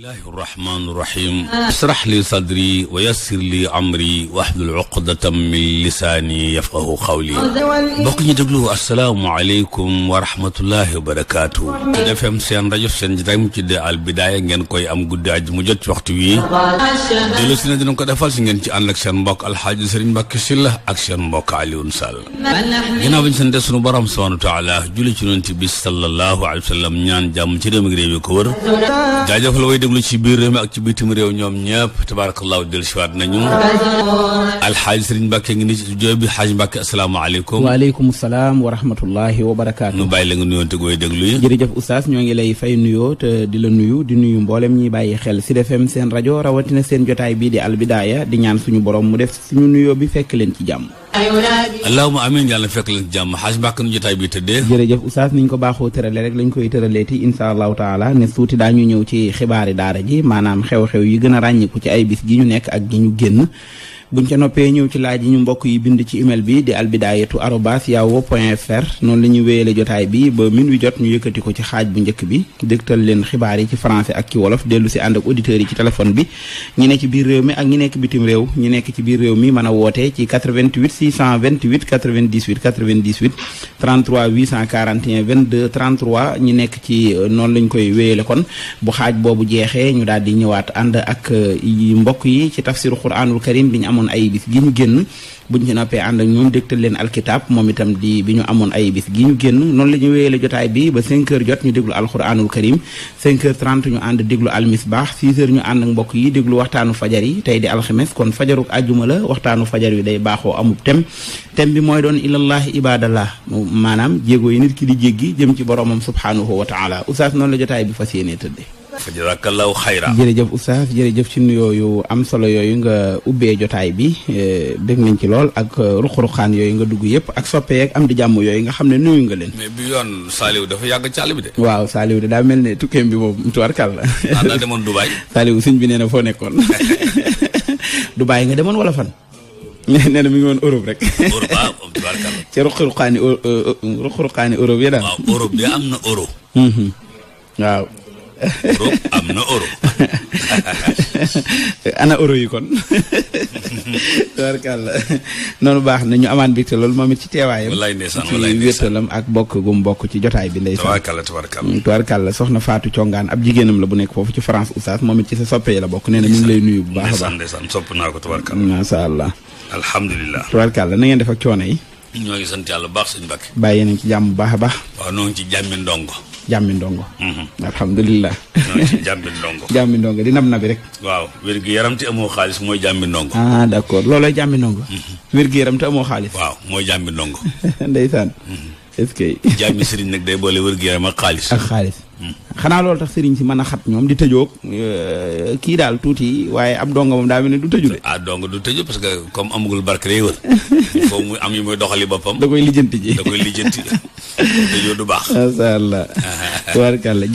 bismillahi rahmaani rahim israh li sadri wa yassir li amri wahlul uqdatam min lisaani yafqahu qawli bokk ñu déglu asalaamualeykum wa rahmatullahi wa barakaatu Sud FM seen rajo seen jotaay mu ci de al bidaaya ngeen koy am guddi aj mu jot ci waxtu wi dellu si na dinañ ko defal si ngeen ci ànd ak seen mbokk alxaaji Sëriñ Mbàkke Sylla ak seen mbokk Alioune Sall ginnaaw bi ñu sant sunu borom subhaanahu wa taala julli ci Yonent bi sallallahu alayhi wa sallam ñaan jàmm ci réew mi réew yi ko wër jaajëfal way déglu ci biir ak ci bitim réew ñoom ñëpp tabaarakallaahu dellu siwaat nañu alxaaj sëriñ Mbàkke ngi ni ci studio bi xaaj Mbàkke asalaamaaleykum waaleykum salaam wa rahmatullahi wa barakaatu nu bàyyi la nga nuyoon te gooy déglu yi jërëjëf oustaz ñoo ngi lay fay nuyoo te di la nuyu di nuyu mboolem ñi bàyyi xel Sud FM seen rajo rawatina seen jotaay bii di albidaaya di ñaan suñu borom mu def suñu nuyoo bi fekk leen ci jàmm allahuma amin yàlla fekk leen jàmm xaaj mbàkk nu jotaay bi tëddee jërëjëf oustaz niñ ko baaxoo tërale rek lañ koy tëraleeti insha allahu taala ne suuti daañu ñëw ci xibaari daara ji maanaam xew-xew yi gën a ràññiku ci ay bis gi ñu nekk ak gi ñu génn buñ ca noppee ñëw ci laaj yi ñu mbokk yi bind ci email bi di albidaayatu arobas yahoo point fr noonu la ñuy wéyale jotaay bi ba min wi jot ñu yëkkati ko ci xaaj bu njëkk bi dégtal leen xibaar yi ci français ak ci wolof dellu si ànd ak auditeurs yi ci téléphone bi ñi nekk ci biir réew mi ak ñi nekk bitim réew ñi nekk ci biir réew mi mën a woote ci 88 628 98 98 33 841 22 33 ñi nekk ci euh, noonu lañ koy wéyale kon bu xaaj boobu jeexee ñu daal di ñëwaat ànd ak euh, mbokk yi ci tafsiru quranul karim bi ñu amoon amoon ay bis gi ñu génn buñ ci noppee ànd ak ñoom dégtal leen alkitab moom itam di bi ñu amoon ay bis gi ñu génn noonu la ñu wéyale jotaay bi ba 5 jot ñu déglu alquranul karim 5 heures 30 ñu ànd déglu almisbaax 6 heures ñu ànd ak mbokk yi déglu waxtaanu fajar yi tey di alxames kon fajaruk àjjuma la waxtaanu fajar yi day baaxoo amub tem tem bi mooy doon ilallahi ibadallah maanaam jéego yi nit ki di jéggi jëm ci boromam subhanahu wa taala oustaz noonu la jotaay bi fas yéenee tëddee fa jazakallahu xayra jërëjëf oustaz jërëjëf ci nuyoo yu am solo yooyu nga ubbee jotaay bi eh, bég nañ ci lool ak eh, ruq-ruqaan yooyu nga dugg yëpp ak soppeek am di jàmm yooyu nga xam ne nuyu nga leen mais bi yoon Saliou dafa yàgg càll bi de waaw Saliou de daa mel ne tukkeem bi moom tuwarkal la naan la demoon Dubaay Saliou suñ bi nee na foo nekkoon Dubaay nga demoon wala fan nee na mi ngi woon Europe rek. Europe ah moom tubaarkàlla. Eh, ruq-ruqaani Europe yi daal. Europe bi am na euro. Mhm. waaw. Europe am na Europe. ana euro yi kon. tubarkàlla noonu baax na ñu amaan mbégte loolu moom it ci teewaayam. wallaay ci wéttalam ak bokk gu mu bokk ci jotaay bi. ndeysaan tubarkàlla tubarkàlla. Mm, tubarkàlla soxna Fatou Congaan ab jigéenam la bu nekk foofu ci France oustaz moom it ci sa soppe la bokk nee na ngi lay nuyu bu baax a baax. ndeysaan ndeysaan sopp naa ko tubarkàlla. macha allah. alhamdulilah. tubarkàlla na ngeen def ak coono yi. ñoo ngi sant yàlla bu baax sëñ Mbacke. bàyyi nañ ci jàmm baax a baax. waaw ñoo ngi ci jàmmi ndongo jàmmi ndongo. Mhm. alhamdulilah. jàmmi ndongo. jàmmi ndongo di nab nabi rek. waaw wér yaram ti amoo xaalis mooy jàmmi ndongo. ah d' accord loolooy jàmmi ndongo. Mhm. wér gi yaram te amoo xaalis. waaw mooy jàmbi ndongo. ndeysaan. Mhm. est ce que. nag day boole wér gi yaram ak xaalis. ak xaalis. xanaa loolu tax sëriñ si mën a xat ñoom di tëjoog euh, kii daal tuuti waaye ab donga moom daa mel ne du tëju de. ah du tëju parce que comme amagul barke lay wër il faut muy am yu muy doxali boppam. da koy lijjanti ji da koy lijjanti du baax. macha allah. tubaarkàlla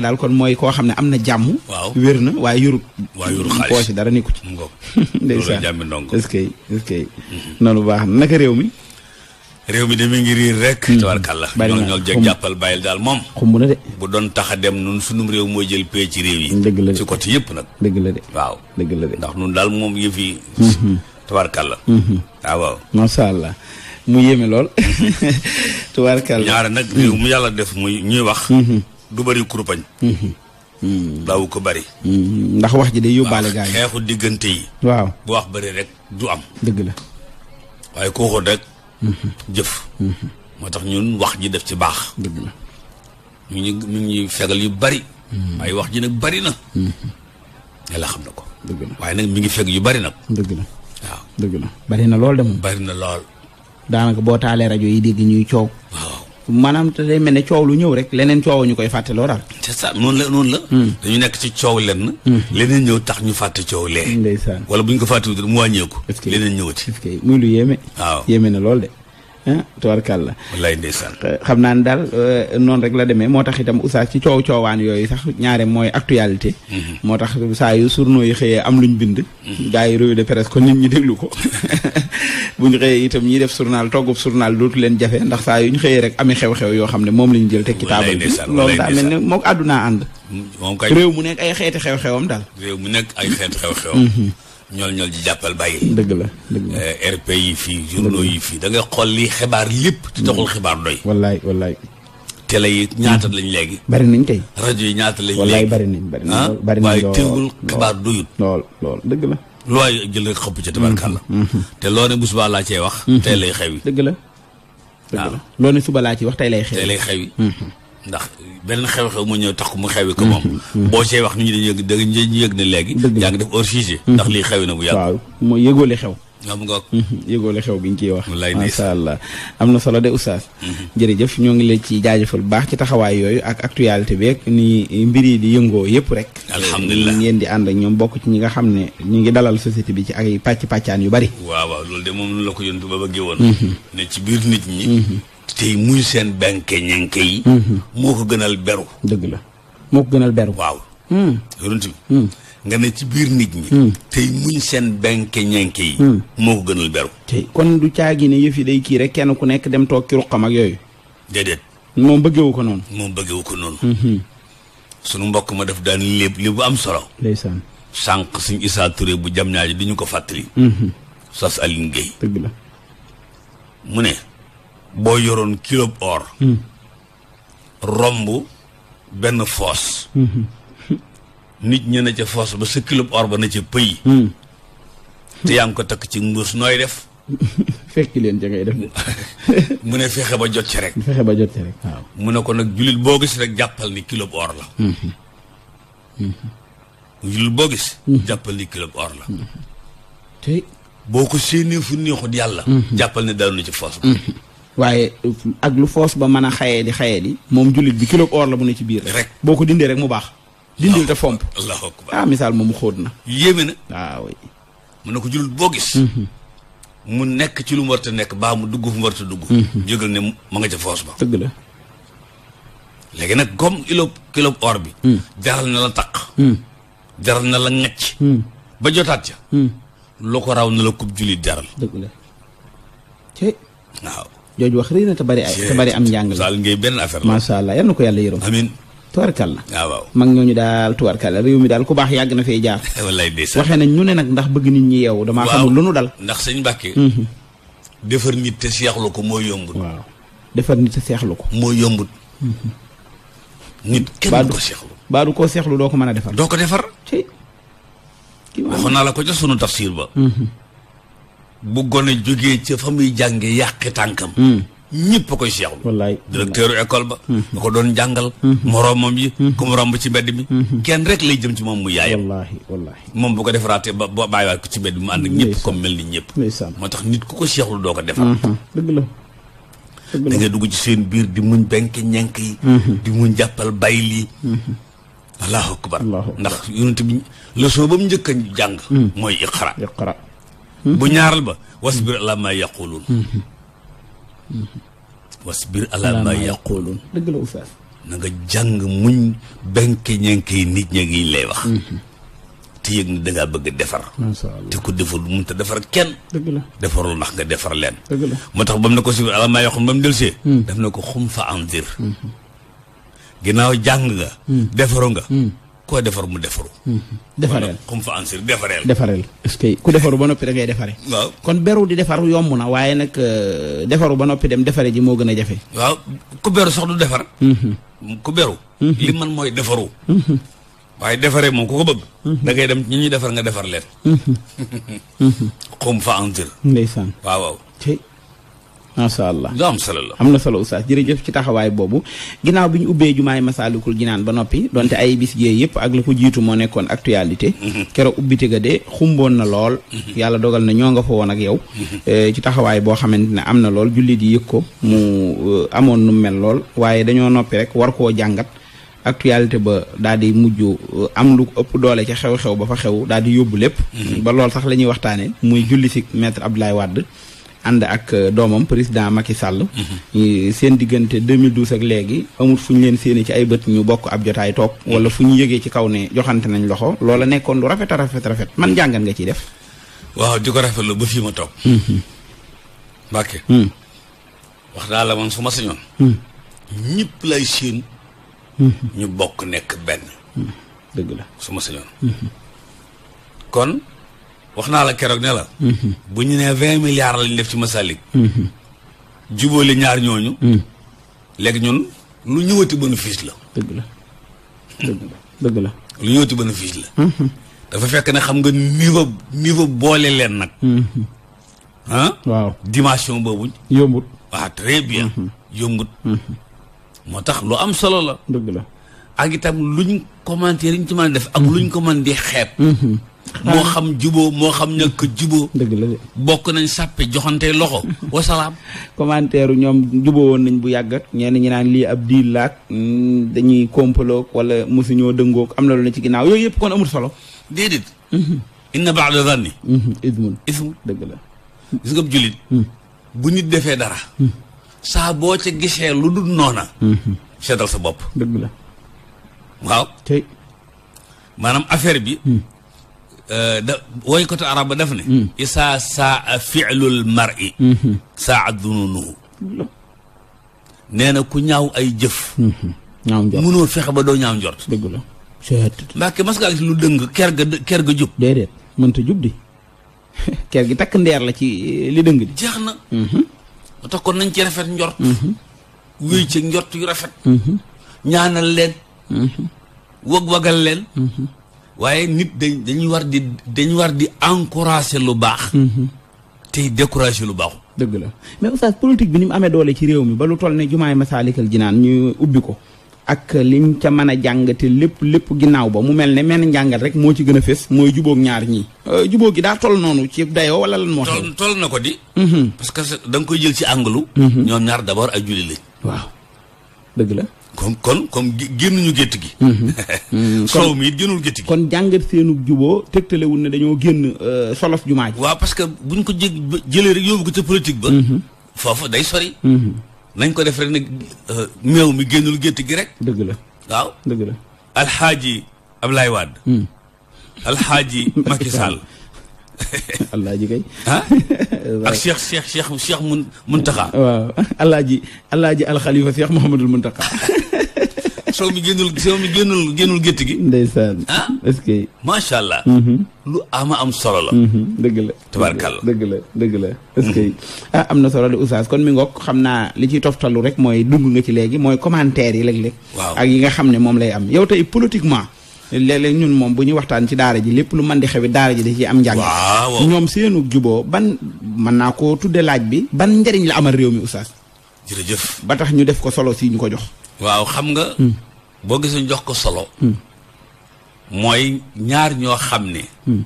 daal kon mooy koo xam ne am na jàmm. waaw wér na waaye yorut. waaye yorut xaalis poche dara nekku ci. mu ngoog loolu jàmmi ndonga. est-ce que mhm. baax na réew mi. réew mi de mi ngi riir rek. Hmm. tabarkàlla ñoo ñoo jëg jàppal bàyyil daal moom. xumb na de. bu doon tax dem nun sunum réew mooy jël pee ci réew yi. Hmm, la de ci côté yëpp nag. dëgg la de waaw. dëgg la ndax nun daal moom yëf yi. Hmm. tabarkàlla. Ah, waaw waaw. macha allah mu yéeme lool. tabarkàlla ñaare nag. réew mu yàlla def muy ñuy wax. du bëri kurpañ. daawu ko bari ndax wax ji day yóbbaale gaa yi. xeexu diggante yi. waaw bu wax bëri rek du am. dëgg la waaye kooku rek. jëf moo tax ñun wax ji def ci baax dëgg la ñu ngi fegal yu bari mm-hmm. waaye wax ji nag bari na mm-hmm. yàlla xam na ko dëgg la waaye nag mi ngi feg yu bari nag dëgg la waaw dëgg la bari na lool de moom bari na lool daanaka boo taalee rajo yi dégg ñuy coow waaw maanaam te day mel ne coow lu ñëw rek leneen coow ñu koy fàtteloo daal. sa ça noonu la noonu la. Hmm. ñu nekk ci coow lenn. Hmm. leneen ñëw tax ñu fàtte coow lee. ndeysaan wala bu ñu ko fàttewul mu wàññeeku. leneen ñëwati. muy lu yéeme. waaw na lool de. tubarkàlla wallaay ndeysaan xam naa ne daal euh, noonu rek la demee moo tax itam oustaz ci coow coowaan yooyu sax ñaare mooy actualité mhm. moo tax saa yu journaux yi xëyee am luñ bind mhm. gars yi revue de presse kon nit ñi déglu ko bu ñu xëyee itam ñiy def journal toggub journal dootu leen jafe ndax saa yu ñu xëyee rek amee xew-xew yoo xam ne moom la ñu jël teg ci taabal bi loolu daa mel ne moo ko àddunaa ànd moom kay réew mu nekk ay xeeti xew-xewam daal mu nekk ay xeeti xew-xewam mhm. ñool ñool ji jàppal bàyyi. dëgg la dëgg la eh, RP yi fii journaux yi fii da nga xool li xibaar lépp. te taxul xibaar doy. wallaay wallaay. télé yi ñaata lañ léegi. bari nañ tey. rajo yi ñaata lañ léegi wallaay bari nañ bari nañ ah, bari nañ waaye teewul xibaar doyut. lool lool dëgg la. lu waay jël rek xëpp ca tabarkàlla. Mm-hmm, mm-hmm. te loo ne bu subaa laa cee wax. Mm-hmm. tey lay xewi. dëgg la dëgg la loo ne suba laa ci wax tey lay xewi. tey lay xewi. ndax beneen xew-xew mu ñëw tax ko mu xew xewi ko moom. Mm-hmm. Mm-hmm. boo see wax nit ñi dañuy yëg dañuy yëg ne léegi. yaa ngi def hors sujet. Mm-hmm. ndax lii xewi na bu yàgg. waaw mooy yëgoo xew. am nga yëgoo li xew bi ñu ciy wax. macha allah am na solo de oustaz. jërëjëf ñoo ngi leen ci jaajëfal baax ci taxawaay yooyu ak actualité beeg ni mbir yi di yëngoo yëpp rek. alhamdulilah ngeen di ànd ñoom bokk ci ñi nga xam ne ñu ngi dalal société bi ci ay pàcc pàccaan yu bari. waaw waaw loolu de moom la ko yoon yëntu ba bëggee woon. ne ci biir nit ñi. tey muñ seen benk ñenke yi mhm. moo ko gënal beru dëgg la moo ko gënal beru waaw hmm. yonent bi hmm. nga ne ci biir nit ñi hmm. tey muñ seen benke ñenke yi moo ko gënal beru kon du caagi ne yëf yi day kii rek kenn ku nekk dem toog ci ruqam ak yooyu déedéet moom bëggewu ko noonu moom bëggewu ko noonu sunu mbokk ma def daan lépp li bu am solo ndeysaan sànq suñ Issa bu jam ñaaji ñu ko fàttali sas Aline dëgg la mu ne boo yoroon kilo or. Hmm. romb benn foos. Hmm. nit ñi ne ca foos ba sa kilo or ba na ca pëy. Hmm. te yaa ngi ko takk ci mbuus nooy def. fekki leen ja ngay def mu ne fexe ba jot ci rek. fexe mu ne ko nag jullit boo gis rek jàppal ni kilo or la. jullit boo gis. jàppal ni kilo or la. te boo ko séenee fu neexut yàlla. jàppal ne daanu ci foos ba. waaye ak lu foos ba mën a xayee di xayee di moom jullit bi kilo or la mu ne ci biir rek boo ko dindee rek mu baax dindil te fomp allahu akbar ah misaal moomu xóot na yéeme na waaw ah, ne ko jullit boo gis mhm. mu nekk ci lu mu warta nekk baax mu dugg fu mu warta dugg mhm. jógal ne ma nga ca foos ba dëgg la nag comme kilo kilo or bi mhm. jaral na la taq na la ŋacc ba jotaat na la kub jullit jaral dëgg la waaw jooju wax rëy na te bari bari am njàng la daal benn affaire la macha allah yal na ko yàlla yërëm amiin tuwarkal la waaw ah, waaw mag ñooñu daal tuwarkal réew mi daal ku baax yàgg na fee jaar eh, wallaay ndeysaan waxee nañ ñu ne nag ndax bëgg nit ñi yeewu damaa xamul lu nu dal ndax sëñ Mbàkke mhm. defar nit te seexlu ko moo yombut waaw defar nit te seexlu ko moo yombut mhm. nit kenn ko seexlu baa du koo seexlu doo ko mën a defar doo ko defar waxoon naa la ko jox sunu tafsir ba mhm. bu gone jógee ca fa muy jànge yàqi tànkam hmm. ñëpp a koy seexlu wallaay directeur école ba ba hmm. ko doon jàngal hmm. moroomam yi ku mu romb ci mbedd bi kenn rek lay jëm ci moom mu yaayam wallaahi moom bu ko defaraatee ba bàyyiwaat ko ci mbedd mi mu ànd ak ñëpp comme mel ni ñëpp moo tax nit ku ko seexlu doo ko defar dëgg dugg ci seen biir di muñ benk ñenk yi di muñ jàppal bay lii allahu akbar ndax yonent bi leçon ba mu njëkk a jàng mooy iqra Hmm. bu ñaaral ba wasbir ala ma yaquluun hmm. hmm. wasbir ala ma yaquluun dëgg la oustaz na nga jàng muñ benke ñenke yi nit ña ngi lay wax te yëg ni dangaa bëgg defar te ku defar lu mënta defar kenn dëgg la defarul ndax nga defar leen moo tax ba na ne ko wasbir ala ma yaquluun ba delsee daf na ko xum fa andir ginnaaw jàng nga defaru nga koo defar mu defaru mhm. defareel xum fa ansir defareel defareel est-ce que ku defaru ba noppi da ngay waaw kon beru di defar yomb na waaye nag euh, defaru ba noppi dem defare ji moo gën a jafe waaw ku beru sax du defar mhm. ku beru mhm. li man mooy defaru waaye defaree moom ku ko bëgg da ngay dem ñi ñuy defar nga defar leen xum fa ansir waaw waaw macha allah lu am solo la. am na solo oustaz jërëjëf ci taxawaay boobu ginaaw bi ñu ubbee jumaay masaalikul ginaan ba noppi donte ay biss yee yëpp ak la ko jiitu moo nekkoon actualité. Mhm. keroog ubbite ga de xumboon na lool. Mhm. yàlla dogal na ñoo nga fa woon ak yow. Mhm. Eh, ci taxawaay boo xamante ne am na lool jullit di yëg ko mu eh, amoon nu mel lool waaye dañoo noppi rek war koo jàngat. actualité ba daal di mujj eh, am lu ëpp doole ca xew-xew ba fa xew daal di yóbbu lépp. ba lool sax la ñuy waxtaanee muy julli si maître Abdoulaye Wade. ànd ak euh, doomam président Macky Sall. Mm-hmm. seen diggante 2012 ak léegi amul fu ñu leen séenee ci ay bët ñu bokk ab jotaay toog. wala fu ñu yëgee ci kaw ne joxante nañ loxo. loola nekkoon lu rafet a rafet rafet man jàngat nga ciy def. waaw di ko rafet rafetlu ba fii ma toog. Mm-hmm. Mbacke. Mm. wax naa la man su ma sañoon. Mm. ñëpp lay séen. Mm-hmm. ñu bokk nekk benn. Mm. dëgg la suma ma sañoon. kon. wax naa la keroog ne la. Mhm. bu ñu nee vingt milliards lañ def ci Masalik. Mhm. jubóoli ñaar ñooñu. Mhm. léegi ñun lu ñu bénéfice la. dëgg la dëgg la la. lu ñëwati bénéfice la. dafa fekk ne xam nga niveau niveau boole leen nag. ah. waaw dimension boobu. yombut waaw bien. yombut. moo tax lu am solo la. dëgg la ak itam luñ commentaire yi ñu ci mën def. ak luñ ko mën di xeeb. moo xam juboo moo xam ñàkk juboo dëgg la bokk nañ sàppe joxante loxo wasalaam commentaire ñoom juboo woon nañ bu yàggat ñenn ñi naan lii ab diil laak mm, dañuy kompaloog wala mosuñoo dëngoog am na loolu ci ginnaaw yooyu yëpp kon amul solo déedéet mhm. inna ba'da zanni mhm. ismun ismun dëgg la gis nga mhm. defee dara boo ca gisee lu dul noona seetal sa bopp dëgg la waaw tey maanaam affaire bi Euh, da woykatu arab ba def ne hmm. isaa saa filul mari hmm. saa dununuhu nee na ku ñaaw ay jëf hmm. ñaaw njort mënoo fexe ba doo ñaaw njort dëgg la mbàkke mas ngaa lu dëng ker ga ker ga jub mënta jub di ker gi takk ndeer la ci eh, li dëng di jeex na ba tax nañ ci rafet njort wéy ci njort yu rafet ñaanal leen wag leen waaye nit dañ dañuy war di dañu war di encourager lu baax. Mhm. tey décourager lu baaxul. dëgg la mais oustaz bi ni mu amee doole ci réew mi ba lu toll ne jumaay Masaalikal Jinaan ñu ubbi ko. ak liñ ca mën a jàngate lépp lépp ginnaaw ba mu mel ne menn njàngat rek moo ci gën a fés mooy jubóog ñaar ñii. Euh, jubóog gi daa toll noonu ci dayo wala lan moo. toll na ko di. Mhm. parce que danga koy jël ci àngalu. Mhm. ñoom ñaar d'abord ay julli lañ. waaw dëgg la. comme kon comme génnuñu gétt gi. Mhm. soow mhm. mi it génnul gétt gi. kon jàngat seenu juboo tegtalewul ne dañoo génn euh, solof jumaa ji. waaw parce que buñ ko jég jëlee rek yóbbu ko ca politique ba. Mhm. foofu day sori. nañ ko def rek ne euh, meew mi génnul gétt gi rek. dëgg la waaw dëgg la. alxaaji Ablaye Wade. alxaaji Macky Sall. alaaji kay. ah ak cheikh cheikh cheikh cheikh mun Muntaxa. waaw alaaji alaaji alxalifa cheikh Mouhamadul Muntaxa. soo mi génnul soo mi génnul génnul gétt gi. ndeysaan. ah est-ce que. macha allah. Mhm. lu ama am solo la. Mhm. dëgg la tabaarkalla dëgg la dëgg la est ah am na solo de oustaz kon mi ngook xam naa li ciy toftalu rek mooy dugg nga ci léegi mooy commentaire yi léeg-léeg. waaw ak yi nga xam ne moom lay am yow tey politiquement. léeg-léeg ñun moom bu ñu waxtaan ci daara ji lépp lu man di xewi daara ji da ciy am njàng ñoom seenu juboo ban mën naa koo tuddee laaj bi ban njariñ la amal réew mi oustaz jërëjëf ba tax ñu def ko solo si ñu ko jox waaw xam nga hmm. boo gisoon jox ko solo hmm. mooy ñaar ñoo xam ni hmm.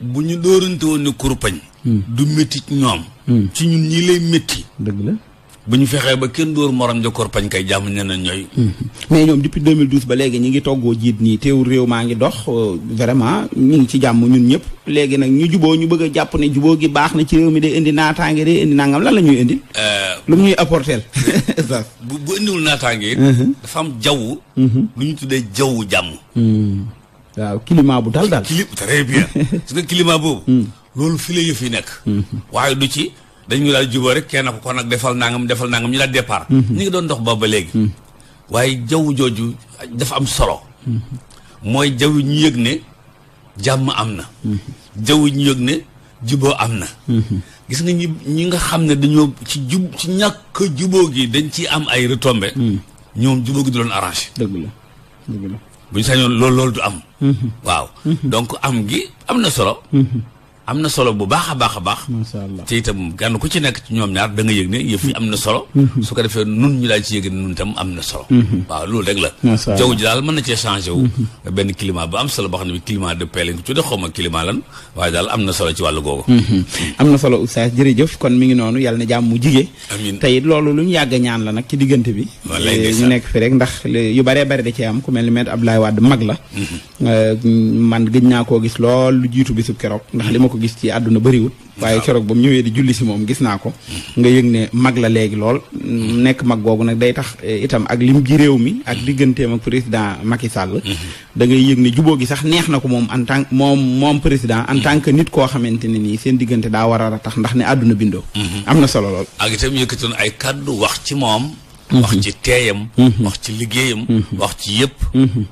bu ñu dóorante woon ne kurpañ du métti ñoom ci ñun ñii lay métti dëgg la bu ñu fexee ba kenn dóor morom ja korpañ kay jàmm ñeneen ñooy. Mhm. mais ñoom depuis 2012 ba léegi ñi ngi toggoo jiit nii teew réew maa ngi dox euh, vraiment ñu ngi ci jàmm ñun ñëpp léegi nag ñu juboo ñu bëgg a jàpp ne juboo gi baax na ci réew mi day indi naataange day indi nangam lan la ñuy indi. Euh, lu mu ñuy apporteel. bu bu indiwul naataange. Mhm. dafa am jaww. Mhm. lu ñu tuddee jaww jàmm. waaw climat bu dal dal climat très bien parce boobu. Hmm. loolu fi la yëf nekk. waaye du ci. dañu daal jubóo rek kenn ko kon nag defal nangam defal nangam ñu daal départ. Mhm. ñu ngi doon dox boobu ba léegi. Mhm. waaye jaw jooju dafa am solo. Mhm. mooy jaww ñu yëg ne jàmm am na. jaww ñu yëg ne jubóo am na. gis nga ñi ñi nga xam ne dañoo ci jub ci ñàkk jubóo gi dañ ci am ay retombées. ñoom jubóo gi du doon arrangé. dëgg la bu ñu sañoon loolu loolu du am. waaw donc am gi am na solo. am na solo bu baax a baax a baax. macha allah te itam ku ci nekk ci ñoom ñaar da nga yëg ne yëf am na solo. Mm-hmm. su ko defee nun ñu daal ci yëg ne nun itam am na solo. Mm-hmm. waaw loolu rek la. jaww ji daal mën na cee changé wu. Mm-hmm. benn climat bu am solo boo xam ne bi climat de paix lañ ko tuddee xaw ma climat lan waaye daal am na solo ci wàllu googu. am na solo oustaz jërëjëf kon mi ngi noonu yàlla na jàmm mu jige. amiin loolu lu ñu yàgg ñaan la nag ci diggante bi. wallaay eh, ñu nekk fi rek ndax yu baree bari da cee am ku mel ni maître Abdoulaye Wade mag la. Eh, man gëj naa koo gis lool lu jiitu bisub keroog ndax li ma ko ko gis ci àdduna bariwut waaye keroog ba mu ñëwee di julli si moom gis naa ko nga yëg ne mag la léegi lool nekk mag googu nag day tax eh, itam ak lim ji réew mi ak digganteem ak président Macky Sall mm-hmm. da ngay yëg ne juboo gi sax neex na ko moom en tant moom moom président en tant que nit koo xamante ne nii seen diggante daa war a tax ndax ne àdduna bindoo mm-hmm. am na solo lool ak itam yëkkatoon wax ci moom wax mhm. ci teeyam mhm. wax ci liggéeyam mhm. wax ci yëpp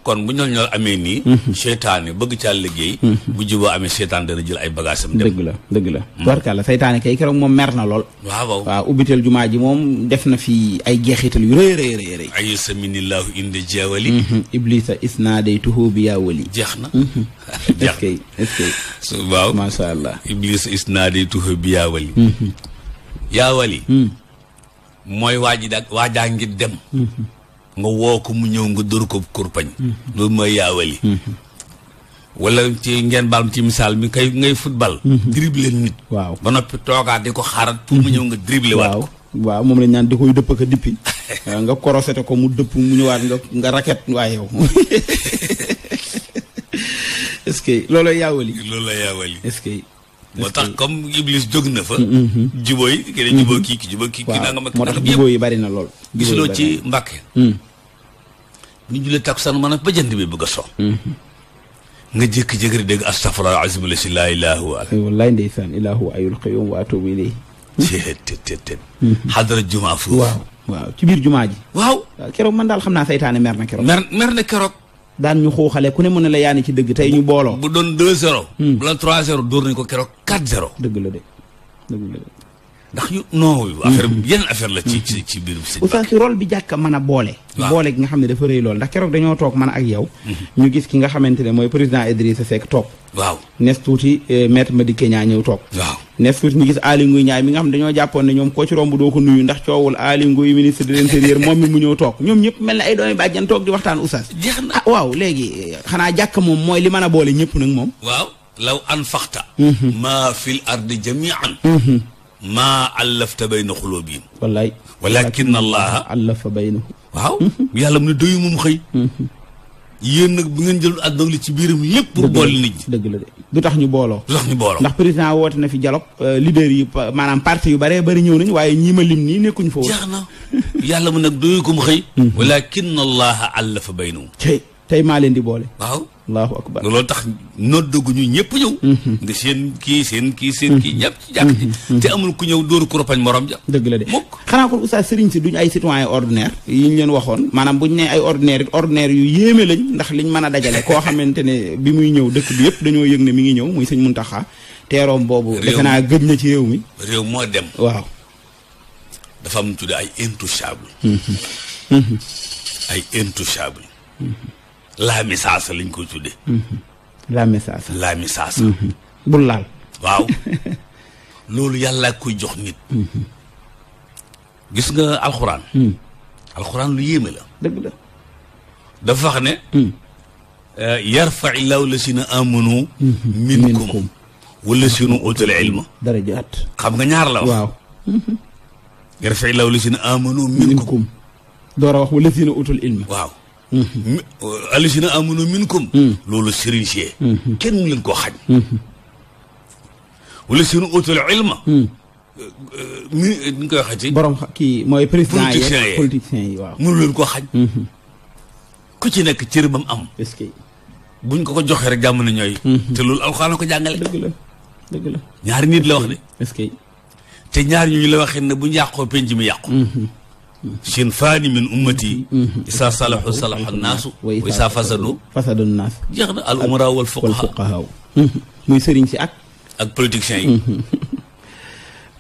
kon bu ñol ñol amee nii seytaane bëgg caa liggéey bu juboo amee seytaane dana jël ay bagaasam dem dëgg la dëgg la barka la seytaane kay keroog moom mer na lool waaw waaw ubbiteel jumaa ji moom def na fi ay jeexital yu rëy rëy rëy rëy ayu saminillahu inde jeewali iblisa isnaadaytuhu bi yaa wali jeex na jeex kay waaw macha allah iblisa isnaadaytuhu bi yaa wali yaa wali mooy waa ji daag waajaa ngi dem mm-hmm. nga woo ko mu ñëw nga dóor ko kurpañ mm-hmm. loolu mooy yaawali mm-hmm. wala ci ngeen baal ci misaal mi kay ngay futbal dribble nit waaw ba noppi toogaat di ko xaarat pour mu ñëw nga dribble waat waaw moom la ñaan di koy dëpp ka dippi ah, nga korosete ko mu dëpp mu ñëwaat nga nga raket waaye yow est-ce que loolu la yaawali loolu la yaawali est-ce moo tax comme Iblis jóg na fa. Mm-hmm. jubóo yi kii la mm-hmm. jubóo kii ki jubóo kii. kii nangam ak nangam yëpp moo tax jubóo yi bari na lool. gisuloo ci Mbàkke. Mm. ñu jullee takkusaan maanaam ba jant bi bëgg a so. Mm-hmm. nga jékki-jékki di dégg astafurlah azim la si laa ilaaha illa huwa. wallaay ndeysaan ilaahu ayul qayyum wa atubu ilayhi. ci mm. te te te. xadara jumaa foofu. waaw waaw ci biir jumaa ji. waaw. keroog man daal xam naa saytaane mer na keroog. mer mer na keroog. daan ñu xuuxale ku ne mën na la yaani ci dëgg tey ñu booloo. bu doon 2-0. Hmm. bu doon 3-0 dóor nañ ko keroo 4-0. dëgg la de dëgg la ndax yu non affaire yeneen la ci ci ci biir sëñ Oustaz si rôle bi jàkka mën a boole boole gi nga xam ne dafa rëy lool ndax keroog dañoo toog man ak yow mhm. ñu gis ki nga xamante ne mooy président Idrissa Seck toog waaw nes tuuti eh, maître Madické Niang ñëw toog waaw nes tuuti ñu mi nga xam ne dañoo jàppoon ne ñoom koo ci doo ko nuyu ndax coowul Aly Ngouille ministre de l'intérieur moom mi mu ñëw toog ñoom ñëpp mel na ay doomi bàjjan toog di waxtaan Oustaz ah, waaw léegi xanaa jàkk moom mooy li man a boole ñëpp nag moom waaw law anfaqta mhm. ma fil ardi jami'an mhm. maa allafta bayna xulóobihim wallaay walakin allaha allafa baynahum waaw mm-hmm. yàlla mun a doyu moom xëy mm-hmm. yéen nag bu ngeen jëlul ak doog li ci biiram lépp pour boole nit ñi dëgg la de du tax ñu booloo du ñu booloo ndax président woote na fi dialogue euh, leader yi maanaam parti yu bare bari ñëw nañu waaye ñii ma lim nii nekkuñu fa woon jeex na yàlla mu nag doyu ko mu xëy mm-hmm. walakin fa allafa baynahum tey maa leen di boole. waaw allahu akbar loolu tax nodd gu ñu ñëpp ñëw. Mm-hmm. nga seen kii seen kii seen kii mm-hmm. ñëpp ci jàkk ji. Mm-hmm. te amul ku ñëw dóoru kuropañ morom ja. dëgg la de mukk xanaa kon oustaz sëriñ si duñ ay citoyen ordinaire. yi ñu leen waxoon maanaam buñ nee ay ordinaire it ordinaire yu yéeme lañ ndax liñ mën a dajale. koo xamante ne bi muy ñëw dëkk bi yëpp dañoo yëg ne mi ngi ñëw muy sëñ Muntaxa teeroom boobu. réew defe naa gëj na ci réew mi. réew moo dem. waaw. dafa am tudd ay intouchable ay intouchable laa misaasa lañ koy tuddee. laa misaasa. laa misaasa. Mhm. bul laal. waaw loolu yàlla koy jox nit. Mhm. gis nga alxuraan. Hmm. alxuraan lu yéeme la. dëgg la. dafa wax ne. Hmm. Eh, yarfa illaahu lasina amanu. Hmm. minkum wala sinu utul ilma. darajaat xam nga ñaar la wax. waaw. yarfa illaahu lasina amanu minkum. door a wax wala sinu utul ilma. waaw. Mm-hmm. alisina amunu minkum mm-hmm. loolu sëriñ si mm-hmm. kenn mu leen koo xañ wala seen utul ilma mm. euh, euh, mi ñu koy xati borom kii mooy président yi politiciens yi waaw mënu leen xañ ku ci nekk cër bam am est-ce que buñ ko ko joxee rek jàmm na ñooy te loolu alxaana ko jàngale dëgg la la ñaari nit la wax de que te ñaar ñooñu la waxee na bu ñu yàqoo penc yàqu sinfaani min ummati isaa salahu salaha naasu wa isaa fasadu fasadu naas jeex na al umara wal fuqaha muy sëriñ si ak ak politiciens yi mhm.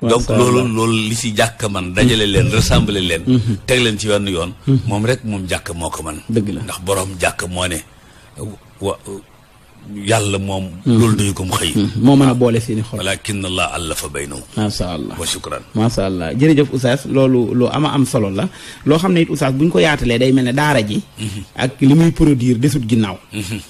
donc loolu li si jàkk man dajale leen rassembler leen mhm. Mhm. teg leen ci wenn yoon moom rek moom jàkk moo ko man dëgg la ndax boroom jàkk moo ne yàlla moom. Mm-hmm. loolu dañu ko mu xëy. Mm-hmm. moo mën a boole seen i xol. allah allah wa shukran. macha allah jërëjëf Oustaz loolu lu ama am solo la loo xam ne it Oustaz bu ñu ko yaatalee day mel ne daara ji. Mm-hmm. ak li muy produire desut ginnaaw.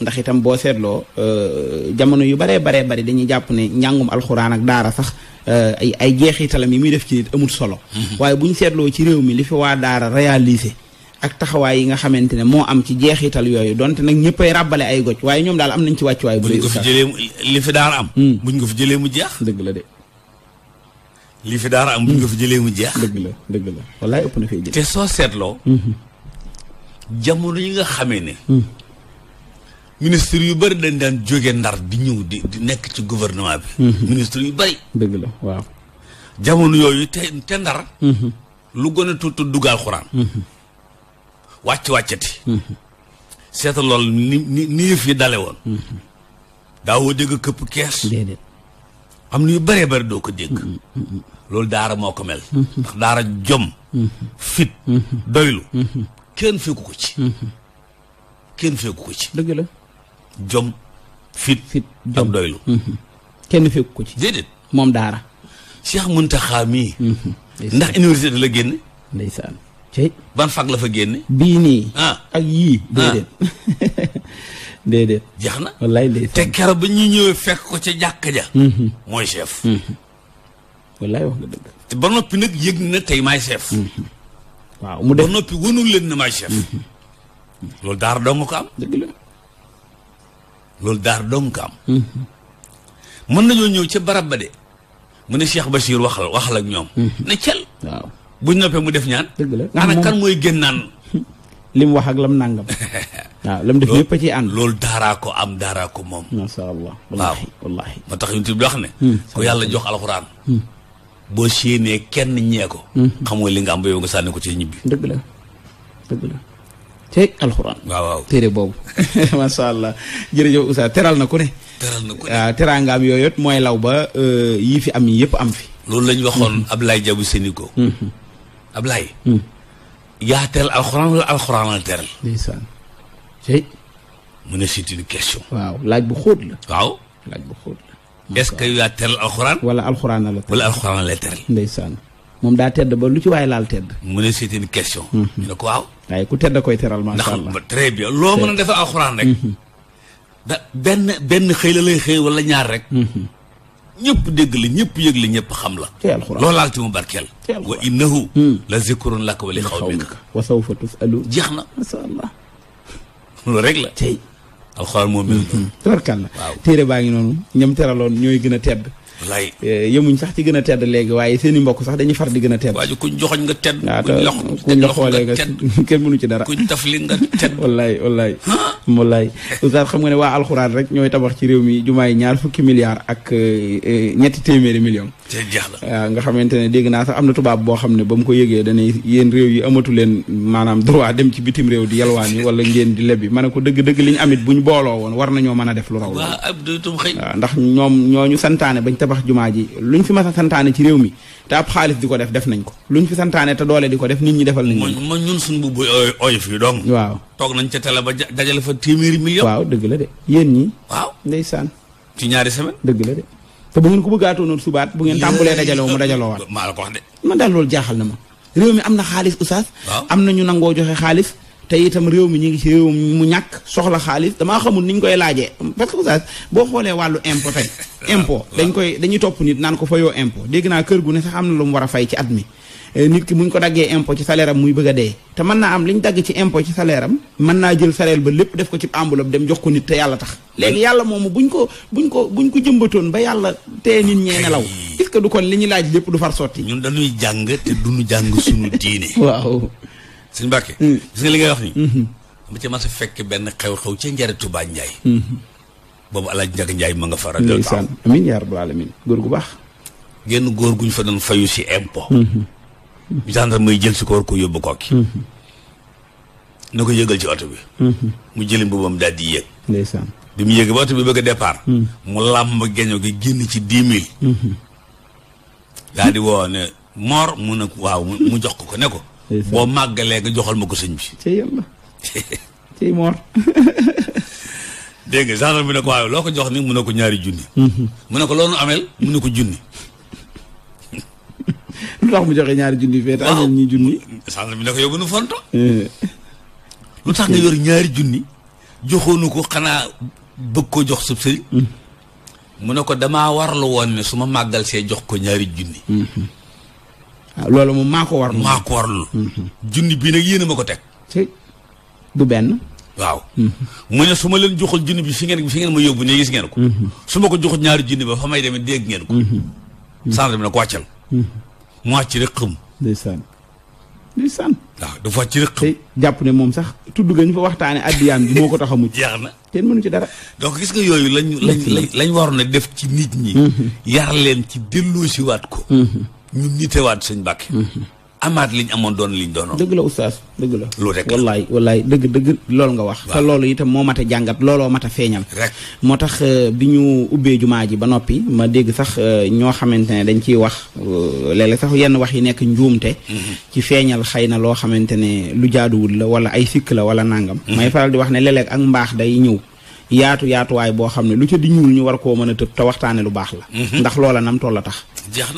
ndax itam boo seetloo euh, jamono yu baree baree bari dañuy jàpp ne njàngum alxuraan ak daara sax. Euh, ay ay jeexitalam yi muy def ci nit amul solo. waaye bu seetloo ci réew mi li fi waa daara réalisé. ak taxawaay yi nga xamante ne moo am ci jeexital yooyu donte nag ñëppay ràbbale ay goj waaye ñoom daal am nañ ci wàccuwaay bu buñ ko fi jëlee am hmm. buñ ko fi jëlee mu jeex dëgg la de li fi daara am buñ ko fi hmm. jëlee mu jeex dëgg la dëgg la wallaay ëpp na fee soo seetloo hmm. jamono yi nga xamee ne yu bëri dañ daan jóge ndar di ñëw di di nekk ci gouvernement bi ministre yu bëri dëgg la waaw jamono yooyu te te ndar lu gën a tuut tuut dugg wàcc wàccati. seeta lool ni ni dale woon. woo dégg këpp kees. déedéet am na yu bëree bëri doo ko dégg. loolu daara moo ko mel. ndax daara jom. fit. doylu. kenn fekku ko ci. kenn ko ci. dëgg la jom. fit fit jom doylu. kenn fekku ko ci. déedéet moom daara. Cheikh Mountakha mii. Mhm. ndax université la génne. ndeysaan. ban fag la fa génne. bii nii. ah ak yii. Ah. déedéet déedéet. jeex na wallaay te keroog ba ñuy ñëwee fekk ko ca jàkka ja. Mm-hmm. mooy chef. Mm-hmm. wallaay wax nga dëgg. te ba noppi nag yëg na tey maay chef. Mm-hmm. waaw mu def ba noppi wënul leen na maay chef. loolu daar dong ko am. dëgg la loolu daar dong ko am. mën nañoo ñëw ca barab ba de mu ne Cheikh Bachir wax la wax la ak ñoom. ne cel waaw. buñ noppee mu def ñaan. dëgg la kan mooy génn naan. li mu wax ak lam nangam. waaw lam def lépp a ci ànd. loolu daaraa ko am daaraa ko moom. macha allah wallaahi wallaahi moo tax yonent bi wax ne. Hmm. ku yàlla jox alxuraan. Hmm. boo séenee kenn ñee ko. Hmm. xam li nga am ba yow sànni ko ci ñibbi. dëgg la waaw téere boobu. macha allah jërëjëf Oustaz teral na ku ne. teral na ku ne waaw ah, teraangaam yooyu it mooy law ba euh, yii fi am yii yëpp am fi. loolu la ñu ab Abdoulaye Diabou Sénigo. Ablaye. Hmm. yaa mu ne c'est laaj bu xóot la. waaw laaj bu xóot la. yaa teel alxuraan. wala alxuraan la teel wala alxuraan la moom daa tedd ba lu ci waaye laal tedd. mu ne c'est une question. Hmm. ñu ne ko waaw. waaye ku tedd koy teral macha allah ndax loo mën a defal alxuraan rek. Hmm. da benn benn xëy la lay xëy wala ñaar rek. ñëpp dégg la ñëpp yëg la ñëpp xam la loolu laal ci mu barkeel wa hmm. la zikrun laka wa li xawmika jeex na masha allah loolu rek la tey alxuraan moom mel hmm, hmm. noonu tabarkàlla téere baa ngi noonu ñam teraloon ñooy gën a tedd wallaay eh, yemuñ sax ci gën a tedd léegi waaye seen mbokk sax dañuy far di gën a tedd kuñ joxoñ nga tedd kuñ la xoolee nga kenn mënu ci dara kuñ tafli nga tedd xam nga ne waa alxuraan rek ñooy tabax ci réew mi jumaay ñaar fukki milliards ak eh, eh, ñetti téeméeri millions waaw nga xamante ne dégg naa sax am na tubaab boo xam ne ba mu ko yëgee dana yéen réew yi amatu leen maanaam waa dem ci bitim réew di yalwaan yi wala ngeen di lebbi ma ne ko dëgg-dëgg li ñu amit bu ñu booloo woon war nañoo mën a def lu raw waaw ndax ñoom ñooñu santaane bañ tabax jumaa ji luñ fi mas a santaane ci réew mi te ab xaalis di ko def def nañ ko luñ fi santaane te doole di ko def nit ñi defal nañ ko waaw dëgg la de yéen ñi waaw ndeysaan ci ñaari semaine dëgg la de te bu ngeen ko bëggaatoonoon subaat bu ngeen tàmbulee dajaloo mu dajaloo waat maa daal loolu jaaxal na ma réew mi am na xaalis oustaz am na ñu nangoo joxe xaalis te itam réew mi ñu ngi ci réew mu ñàkk soxla xaalis damaa xamul niñ koy laajee parce que oustaz boo xoolee wàllu impôt tey impôt dañ koy dañuy topp nit naan ko fayoo impôt dégg naa kër gu ne sax am na lu mu war fay ci at mi eh, nit ki muñ ko daggee impôt ci salaire muy bëgg a dee te mën naa am liñ dagg ci impôt ci salaire am mën naa jël salaire ba lépp def ko ci enveloppe dem jox ko nit te yàlla tax léegi yàlla moom buñ ko buñ ko buñ ko jëmbatoon ba yàlla te nit ñee nelaw est-ce que du kon li ñu laaj lépp du far sotti ñun dañuy jàng te duñu jàng suñu diine sëñ Mbàkke mm. gis nga li ngay wax nii mu mm-hmm. ci ma a fekk benn xew-xew ci njari Touba Ndiaye mm-hmm. boobu alaaj Njaga Njaay ma nga fa rajo ndeysaan amiin yaa rabbal aalamiin góor gu baax génn góor guñ fa doon fayu si impôt gendarme mm-hmm. mooy jël si ko war ko yóbbu kooki na ko yëgal ci oto bi mu jëli mbubbam daal di yéeg ndeysaan bi mu yéegi ba oto bi bëgg a départ mm. mu làmb geño gi génn ci dix mille daal di woo ne moor mu ne waaw mu jox ko ko ne ko boo màggalee nga joxal ma ko sëñ bi. ci moor. dégg nga gendarme bi ne ko waaye loo ko jox ni mu ne ko ñaari junni. Mhm. mu ne ko loolu amel mu ne ko junni. lu tax joxe ñaari junni fee bi ne ko yow bu eh. tax nga yor ñaari junni. joxoonu ko xanaa bëgg ko jox sub sëriñ. Mm. mu ne ko damaa warlu woon ne su ma màggal see jox ko ñaari junni. Mm-hmm. waaw ah, loolu moom maa ko warlu. maa ko warlu. Mhm. junni bii nag yéen a ma ko teg. ci du benn. waaw. Mhm. mu ne su ma leen joxul junni bi fi ngeen fi ngeen ma yóbbu ne gis ngeen ko. Mhm. su ma ko joxul ñaari junni ba fa may demee dégg ngeen ko. sànq na ko wàccal. mu wàcc rek xëm. ndeysaan ndeysaan. waaw dafa wàcc jàpp ne moom sax tudd nga ñu fa waxtaanee addiyaam bi moo ko tax a mujj. jeex na kenn mënu ci dara. donc gis nga yooyu lañ lañ lañ waroon a def ci nit ñi. yar leen ci delloosiwaat ko. ñu nitewaat sëñ Mbàkke amaat liñ amoon doon liñ doonoon dëgg la oustaz dëgg la lu rek wallaay wallaay dëgg dëgg loolu nga wax te loolu itam moo mat a jàngat looloo mat a feeñal rek moo tax euh, bi ñu ubbee jumaa ji ba noppi ma dégg sax euh, ñoo xamante ne dañ ciy wax euh, léeg-léeg sax yenn wax yi nekk njuumte mhm. ci feeñal xëy na loo xamante ne lu jaaduwul la wala ay sikk la wala nangam mhm. may faral di wax ne léeg ak mbaax day ñëw yaatu yaatuwaay boo xam ne lu ca di ñuul ñu war koo mën a tëb te waxtaane lu baax la mhm. ndax loola nam toll la tax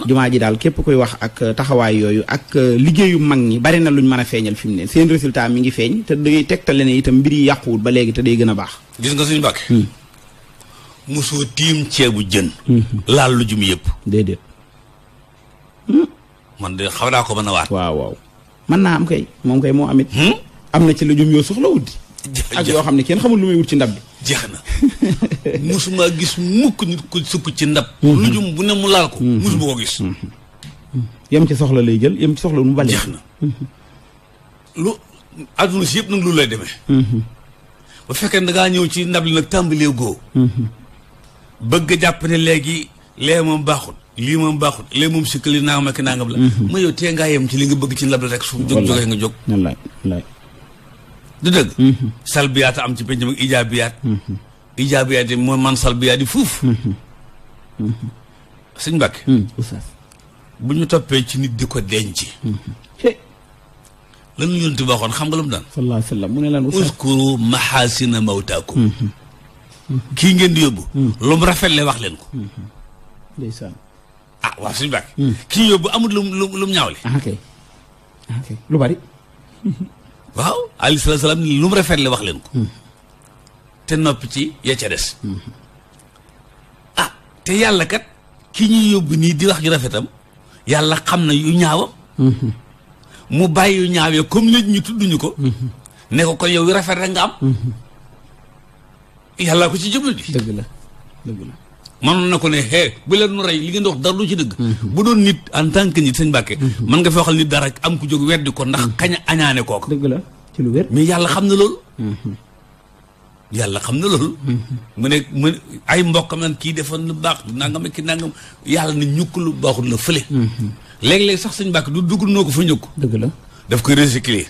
jumaa ji daal képp kuy wax ak euh, taxawaay yooyu ak euh, liggéeyu mag ñi bari na luñ mën a feeñal fi mu ne seen résultat mi ngi feeñ te dangay tegtale ne itam mbir yi yàquwul ba léegi te day gën a baax gis nga suñu bàkke hmm. mosoo tiim ceebu jën hmm. lu jum yëpp déedéet hmm. de xaw naa ko waat waaw waaw mën naa am kay moom kay moo amit am na ci lu jum yoo soxla wut ak yoo xam ne kenn xamul lu muy wut ci ndab bi jeex na musuma gis mukk nit ko sëpp ci ndab lu mhm. jum bu ne mu laal ko mhm. musuma ko gis yam mhm. ci soxla lay jël yam ci soxla mu bale jeex na lu àdduna si yëpp nag loolu lay demee bu fekkee da ñëw ci ndab li nag tàmbalee goo bëgg a jàpp ne léegi lee moom baaxut lii moom baaxut lee moom sikkali naa ma ki la ma yow tee ngaa yem ci li nga bëgg ci ndab la rek su jóg jógee nga jóg du dëgg mm-hmm. salbiyaat am ci penc mag ijaabiyaat mm-hmm. ijaabiyaat yi mooy man salbiyaat yi fuuf mm-hmm. sëñ Mbàkke bu ñu toppee ci nit di ko denc lan ñu yonent bi waxoon xam nga lu mu daan sallallahu alayhi mu ne lan uskuru mahasina mawtaakum kii ngeen di yóbbu lu mu rafet le wax leen ko ndeysaan ah waaw sëñ Mbàkke mm. kii yóbbu amul lu lu lu mu lu ah, ah, bari waaw alayhi salaatu salaam lu mu rafet la wax leen ko te noppi ci ya ca des ah te yàlla kat ki ñuy yóbbu nii di wax ju rafetam yàlla xam na yu ñaawam mu bàyyi yu ñaawee comme nit ñi tudduñu ko ne ko yow yu rafet rek nga am yàlla ko ci jublu bi dëgg dëgg la man na ko ne xee bu leen nu rey li ngeen di dara lu ci dëgg bu doon nit en tant que nit sañ Mbàkke mën nga fi waxal nit dara am ku jóg weddi ko ndax kañ añaane kooku dëgg la ci lu wér mais yàlla xam na loolu mhm. yàlla xam na loolu mhm. mu ne mu ay mbokkam naan kii defoon lu baax nangam ki nangam yàlla na ñukk lu baaxul na fële mhm. léeg-léeg sax sañ Mbàkke du dugg noo ko fa ñukk dëgg la daf ko recycler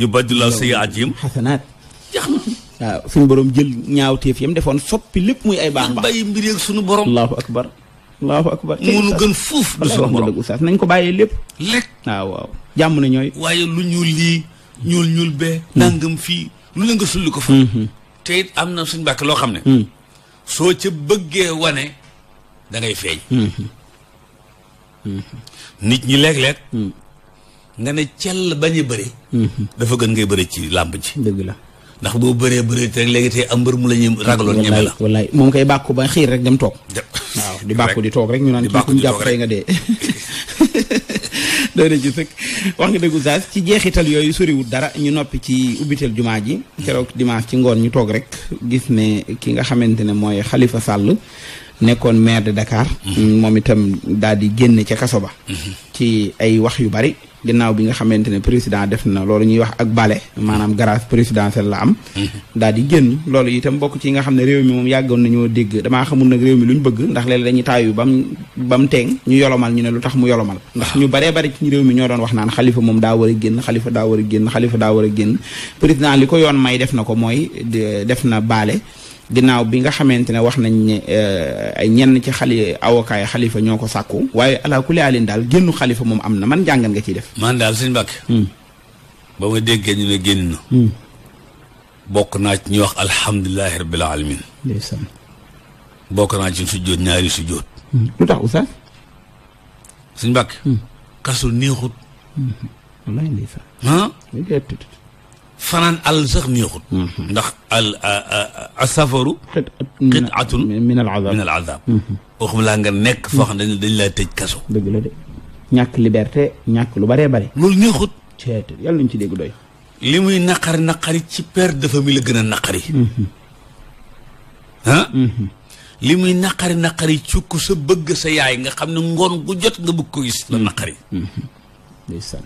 yubaddilu llaahu sayyi'aatihim xasanaat jeex na waaw suñu boroom jël ñaawteef yam defoon soppi lépp muy ay baax baax bàyyi mbir yeeg suñu boroom allahu akbar allahu akbar moo nu gën fuuf du suñu borom oustaz nañ ko bàyyee lépp lekk ñooy waaye lu ñuul lii ñuul ñuul bee hmm. nangam fii lu la nga sulli ko fa hmm. te am na suñ bàkk loo xam ne hmm. soo ca bëggee wane dangay ngay feeñ nit ñi léeg-léeg nga ne cell bañ a dafa gën ngay bëri ci làmb ji dëgg la ndax boo bëree bëree rek léegi tey am mbër mu la ñuy ragaloon ñeme la wallaay moom koy bàkku ba xiir rek dem toog waaw di bàkku di toog rek ñu naan kii ku jàpp tey nga dee doy wax nga dëggu saas ci jeexital yooyu soriwul dara ñu noppi ci ubbitel jumaa ji hmm. keroog dimanche ci ngoon ñu toog rek gis ne ki nga xamante ne mooy Khalifa Sall nekkoon maire de hmm. moom itam daal di génne ca kaso ba hmm. ci ay wax yu bari ginnaaw bi nga xamante ne président def na loolu ñuy wax ak bale maanaam grâce présidentielle la am mm-hmm. daal di génn loolu itam bokk ci yi nga xam ne réew mi moom yàggoon nañoo dégg damaa xamul nag réew mi lu ñu bëgg ndax léeg-léeg dañuy taayu bam bam teeng ñu yolomal ñu ne lu tax mu yolomal ah. ndax ñu baree bari ci réew mi ñoo doon wax naan xalifa moom daa war a génn xalifa daa war a génn xalifa daa war a génn président li ko yoon may def na ko mooy def na baale ginnaaw bi nga xamante ne wax nañ ne eh, ay ñenn ci xali avocat xalifa ñoo ko sàkku. waaye ala kulli alin daal génnu xalifa moom am na man jàngan nga ciy def. man daal sëñ Mbàkke. Hmm. ba ma déggee ñu ne génn na. Hmm. bokk naa ci ñuy wax alhamdulilahi rabbil alamin. ndeysaan. bokk naa ci sujjóot ñaari sujjóot. Hmm. lu tax oustaz. sëñ Mbàkke. kasul neexut. wallaahi fanaan al sax neexut. Mhm. ndax al asafaru. qit'atun min al azab min al azab. Mhm. waxuma laa nga nekk foo xam ne dañ laa tëj kaso. dëgg ñàkk liberté ñàkk lu baree bare. loolu neexut. ceet yàlla nañ ci dégg doy. li muy naqari naqari ci père de la gën a naqari. Mhm. li muy naqari naqari ci sa bëgg sa yaay nga xam ne ngoon gu jot nga bëgg ko la naqari. ndeysaan.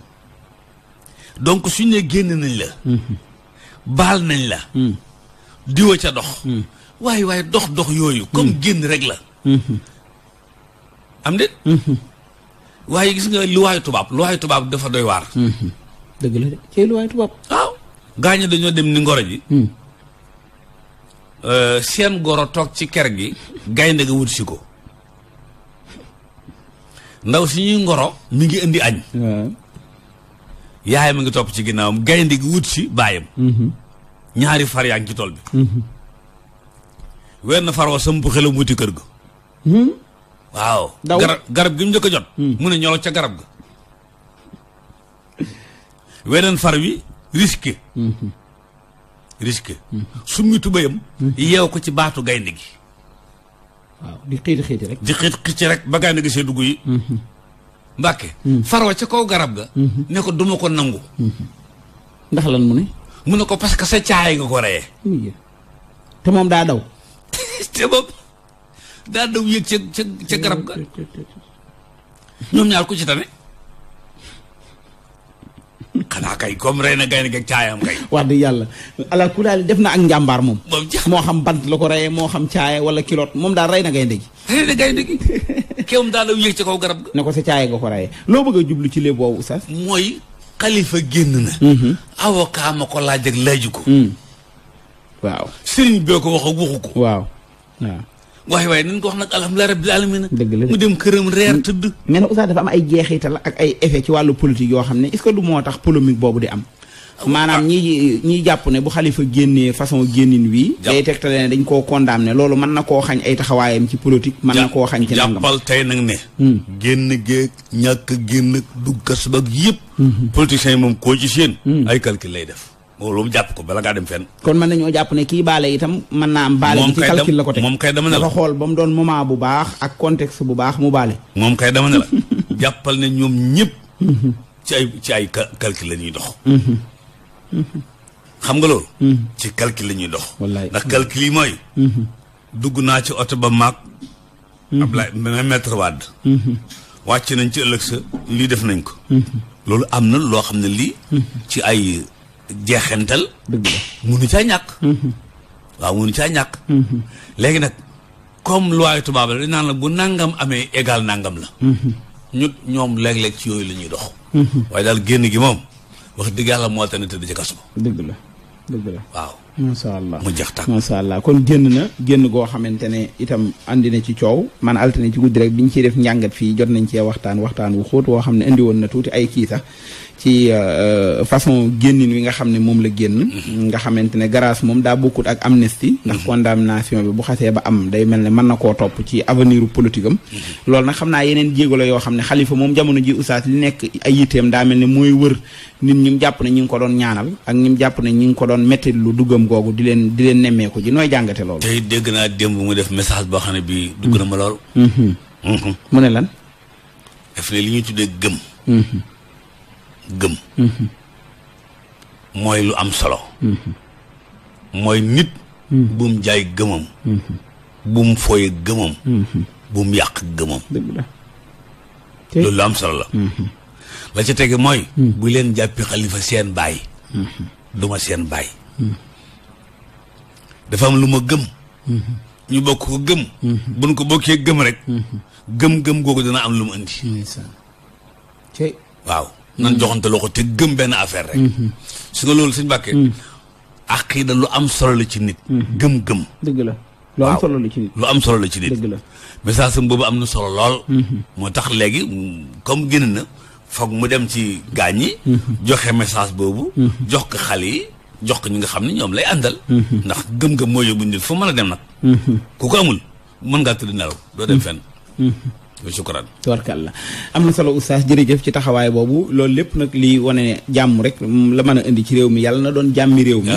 donc suñ ne génn nañ la mhm. baal nañ la mhm. diwa ca dox waaye mhm. waaye dox dox yooyu comme génn rek la am déet waaye gis nga luwaayu tubaab luwaayu tubaab dafa doy waar dëgg la de cee luwaayu tubaab waaw gaañu dañoo dem ni ngoro ji euh, seen goro toog ci ker gi gaynde ga wut si ko ndaw si ñuy ngoro mi ngi indi añ yaayam a ngi topp ci ginnaawam gaynde gi wut si baayam mhm. ñaari far yaa ngi ci tool bi mhm. wenn far wa samp xelam wuti kër ga mhm. waaw garab gi mu njëkk a jot mu ne ñolo ca garab ga weneen far wi risqué risqué summi tubayam yeew ko ci baatu gaynde gi waaw di xiiti rek di xiit xiit rek ba gaynde gi see dugg yi mbàkke farwa ca kaw garab ga ne ko duma ko nangu ndax lan mu ne mu ne ko parce que sa caay nga ko reyee te moom daa daw te moom daa daw yëg ca ca garab ga ñoom ñaar ku ci tane xanaa kay comme rey na gaynde ak caayam kay. wax dëgg yàlla ala kulaali def na ak njàmbaar moom. moom moo xam bant la ko reyee moo xam caaya wala kiloot moom daal rey na gaynde gi. rey na daal la yéeg ci kaw garab ga. sa caaya nga ko loo bëgg a jublu ci léeb boobu oustaz. mooy xalifa génn na. Mhm. avocat ma ko laa ak laaju ko. Mm. waaw sëriñ bee ko wax ak waxu ko. waaw waaw. waaye waaye nañ ko wax nag alhamdulilah rabbil alamin dëgg la mu dem këram reer tëdd mais nag oustaz ak ay effet ci wàllu politique yoo xam ne est-ce que du moo tax polémique boobu di am ah, maanaam ah. ñi ñiy jàpp ne bu xalifa génnee façon génnin wii day tegtale ne dañ koo condamné loolu mën na koo xañ ay taxawaayam ci politique mën na koo xañ ci nangam jàppal tey nag ne hmm. génn géeg ñàkk génn dugg kas bag yëpp hmm. politiciens yi moom koo ci seen hmm. ay calcul lay def loolu jàpp ko bala ngaa dem fenn kon mën nañoo jàpp ne kii baale itam mën naa am baale bi ci calcul la ko teg moom kay dama ne la xool ba mu doon moment bu baax ak contexte bu baax mu baale moom kay dama ne la jàppal ne ñoom ñëpp ci ay ci ay calcul xam nga loolu ci calcul la ñuy dox ndax calcul mooy dugg naa ci oto ba maag Ablaye maître Wade wàcc nañ ci ëllëg sa lii def nañ ko loolu am na loo xam ne lii ci ay jeexantal. dëgg la munu caa ñàkk. Mm-hmm. waaw caa ñàkk. Mm-hmm. léegi nag comme loi tubaab la dañ naan la bu nangam amee égal nangam la. Mm-hmm. ñu ñoom léeg-léeg ci yooyu la ñuy dox. waaye daal génn gi moom wax dëgg yàlla moo ne tëdd ci kaso ba. dëgg la dëgg la waaw. macha allah mu jeex tàkk macha allah kon génn na génn goo xamante ne itam andi na ci coow man altine ci guddi rek bi ñu ciy def njàngat fii jot nañ cee waxtaan waxtaan wu xóot woo xam ne indi woon na tuuti ay kii sax. ci euh, euh, façon génnin wi nga xam ne moom la génn mm-hmm. nga xamante ne grâce moom daa bokkut ak amnistie ndax kon mm-hmm. nation bi bu xasee ba am day mel ne mën na koo topp ci avenir politique am mm-hmm. loolu nag xam naa yeneen jéego la yoo xam ne xalifa moom jamono ji oustaz li nekk ay yitteem daa mel ne mooy wër nit ñi jàpp ne ñi ngi ko doon ñaanal ak ñi mu jàpp ne ñi ngi ko doon métti lu duggam googu di leen di leen nemmeeku ji nooy jàngate loolu tey dégg naa démb mu def message boo xam ne bi dugg na ma lool mu ne lan daf ne li ñuy tuddee gëm gëm mooy lu am solo mooy nit bum jaay gëmam bum fooy gëmam bum yàq gëmam loolu lu am solo la la ca tege mooy bu leen jàppi xalifa seen baay du seen baay dafa am lu ma gëm ñu bokk ko gëm buñ ko bokkee gëm rek gëm-gëm googu dana am lu mu indi waaw nan joxante loxo te gëm benn affaire rek. Mhm. su nga loolu suñu bàkkee. Mhm. aqiida lu am solo la ci nit. Mhm. gëm-gëm. dëgg la lu am solo la ci nit. lu am solo la ci nit. la message sam boobu am na solo lool. moo tax léegi mm, comme génn na foog mu dem ci gaañ yi. joxe message boobu. jox ko xale yi jox ko ñi nga xam ne ñoom lay àndal. ndax gëm-gëm moo yóbbu nit fu mën a dem nag. ku ko amul mën ngaa tëdd nelaw doo dem fenn. sukkuraan tubarkàlla am na solo oustaz jërëjëf ci taxawaay boobu loolu lépp nag li wane ne jàmm rek la mën a indi ci réew mi yàlla na doon jàmmi réew mi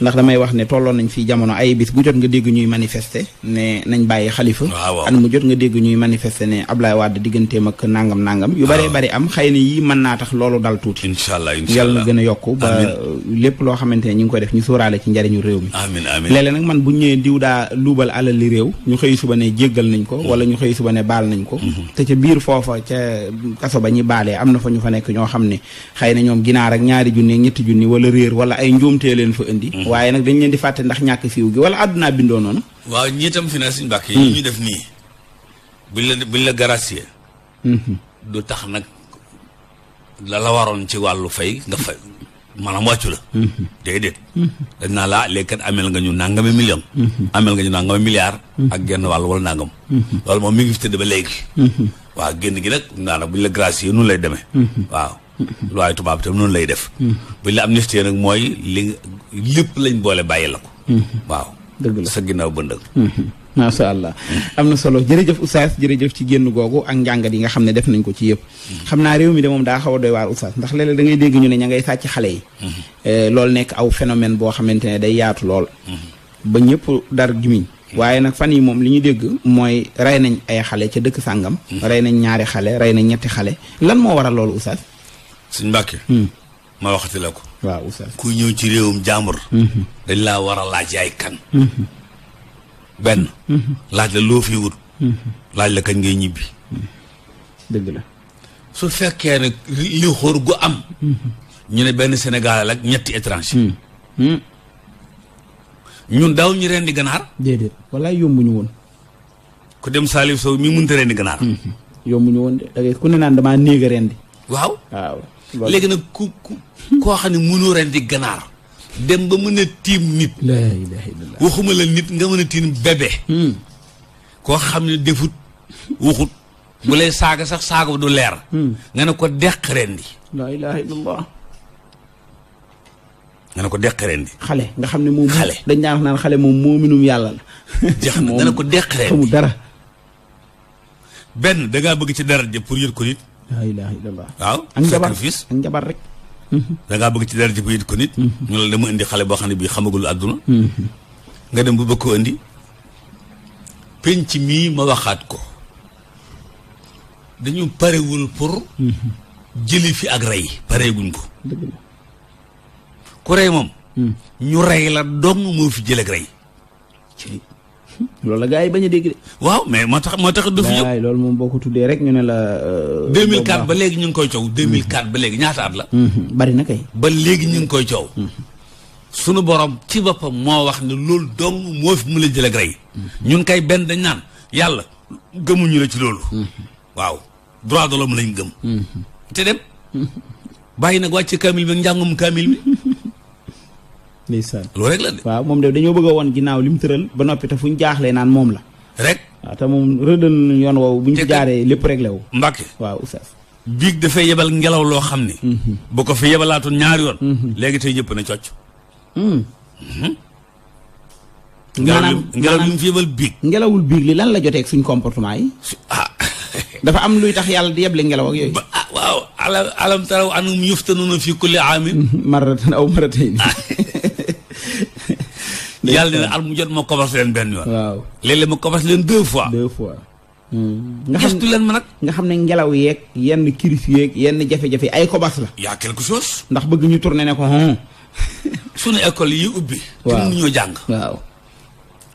ndax damay wax ne tolloon nañ fi jamono ay bis bu jot nga dégg ñuy manifester ne nañ bàyyi xalifa an mu jot nga dégg ñuy manifester ne Ablaye Wade digganteem ak nangam nangam yu bëree bëri am xëy na yii mën naa tax loolu dal tuuti incha allah yàlla na gën a yokku lépp loo xamante ne ñu ngi koy def ñu sóoraale ci njariñu réew mi amiin amiin léeg-léeg nag man bu ñëwee diw daa luubal alal li réew ñu xëy suba ne jéggal nañ ko hmm. wala ñu xëy suba ne baal nañ ko te ca biir foofa ca a ba ñi baalee am na fa ñu fa nekk ñoo xam ne xëy na ñoom ginaar ak ñaari junni ñetti junni wala réer wala ay njuumtee leen fo indi mhm. waaye nag dañ leen di fàtte ndax ñàkk fiiw gi wala àdduna bindoo noonu waaw ñi itam finance suñu bàkk yi hmm. ñu def nii buñ la buñ la gracier mhm. du tax nag la waroon ci wàllu fay nga fay maanaam wàccu la déedéet dañ naa laa léegi kat amel nga ñu nangami million amel nga ñu nangami milliard ak genn wàll wala nangam loolu moom mi ngi fi tëdd ba léegi waaw génn gi nag naa nag bu ñu la gracier noonu lay deme waaw waaye tubaab tam noonu lay def bu ñu la amnistie nag mooy li lépp lañ boole bàyyi la ko hmm. waaw dëgg la sa ginnaaw bëndëg macha allah am na solo jërëjëf oustaz jërëjëf ci génn googu ak njàngat yi nga xam ne def nañ ko ci yëpp xam naa réew mi de moom daa xaw a doy waar oustaz ndax léeg-léeg dégg ñu ne ña ngay sàcc xale eh, loolu nekk aw phénomène boo xamante ne day yaatu lool ba ñëpp dar gimiñ waaye nag fan yi moom li ñu dégg mooy rey nañ ay xale ca dëkk sàngam rey nañ ñaari xale rey nañ ñetti xale lan moo waral loolu oustaz suñ mbàkke hmm. ma waxati la ko waaw oustaz ku ñëw ci réewum jàmbur hmm. dañ laa war a laaj yaay kan hmm. benn. Mhm. laaj la loo fi wut. Mhm. laaj la kañ ngay ñibbi. dëgg la. su fekkee ne li xóor gu am. Mhm. ñu ne benn Sénégal ak ñetti étranger. ñun daaw ñu rendi ganaar. déedéet walaay yombuñu woon. ku dem Salif Sow mi mënut a rendi ganaar. yombuñu woon de da ku ne naan damaa néeg a rendi. waaw léegi nag ku ku koo xam ne mënoo rendi ganaar. dem ba mën a tiim nit. la waxuma la nit nga mën a tiim bébé. Hmm. koo xam ne defut waxut bu lay saaga sax saaga du leer. Hmm. nga ne ko deq ren di. la ilaha ko deq ren xale nga xam ne moom. xale dañ daan wax xale moom moominum yàlla la. nga ne ko deq ren di dara. benn da ngaa bëgg ci dara jë pour yër ko nit. waaw sacrifice ak njabar rek. da ngaa bëgg ci dara ji bu ko nit mm-hmm. ñoo la dama indi xale boo xam ne bii xamagul àdduna mm-hmm. nga dem bu bëgg ko indi penc mii ma waxaat ko dañu parewul pour mm-hmm. jëli fi ak rey pareeguñ ko ku rey moom mm. ñu rey la dong moo fi jël ak rey loolu la gars yi bañ a dégg de. waaw mais moo tax moo tax du fi ñëw loolu moom boo ko tuddee rek ñu ne la. 2004 euh, ba léegi ngi koy coow ba léegi mm-hmm. na kay. ba léegi ñu ngi koy coow. Mm-hmm. sunu borom ci boppam moo wax ne loolu dong moo fi mu la jëlee rey. Mm-hmm. ngi kay benn dañ naan yàlla gëmuñu la ci loolu. waaw droit de l'homme lañ gëm. te dem bàyyi nag wàcce kaamil bi njàngum kaamil bi. ndeysaan loolu de. waaw moom de dañoo bëgg woon ginnaaw li mu tëral ba noppi te fu ñu jaaxlee naan moom la. rek waaw te moom rëddal nañu yoon woowu bu ñu jaaree lépp réglé wu. Mbàkke waaw oustaz. biig dafay yebal ngelaw loo xam ni. Mhm. ko fi ñaari yoon. Mhm. léegi tey jëpp na cocc. maanaam mhm. ngelaw li biig. ngelawul biig li lan la jotee suñ comportement yi. ah. dafa am luy tax yàlla di yeble ngelaw ak yooyu. Ah, waaw alam taraw anum yuftanuna fi kulli aamin. marratan aw marratayn ah. yàlla ne al mu jot ma kobos leen benn yoon. waaw léeg-léeg ma kobos leen deux fois. deux fois. Hmm. nga xam gëstu leen nag. nga xam ne ngelaw yeeg yenn kiris yeeg yenn jafe-jafe ay kobos la. y a quelque ndax bëgg ñu tourné ne ko. Hmm. suñu école yi ubbi. waaw te mënuñoo jàng. waaw.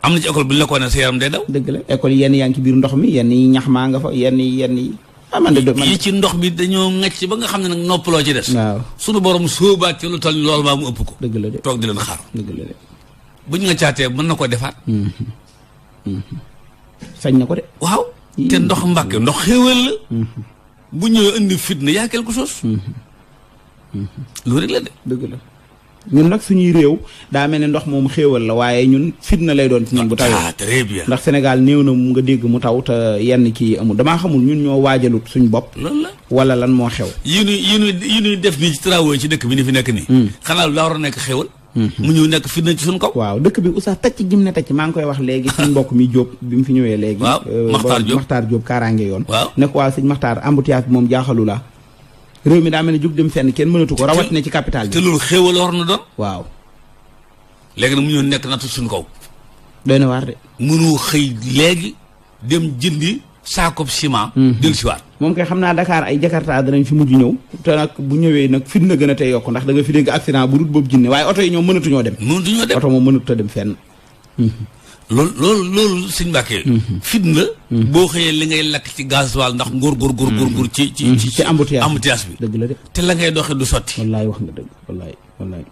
am na ci école bu ñu la ko ne sa yaram day daw. dëgg la école yenn yaa biir ndox mi yenn ñax maa nga fa yenn yenn yi. ah man de do ci ndox bi dañoo ŋecc ba nga xam ne nag noppaloo ci des. waaw suñu borom sóobaat ci lu toll loolu maa mu ëpp ko. dëgg la de toog di leen xaar. dëgg la de. buñ nga caatee mën na koo defaat. sañ na ko de. waaw te mm-hmm. ndox mbàkke ndox xéewal la. Mm-hmm. bu ñëwee indi fitna yaa quelque chose. Mm-hmm. loolu rek la de. ñun nag suñuy réew daa mel ne ndox moom xéewal la waaye ñun fitna lay doon ci ñun bu tawee. Ah, ndax Sénégal néew na mu nga dégg mu taw te yenn kii amul damaa xamul ñun ñoo waajalut suñu bopp. loolu la wala lan moo xew. yi ñuy yi ñuy def nii ci travaux ci dëkk bi ni fi nekk nii. Mm. xanaa lu daa war nekk xéewal. Mm-hmm. mu ñëw nekk fitna ci suñu kaw waaw dëkk bi oustaz tacc gim ne tacc maa ngi koy wax léegi suñu mbokk mi Jóob bi mu fi ñëwee léegi waaw euh, Maxtaar Jóob Maxtaar kaaraange yoon waaw ne ko Maxtaar embouteillage bi moom jaaxalu la réew mi daa mel ne jug dem fenn kenn mënatu ko rawat na ci capital bi te loolu xéewal war na doon waaw léegi nag mu ñëw nekk nattu suñu kaw doy na waar de mënu xëy léegi dem jëndi saakob ciment. Mhm. dellu siwaat moom kay xam naa dakaar ay Jakarta danañ fi mujj ñëw te nag bu ñëwee nag fit na gën a tey yokk ndax da nga fi dégg accident bu rut boobu jinne waaye oto yi ñoom mënatuñoo dem mënatuñoo dem oto moom mënatu dem fenn mhm. loolu loolu loolu sëñ Mbàkke mhm. fit na boo xëyee li ngay lakk ci gasoil ndax ngóor góor góor góor góor ci ci ci embouteillage bi dëgg la de te la ngay doxee du sotti wallaay wax nga dëgg wallaay wallaay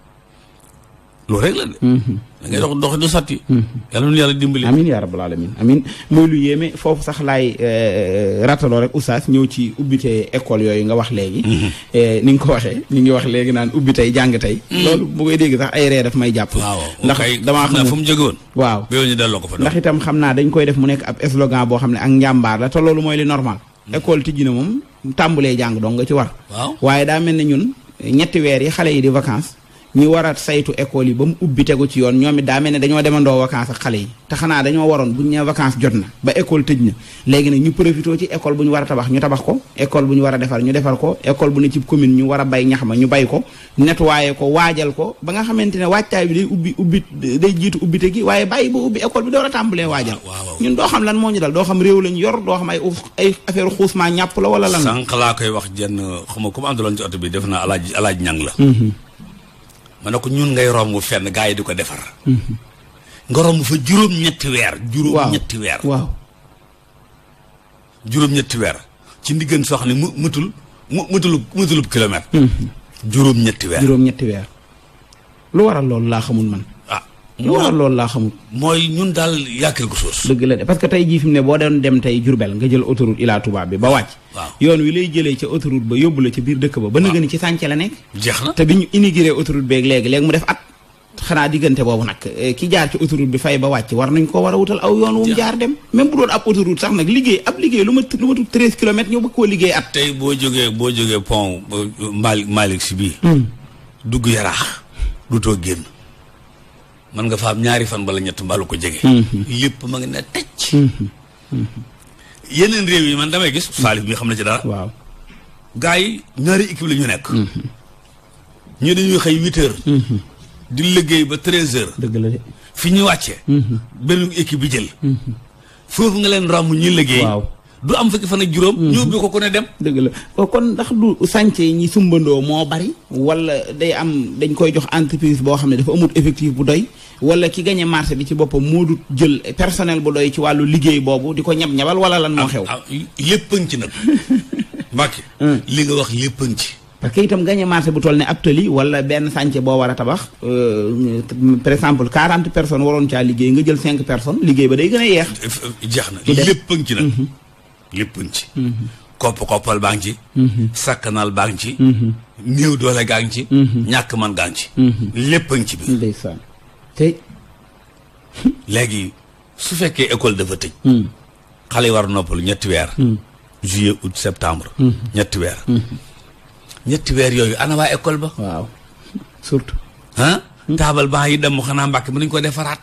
loolu rek la de. Mhm. da ngay dox dox du sotti. Mhm. yàlla nu yàlla dimbali. amiin yaa rabbal alamin amiin foofu sax laay eh, eh, rataloo rek oustaz ñëw ci ubbite école yooyu nga wax léegi. Mhm. Eh, ni nga ko waxee ñu ngi wax léegi naan ubbi tey jàng tey. lool bu koy dégg ay ree daf may jàpp. waaw ndax damaa xam fu mu jóge woon. waaw ba delloo ko fa. ndax itam xam naa dañ koy def mu nekk ab slogan boo xam ne ak njàmbaar la te loolu mooy li normal. école tijji na moom tàmbulee jàng dong nga ci war. waaw waaye daa ñun ñetti weer yi xale yi di vacances ñu war saytu école yi ba mu ubbi tegu ci yoon ñoom it daa mel ne dañoo demandoo vacances ak xale yi te xanaa dañoo waroon buñ ne vacances jot na ba école tëj na léegi nag ñu profité ci école bu ñu war a tabax ñu tabax ko école bu war a defar ñu defar ko école bu ne ci commune ñu war a bay ñax ma ñu bay ko nettoyé ko waajal ko ba nga xamante ne waajtaay bi day ubbi ubbi day jiitu ubbite gi waaye bàyyi ba ubbi école bi door a tàmbalee waajal ah, ñun doo xam lan moo ñu dal doo xam réew lañ yor doo xam ay ay affaire xuusmaa ñàpp la wala lan sànq laa koy wax jenn xam nga comme àndaloon ci oto bi def na alaaj alaaj ñang la mm-hmm. ma ne ko ñun ngay romb fenn gars yi di ko defar. Mhm. nga romb fa juróom-ñetti weer. juróom-ñetti weer ci ndiggante soo xam ne mu mutul mu mutulub mutulub kilomètre. Mhm. juróom-ñetti weer juróom-ñetti weer. lu waral loolu laa xamul man. lu waral loolu laa xamul. mooy ñun daal yaa quelque chose. parce que tey jii fi mu ne boo doon dem tey Diourbel nga jël autoroute Ila Touba bi ba wàcc. yoon wi lay jëlee ca autoroute ba yóbbu la ca biir dëkk ba. ba nga ni ci sànce la nekk. te bi ñu inauguré autoroute beeg léegi léegi mu def at. xanaa boobu nag eh, ki jaar ci bi fay ba wàcc war nañ ko war wutal aw yoon wu mu jaar dem. même bu doon ab autoroute sax nag liggéey ab liggéey lu ma lu ma tudd treize kilomètres ñu bëgg koo liggéey at. tey boo jógee boo jógee pont euh, Malick Malick hmm. dugg yaraax du too génn mën nga fa am ñaari fan bala ñett mbalu ko jege. Mhm. lépp ma ngi ne tecc. Mhm. Mhm. yeneen réew yi man damay gis. Salif bi xam na ci dara. waaw gars yi ñaari équipe la ñu nekk. ñu dañuy xëy huit di liggéey ba treize heures. dëgg la de fi ñu wàcce benn équipe bi jël. nga leen ràmm ñuy liggéey. waaw du am fukki fan ak juróom. ñu ubbi ko ku ne dem. dëgg la oh, kon ndax du sànce yi ñi sumbandoo moo bari. wala day am dañ koy jox entreprise boo xam ne dafa amut effective bu doy. wala ki gañe marché bi ci boppam mu du jël personnel bu doy ci wàllu liggéey boobu di ko ñab-ñabal wala lan moo ah, xew lépp ah, a ngi ci nag Mbacke li nga wax lépp a ngi ci parce que itam gañe marché bu toll ne ab tali wala benn sànce boo war a tabax euh, par exemple quarante personnes waroon caa liggéey nga jël cinq personnes liggéey ba day gën a yeex jeex na lépp a ngi ci nag lépp mm-hmm. a ngi ci mm-hmm. kopp koppal baa ngi ci mm-hmm. sakkanal baa ngi ci néew doole gaa ngi ci ñàkk man gaa ci lépp a ngi ci bi tey. léegi su fekkee école dafa tëj. Hmm. xale yi war noppalu ñetti weer. Hmm. juillet août septembre. Hmm. ñetti weer. ñetti weer yooyu ana école ba. waaw surtout. ah. taabal baa yi dem xanaa mbàkk mën nañu ko defaraat.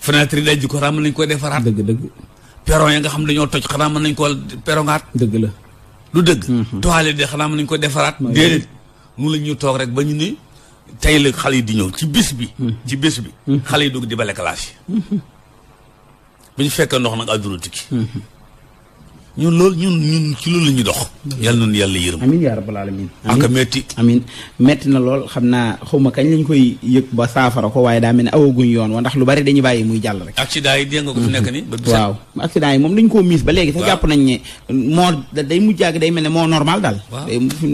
fenêtre yi daj ko xanaa mën nañu ko defaraat. dëgg dëgg. perron ya nga xam dañoo toj xanaa mën nañu ko perrongaat. dëgg la. lu dëgg. toilette de xanaa mën nañu ko defaraat. déedéet mu la toog rek ba ñu ni. tey la xale yi di ñëw ci bis bi. Hmm. ci bis bi. Hmm. xale yi dugg di bale classe yi. Hmm. bu ñu fekkee ndox nag àdduna tukki. ñun loolu ñun ñun ci loolu la ñuy dox. yàlla nañu yàlla yërëm. amiin yaa rabbal aalamiin. ak metti metti na lool xam naa xaw ma kañ lañ koy yëg ba saafara ko waaye daa mel ne awaguñ yoon wa ndax lu bari dañuy bàyyi muy jàll rek. accident yi dégg nga ko fi nekk ni waaw accident yi moom dañ koo miis ba léegi. sax jàpp nañ ne moo day mujj ak day mel ne moo normal daal. waaw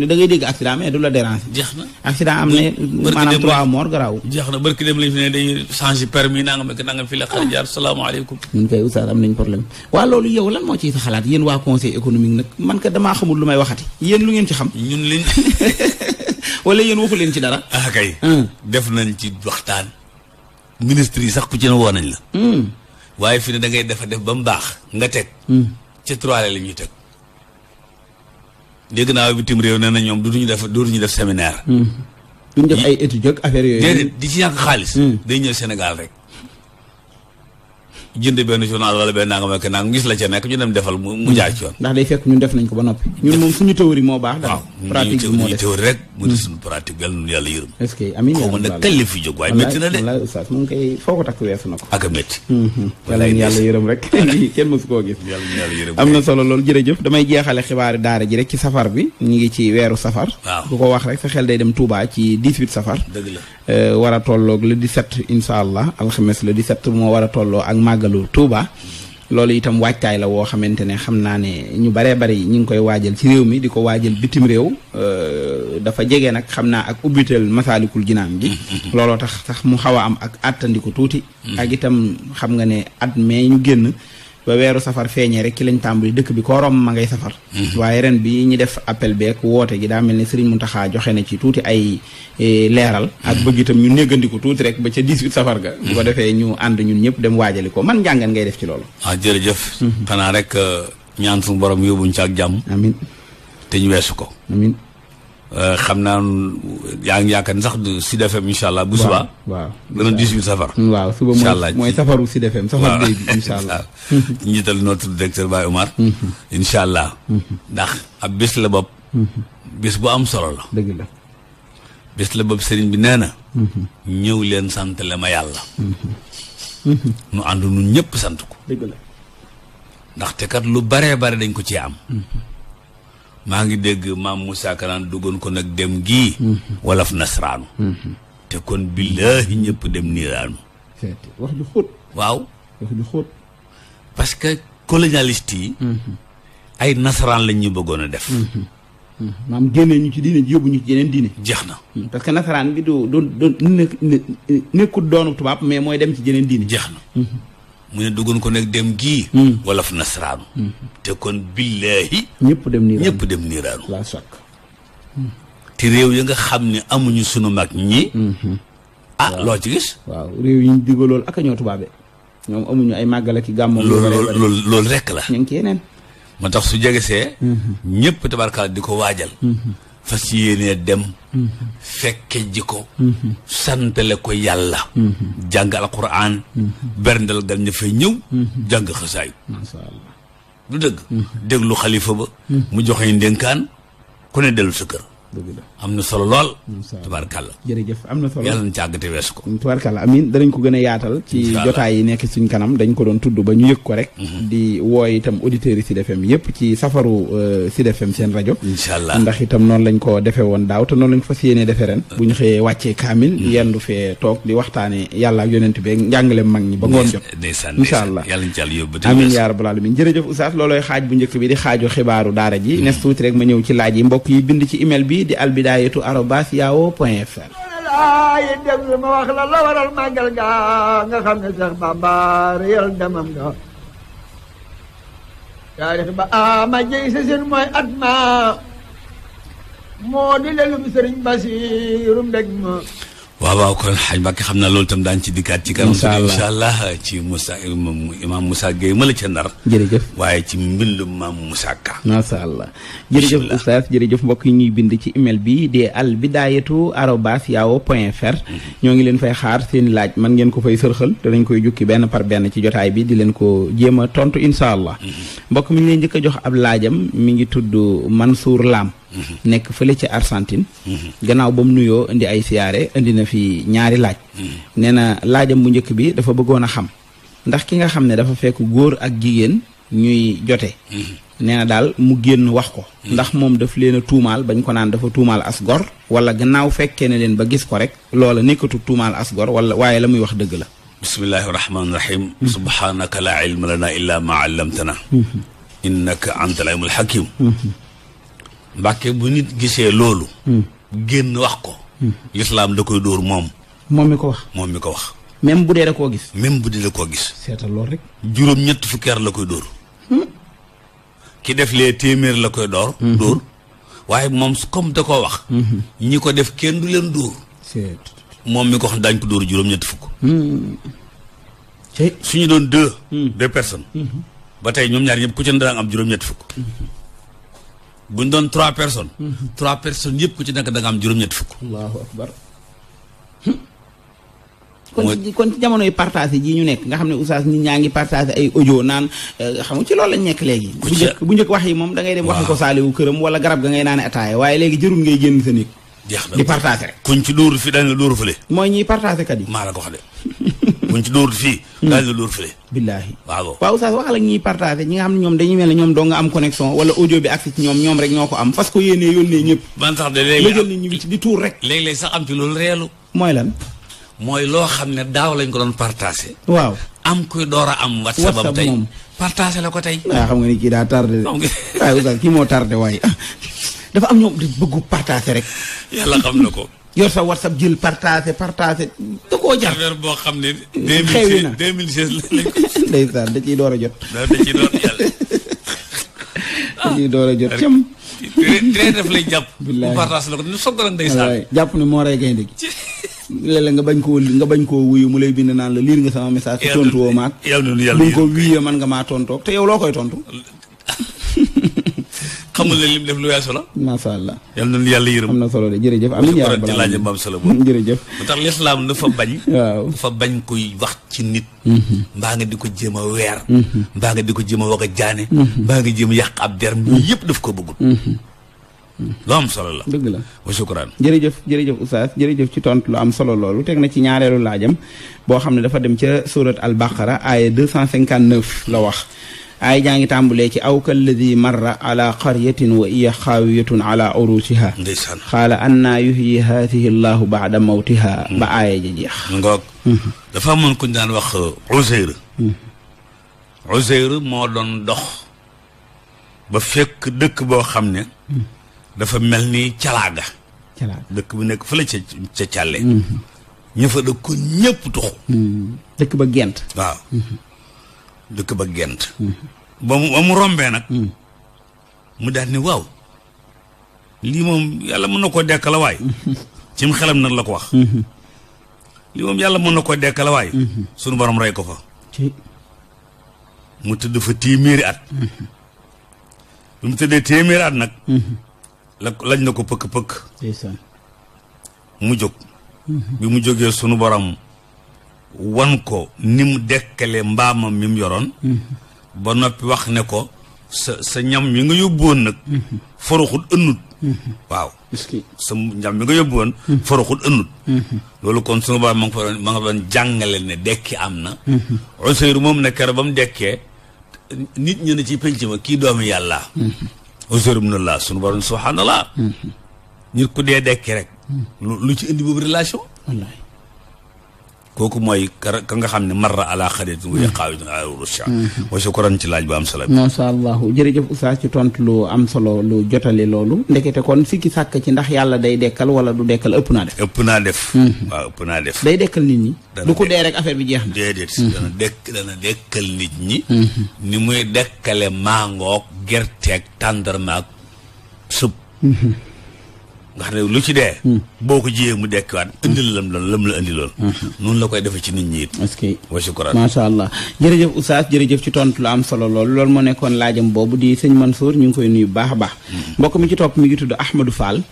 da ngay dégg accident mais du la déranger. jeex na accident am na maanaam trois morts garaaw. jeex na barki dem lañ fi ne dañuy changer permis naa nga mekk naa nga fi la xar jaar ah. salaamaaleykum. ñun kay oustaz am nañ problème waa waa conseil économique nag man ka damaa xamul lu may waxati yéen lu ngeen ci xam. ñun liñ. wala yéen waxu leen ci dara. ah kay. Ah. def nañ ci waxtaan. ministre yi sax ku ci ne woo nañ la. Hmm. waaye fi ne da ngay defa def ba mu baax nga teg. Hmm. ca trois la ñuy teg. dégg naa bitim réew nee na ñoom duñu def duñu def séminaire. Hmm. duñu def ay études ak affaire yooyu. déedéet di ci ñàkk xaalis. day ñëw Sénégal rek. jënd benn journal wala benn nangam ak nangam gis la ca nekk ñu dem defal mu jaay yoon. ndax day fekk ñun def nañ ko ba noppi. ñun moom suñu théorie moo baax. daal pratique bi moo des théorie rek. mu di hmm. suñu pratique yàlla nu yàlla yërëm. est-ce que amiin xaw ma nag kañ la fi jóg waaye métti na de. mu ngi koy foo ko takk weesu na ko. ak a métti. Hmm, hmm. yàlla nu yàlla yërëm rek kenn mësu koo gis. yàlla nu yàlla yërëm am na solo loolu jërëjëf damay jeexale xibaari daara ji rek ci safar bi ñu ngi ci weeru safar. waaw ku ko wax rek sa xel dem Touba ci 18 safar. dëgg la Euh, war a tolloog le 17 incha allah alxames le 17 moo war a tolloo ak màggalu Touba. loolu itam waajtaay la woo xamante ne xam naa ne ñu baree bari ñu ngi koy waajal ci réew mi di ko waajal bitim réew euh, dafa jege nag xam naa ak ubbiteel masaalikul jinaan gi looloo tax sax mu xaw a am ak àttandiku tuuti mm-hmm. ak itam xam nga ne at mee ñu génn ba weeru safar feeñee rek ci lañ tàmbali dëkk bi ko romb ma ngay safar mhm. waaye ren bi ñu def appel beek woote gi daa mel ne Serigne Mountakha joxe na ci tuuti ay e, leeral ak mhm. bëgg itam ñu néggandiku tuuti rek ba ca 18 safar ga bu ko mhm. defee ñu ànd ñun ñëpp dem waajali ko man njàngan ngay def ci loolu ah jëf xanaa rek euh, ñaan suñu borom yóbbuñ ci ak jàmm te ñu weesu ko Euh, xam naa yaa ngi yaakaar sax Sud FM incha allah. bu subaa waaw dana 18 safar. Mm, waaw suba mooy mooy safaru Sud FM. safar béy bi incha allah waaw njiital notre directeur Baye Omar. Mm-hmm. allah. Mm-hmm. ndax ab bés la bopp. Mm-hmm. bu am solo la. dëgg la. bés sëriñ bi nee na. ñëw leen sant la ma yàlla. nu ànd nu ñëpp sant ko. dëgg la. ndaxte kat lu baree bare dañ ko ci am. maa ngi dégg maam Moussa Kanaan duggoon ko nag dem gi mhm. walaf nasraanu mhm. te kon billaahi ñëpp dem niiraanu wax ju xóot waaw wax ju xóot parce que colonialiste yi mhm. ay nasaraan lañ ñu bëggoon a def maam génnee ñu ci diine ji yóbbu ñu ci yeneen diine jeex na parce que nasaraan bi du du du doonu tubaab mais mooy dem ci yeneen diine jeex na mu ne duggoon ko nekk dem gii. Hmm. wolof nasaraanu. Hmm. te kon billaahi. ñëpp dem niiraanu ñëpp dem niiraanu. laa sàkk. Hmm. te réew yi nga xam ne amuñu sunu mag ñi. ah loo ci gis. réew yi ñu digal loolu ak a ñoo tubaabe. ñoom amuñu ay màggal ak i gàmm. loolu loolu rek la. ñu ngi ci moo tax su jegesee. ñëpp tabarkaal di ko waajal. fas yéenee dem mm-hmm. fekke ji ko mm-hmm. santale ko yàlla mm-hmm. jàng alquran berndal gan ña fay ñëw jàng xasaay du dëgg déglu xalifa ba mu joxe ndénkaan ku ne dellu sa kër dëgg la am na solo lool. tubaarkàlla jërëjëf am na solo yàlla na ci àgg te wees ko. Mm, tubaarkàlla amiin danañ ko gën a yaatal. ci jotaay yi nekk suñ kanam dañ ko doon tudd ba ñu yëg ko rek. Mm-hmm. di woo itam auditeurs yi Sud FM yëpp ci safaru euh, Sud FM seen rajo. incha allah ndax itam noonu lañ ko defee woon daaw te noon lañ ko fas yéenee defee ren. Mm. bu ñu xëyee wàccee kaamil. Mm-hmm. yendu fee toog di waxtaanee yàlla ak yonent bi ak njàngale mag ñi ba ngoon jot. ndeysaan ndeysaan yàlla incha allah amiin yaa jërëjëf oustaz looloy xaaj bu njëkk bi di xaajo xibaaru daara ji mm-hmm. nes tuuti rek ci laaj yi mbokk yi bind ci email bi bi di albidaayatu arobas yahoo point fr ay déglu ma wax la la waral màggal nga xam ne Seex Bamba réyal demam nga taarix ba ama jëy sa seen mooy at ma moo di lelum sëriñ Basiiru mbég ma waaw waaw kon xaj Mbàkke xam na loolu tam daañu ci dikkaat ci kanam. incha allah ci Moussa imaam Moussa Gueye ma la ca nar. jërëjëf waaye ci mbindum maam musa Ka. macha allah jërëjëf oustaz jërëjëf mbokk yi ñuy bind ci email bi di al bidaayatu arobas yahoo point fr. Mhm. ñoo ngi leen fay xaar seen laaj man ngeen ko fay sërxal te dañ koy jukki benn par benn ci jotaay bi di leen ko jéema tontu incha allah. Mhm. mbokk mi ñu njëkk a jox ab laajam mi ngi tudd Mansour laam nekk fële ci Argentine gannaaw ba mu nuyoo indi ay siyaare indi na fi ñaari laaj nee na laajam bu njëkk bi dafa bëggoon a xam ndax ki nga xam ne dafa fekk góor ak jigéen ñuy jote nee na daal mu génn wax ko ndax moom daf leen a tuumaal bañ ko naan dafa tuumaal as gor wala gannaaw fekkee ne leen ba gis ko rek loola nekkatu tuumaal as gor wala waaye la muy wax dëgg la bismillahi rahmaani rahim subhanaka la ilma lana illa ma allamtana innaka anta alimul mbàkke bu nit gisee loolu hmm. génn wax ko hmm. lislaam da koy dóor moom moom mi ko wax moom mi ko wax même bu dee da koo gis même bu dee da koo gis seeta loolu rek juróom ñett fukki at la koy dóor hmm. ki def lee téeméer la koy door dóor waaye moom comme da koo wax ñi ko def kenn du leen dóor moom mi ko xam daañ ko dóor juróom ñett fukk suñu doon deux deux personnes ba tey ñoom ñaar ñëpp ku ci ne daan am juróom ñett fukk buñ doon trois personnes. trois personnes yëpp ku ci nekk da am juróom-ñetti fukk. allahu akbar. kon ci kon ci jamonoy partagé jii ñu nekk nga xam ne oustaz nit ñaa ngi partagé ay audio naan euh, xam nga ci lool lañ nekk léegi. bu njëkk bu njëkk wax yi moom da ngay dem. waxi ko saaliwu këram wala garab ga ngay naan ataaya waaye léegi jërul ngay génn sa néeg. di partagé rek. kuñ ci dóoru fi daan la dóoru fële. mooy ñiy partagé kat yi. maa la ko wax de. buñ ci dóor fii hmm. daal la dóor fële billaahi waaw waaw oustaz waxal ak ñiy partagé ñi nga xam ne ñoom dañuy mel ne ñoom doo nga am connexion wala audio bi agsi ci ñoom ñoom rek ñoo ko am parce a am la ko tey waaw ah, xam nga ni kii daa tardé de waaye oustaz kii moo tardé waaye dafa am ñoom di bëggu partagé rek yàlla xam na ko yor sa whatsapp jël partagé partagé da koo jar. affaire boo xam ne. xewi na 2016 lañ ko. ndeysaan da ciy door a jot. da ciy door a jàll. door a jot cam. très def lay jàpp. bilaay la ko nu soog a ndeysaan. jàpp ne moo rey gaynde gi. léeg nga bañ koo nga bañ koo wuyu mu lay bind naan la liir nga sama message. tontu woo maag. yàlla na yàlla buñ ko man nga maa tontoog te yow loo koy tontu. xamul ne lim def lu weesu la. macha allah yal na yàlla yërëm. am na solo de jërëjëf amiin yaa rabbal aalamiin maam solo boobu jërëjëf. mu tax lislaam dafa bañ. waaw koy wax ci nit. Mhm. mbaa di ko jéem a weer. Mhm. mbaa di ko jéem a wax a jaane. Mhm. mbaa nga jéem a yëpp daf ko bëggul. lu am solo la. dëgg la wa sukkuraan. jërëjëf jërëjëf Oustaz jërëjëf ci tontu lu am solo loolu teg na ci ñaareelu laajam boo xam ne dafa dem ca surat al cent aaya 259 la wax ay jaa ngi tàmbulee ci aw kalladi marra ala qaryatin wa iya xaawiyatun ala urusiha xaala anna yuhyi haatihi llahu baada mawtiha ba aaya ja jeex ngoog hmm. dafa amoon kuñ daan wax euh, Uzeyr hmm. Uzeyr moo doon dox ba fekk dëkk boo xam ne hmm. dafa mel ni calaaga calaaga dëkk bu nekk fële ca ca càlle dëkk ko ñëpp tuxu dëkk ba gent ba mu ba mu rombee nag hmm. mu daal ni waaw lii moom yàlla mën na koo dekkala waay cim xelam nag la ko wax hmm. lii moom yàlla mën na koo dekkala waay hmm. sunu borom rey ko fa mu tëdd fa téeméeri at bi mu tëddee téeméeri at nag la lañ na ko pëkk pëkk mu jóg bi mu jógee sunu borom wan ko ni mu dekkale mbaamam mi mu yoroon ba noppi wax ne ko sa sa ñam mi nga yóbbuwoon nag foroxut ënnut waaw sa ñam mi nga yóbbuwoon foroxut ënnut loolu kon su nga ba ma ma nga doon jàngale ne dekki am na Useyru moom ne kere ba mu dekkee nit ñu ne ci penc ma kii doomi yàlla Useyru ibn Allah sunu borom subhaanallah nit ku dee dekki rek lu ci indi boobu relation wallaay kooku mooy ka nga xam ne marra ala xaritin wa qaa'idun ala rusha mm. Mm. wa shukran ci laaj bu am solo bi masha allah jërëjëf oustaz ci tontu lu am solo lu jotale loolu ndekete kon siki sàkk ci ndax yàlla day dekkal wala du dekkal ëpp naa def ëpp naa def mm. ëpp naa def day dekkal nit ñi du ko dee rek affaire bi jeex na déedéet dana dekk dana dekkal nit ñi ni muy dekkale maangoog gerteeg tàndarmaag sub mm-hmm. nga lu ci dee. Hmm. boo ko jiyee mu dekkiwaat. indil lam lool lam la indi lool. Hmm. noonu la koy defee ci nit ñi it. est-ce que wa shukran macha allah jërëjëf Oustaz jërëjëf ci tontu lu am solo lool lool moo nekkoon laajam boobu di man Mansour ñu ngi koy nuyu baax a baax. Hmm. mbokk mi ci topp mi ngi tudd Ahmadou Fall.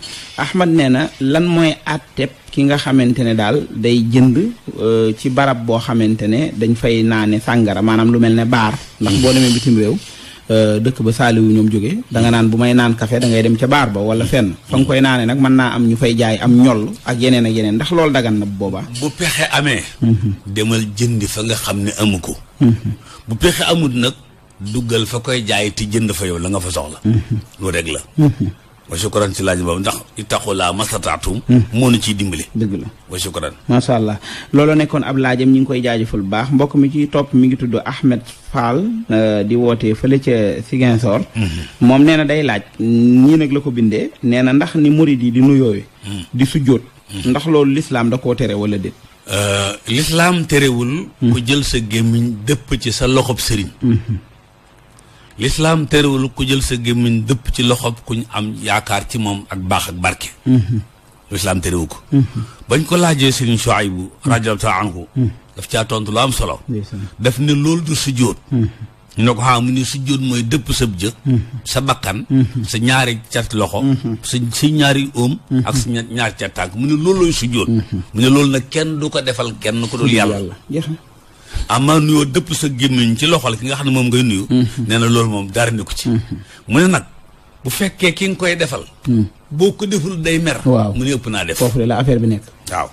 Ahmad nee na lan mooy tep ki nga xamante ne daal day jënd euh, ci barab boo xamante ne dañ fay naane sàngara maanaam lu mel ne baar. ndax boo demee bitim réew. Euh, dëkk ba saaliwu ñoom jóge danga naan bu may naan kafe da ngay dem ca baar ba wala fenn fa nga koy naane nag mën naa am ñu fay jaay am ñoll ak yeneen ak yeneen ndax loolu dagan na bu boobaa bu pexe amee mhm. demal jëndi fa nga xam ne amu ko mhm. bu pexe amut nag duggal fa koy jaay te jënd fa yow la nga fa soxla mhm. lu rek la wa shukran si laaj boobu ndax ittaqulaa mastataatum hmm. moo nu ciy dimbali dëgg la wa shukran macha allah loolu nekkoon ab laajam ñi ngi koy jaajëfal bu baax mbokk mi ci topp mi ngi tudd Ahmed Fall euh, di wootee fële ca Ziguinchor hmm. moom nee na day laaj ñii nag la ko bindee nee na ndax ni murid yi di nuyoowe hmm. di sujjóot ndax loolu lislaam da koo tere wala déet euh, lislaam terewul ku jël sa gémmiñ dëpp ci sa loxob sëriñ lislaam terewul ku jël sa gémmiñ dëpp ci ku ñu am yaakaar ci moom ak baax ak barke mhm. lislaam terewu ko mhm. bañ ko laajee Sëriñ Shuaybu radiyallaahu taala anhu mhm. daf caa tontu lu am solo def ni lool du sujjóot ñu ne ko xam ah, mu sujjóot mooy dëpp sa jë sa bakkan sa ñaari cat loxo sa sa ñaari óom ak sa ñaari cat tànk mu ne loolu looy sujjóot mu ne loolu nag kenn du ko defal kenn ko dul yàlla amaa nuyoo dëpp sa gémmiñ ci loxol ki nga xam ne moom ngay nuyu mm-hmm. nee na loolu moom dara ni ko ci mm-hmm. mu ne nag bu fekkee ki nga koy defal mm-hmm. boo ko deful day mer mu ne ëpp naa def foofu la affaire bi nekk waaw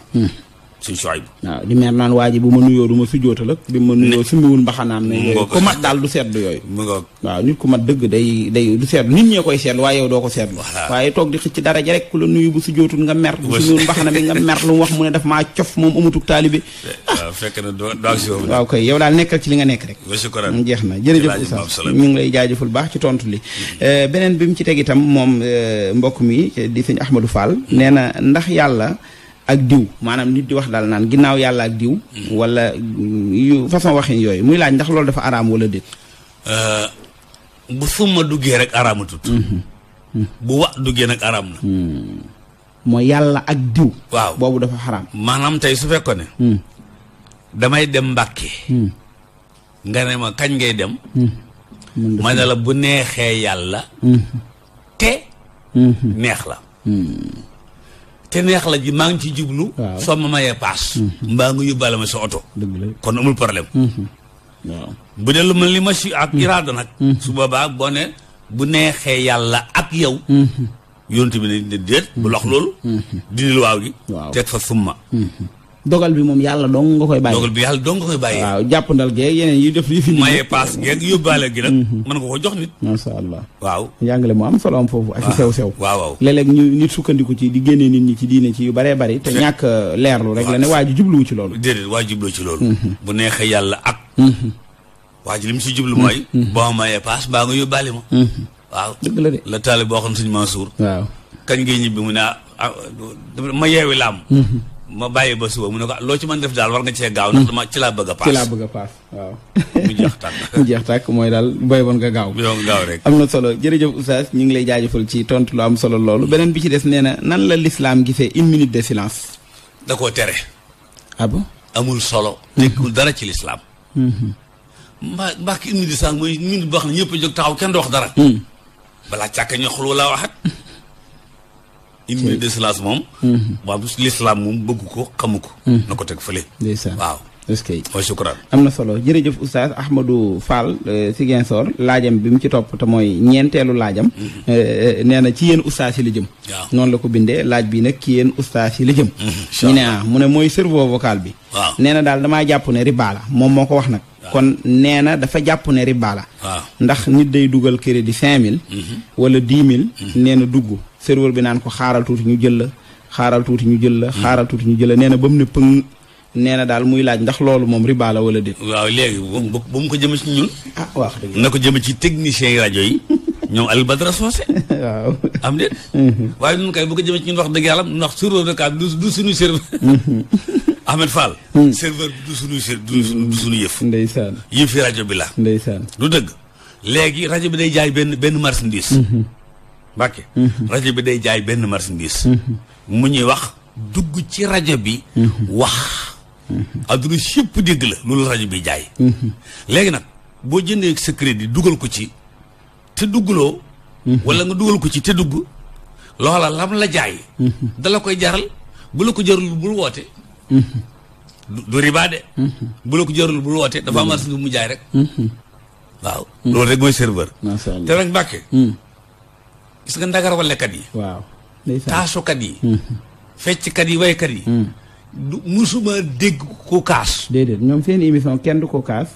suñ sooy bu waaw di mer naan waa ji ma nuyoo du ma sujjootal ak bi ma nuyoo sumbiwul mbaxanaam ne yooyu ku mat daal du seetlu yooyu waaw nit ku mat dëgg day day du seetlu nit ñee koy seetlu waaye yow doo ko seetlu waaye toog di xëcc dara ja rek ku la nuyu bu sujjootul nga mer bu sumbiwul mbaxana bi lu mu wax mu ne daf maa cof moom amutuk taalibe eh, waaw fekk na doo waaw koy yow daal nekkal ci li nga nekk rek mm, jeex na jërëjëf Oustaz ñu ngi lay jaajëful baax ci tontu li mm-hmm. eh, beneen bi mu ci teg itam moom eh, mbokk mi di sëñ Ahmadou Fall nee na ndax yàlla ak diw maanaam nit di wax daal naan ginnaaw yàlla ak diw. wala yu façon waxin yooyu muy laaj ndax loolu dafa araam walla déet. Euh, bu suma duggee rek araamatut. Mm-hmm. Mm-hmm. bu wax duggee nag araam na. Mm-hmm. mooy yàlla ak diw. waaw boobu dafa xaraam. maanaam tey su fekkoon ne. Mm. damay dem Mbàkke. Mm. nga ne ma kañ ngay dem. Mm. ma ne bu neexee yàlla. te. neex la. te neex la ji maa ngi ci jublu. waaw soo ma mayee paas. Mm-hmm. mbaa nga yóbbaale ma sa oto. kon amul problème. Mm-hmm. waaw bu dee lu mel ni machi ak mm-hmm. iraada nag. su boobaa boo bu neexee yàlla ak yow. yonent bi ne déet bu lox loolu. dindil waaw gi. teg fa summa. dogal bi moom yàlla dong nga koy bàyyi. dogal bi yàlla dong nga koy bàyyi. waaw jàppandal geeg yeneen yi def yi fi. maye paas geeg yóbbaale gi nag. Mhm. mën nga ko jox nit. macha allah waaw. njàngale mu am solo am foofu. waaw waaw léeg-léeg ñu nit sukkandiku ci di génnee nit ñi ci diine ci yu baree bari. te ñàkk euh, leerlu rek la ne waa ji jubluwu ci loolu. déedéet waa ji ci loolu. Mhm. bu neexee yàlla ak. Mhm. waa ji li si jublu mooy. boo mayee paas mbaa nga yóbbaale ma. waaw dëgg la de la taale boo xam suñu Mansour. waaw kañ ngay ñibbi mu ne ah, ah, ma yeewi laam ma bàyyi ba suba mu ne ko loo ci man def daal war nga cee gaaw ndax hmm. dama ci laa bëgg a paas ci laa bëgg a paas waaw mu jeex tàkk mooy daal boy boon nga gaaw boon gaaw rek am na solo jërëjëf oustaz ñu ngi lay jaajëfal ci tontu lu am solo loolu beneen bi ci des nee na nan la lislaam gisee une minute de silence da koo tere ah amul solo tekkul dara ci lislaam hmm. mbaa mbaa ki une minute de silence mooy minute boo xam ne ñëpp a taxaw kenn du wax dara hmm. balaa càkk ñoo xul une minute de moom. Mhm. waaw lislaam moom bëgg ko xamu ko. Mhm. na ko teg fële. waaw. est am na solo jërëjëf oustaz Ahmadou Fall euh, Ziguinchor laajam bi mu ci topp te mooy ñeenteelu laajam mhm. euh, euh, nee na ci yéen oustaz yi la jëm waaw noonu la ko bindee laaj bi nag ci yéen oustaz yi la jëm ah mu ne mooy cerveau vocal bi waaw nee na daal damaa jàpp ne riba moom moo ko wax nag kon nee na dafa jàpp ne riba la ndax nit day dugal crédit cinq mille mm-hmm. wala dix mille mm-hmm. nee na dugg serveur bi naan ko xaaral tuuti ñu jël la xaaral tuuti ñu jël la mm-hmm. xaaral tuuti ñu jël la nee na ba mu ne pëng nee daal muy laaj ndax loolu moom riba la wala déet waaw léegi ba mu ko jëm ci ñun ah wax dëgg na ko jëm ci techniciens yi rajo yi ñoom Aliou Badara Socé waaw am déet waaye ñun kay bu ko jëmee ci ñun wax dëgg yàlla wax serveur du suñu serveur Ahmed Fall. Hmm. serveur bi du suñuy ser du suñu yëf. ndeysaan yëfi rajo bi la. ndeysaan du dëgg. léegi rajo bi day jaay benn benn marchandise. Hmm, hmm. Mbàkke. rajo bi day jaay benn marchandise. mu ñuy wax dugg ci rajo bi. wax. adduna sipp dégg la loolu rajo bi jaay. léegi nag boo jëndee sa crédit dugal ko ci te dugguloo. wala nga dugal ko ci te dugg. loola lam la jaay. dala koy jaral bu la ko jarul bul woote. du riba de. Mm-hmm. bu la ko jarul bul woote dafa am mm-hmm. lu mu jaay rek. Mm-hmm. waaw loolu rek mooy serveur. macha allah te mm. gis nga ndagar walekat yi. waaw taasukat yi. fecckat yi waykat yi. Mm. du musuma dégg ko kaas. déedéet ñoom seen émission kenn du ko kaas.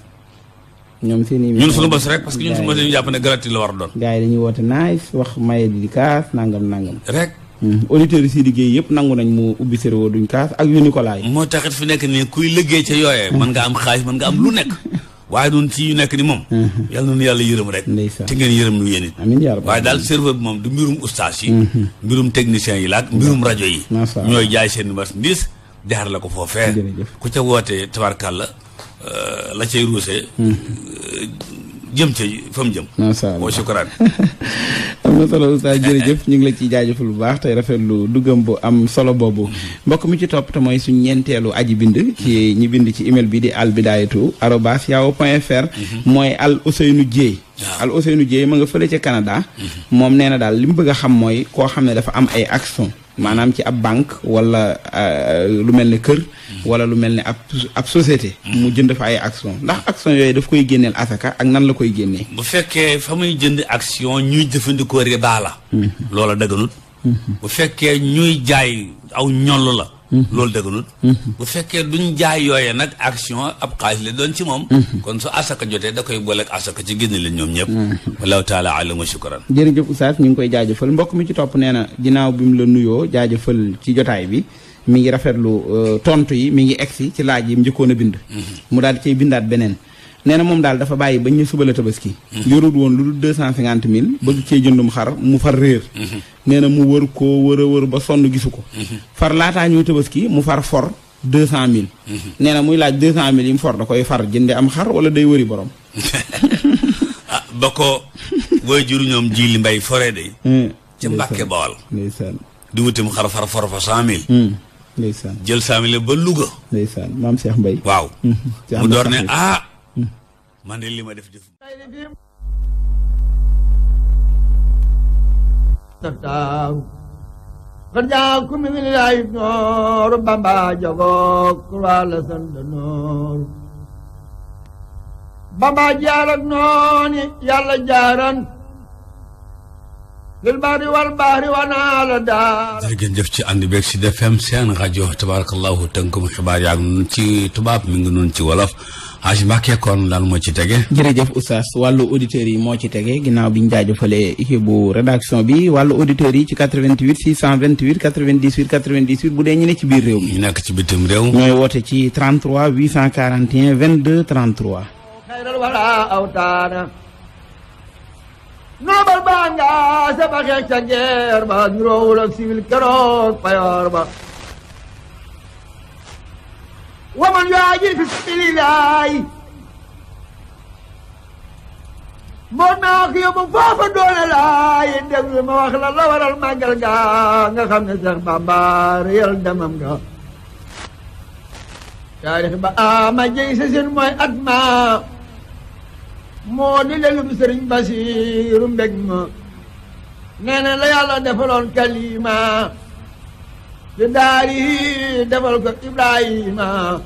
ñoom seen émission ñun suñu bës rek parce que ñun suñu bës dañu jàpp ne gratuit la war a doon. gars yi dañuy woote naaj wax maye di kaas nangam nangam. rek. Mm-hmm. auditeurs yi si liggéey yëpp nangu nañ mu ubbi séréo duñ kaas ak yu Nicolas yi moo taxit fi nekk nii kuy liggéey ca yooyee mën nga am xaalis mën nga am lu nekk mm-hmm. waaye noonu ci yu nekk ni moom mm-hmm. yàlla noonu yàlla yërëm rek te ngeen yërëm nu yéen it amiin waaye daal serveur bi moom du mbirum ustaas yi mbirum technicien yi laak mbirum rajo yi ñooy jaay seen marchandise jaar la ko foofee ku ca wootee tabarkàlla euh, la cay ruusee euh, jëm ca fa mu jëm. jërëjëf ñu ngi la ciy jaajëfal bu baax tey rafetlu duggam bu am solo boobu mbokk mu ci topp te mooy suñu ñeenteelu aji bind. ci ñi bind ci email bi di albidaayatu arobas yahoo point fr. Mhm. mooy al Ousseynou Dieye. al Ousseynou Dieye ma nga fële ca Canada. Mhm. moom nee na daal li mu bëgg a xam mooy koo xam ne dafa am ay action maanaam ci ab banque wala euh, lu mel ne kër. wala lu mel ne ab ab société. mu jënd fa ay action ndax action yooyu daf koy génneel asaka ak nan la koy génnee. bu fekkee fa muy jënd action ñuy jëfandikoo baa la. Mm-hmm. loola dëgganut. Mm-hmm. bu fekkee ñuy jaay aw ñoll la. Mm-hmm. loolu dëgganut. bu fekkee duñ jaay yooyee nag action ab xaalis la doon ci moom. kon su asaka jotee da koy boole ak asaka ci génn leen ñoom ñëpp. wallahu taala alam wa shukran. jërëjëf Oustaz ñu ngi koy jaajëfal mbokk mi ci topp nee na ginnaaw bi mu la nuyoo jaajëfal ci jotaay bi. mi ngi rafetlu euh, tontu yi mi ngi egsi ci laaj yi mu njëkkoon a bind. Mhm. mu daal di bindaat beneen. nee na moom daal dafa bàyyi ba ñu suba la tabaski. Mhm. yorul woon lu dul deux cent cinquante mille. bëgg cee jëndum xar mu far réer. Mhm. nee na mu wër ko wër a wër ba sonn gisu ko. far laataa ñuy tabaski mu far for deux cent mille. nee na muy laaj deux cent mille yi mu for da koy far jënde am xar wala day wëri borom. ah ba ko waajur ñoom jiili mbay fore de. Hmm. ca Mbàkke Bawol. ndeysaan di xar far for fa cent mille. Hmm. ndeysaan jël saamile ba Louga. maam Cheikh Mbaye. waaw. mu door ne ah! hmm. man de li ma def def. xar jaa ku mi bamba jogook waa la sant nooru bamba jaar nooni yàlla jaaran jëf ci ànd beeg si defem seen rajo tabarakallahu tënkum xibaar yaa ngi noonu ci tubaab mi ngi noonu ci wolof Haji Mbàkke koon daal moo ci tege jërëjëf oustaz wàllu auditeurs yi moo ci tege ginnaaw bi ñu jaajëfalee équipe bu rédaction bi wàllu auditeurs yi ci 88 628 98 98 bu dee ñu ci biir réew mi ñu nekk ci bitim réew ñooy woote ci 33 841 22 33 noobal baa nga sa baxee ca ngeer ba ñu roowul ak siwil keroog payoor ba waman yuhaajir fi sabilillahi moo naa ko yóbbu foofa doole laay déglu ma wax la la waral màggal ga nga xam ne Seex Bàmba réyal demam nga taarix ba ama ah, jëy sa seen mooy at moo di lelum sëriñ Basiiru mbég ma nee na la yàlla defaloon kalima di daari defal ko Ibrahima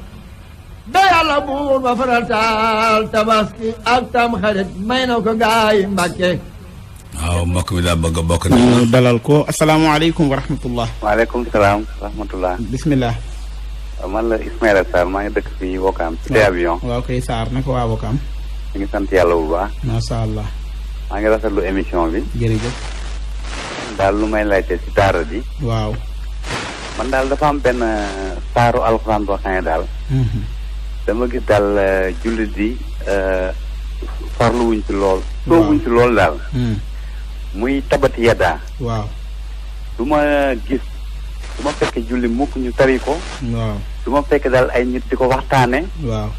da yàlla buur ba farataal tabaski ak tam xarit may na ko gaayi Mbàkke waaw mbokk mi daal bëgg a bokk ñu dalal ko asalaamaaleykum wa rahmatullah waaleykum salaam wa rahmatullah bismillah man la Ismaila Sarr maa ngi dëkk fii Wokam ci avion waaw kay Sarr naka waa Wokam ñu ngi sant yàlla bu baax. macha allah. maa ngi rafetlu émission bi. daal lu may laajte ci daara bi. waaw. man daal dafa am benn euh, saaru alxuraan boo xam daal. Mhm. dama gis daal euh, jullit yi euh, farlu wuñ ci lool. daal. Mhm. muy tabati yaddaa. waaw. du ma gis du ma fekk julli mukk ñu tari ko. waaw du ma fekk daal ay nit di ko waxtaane. waaw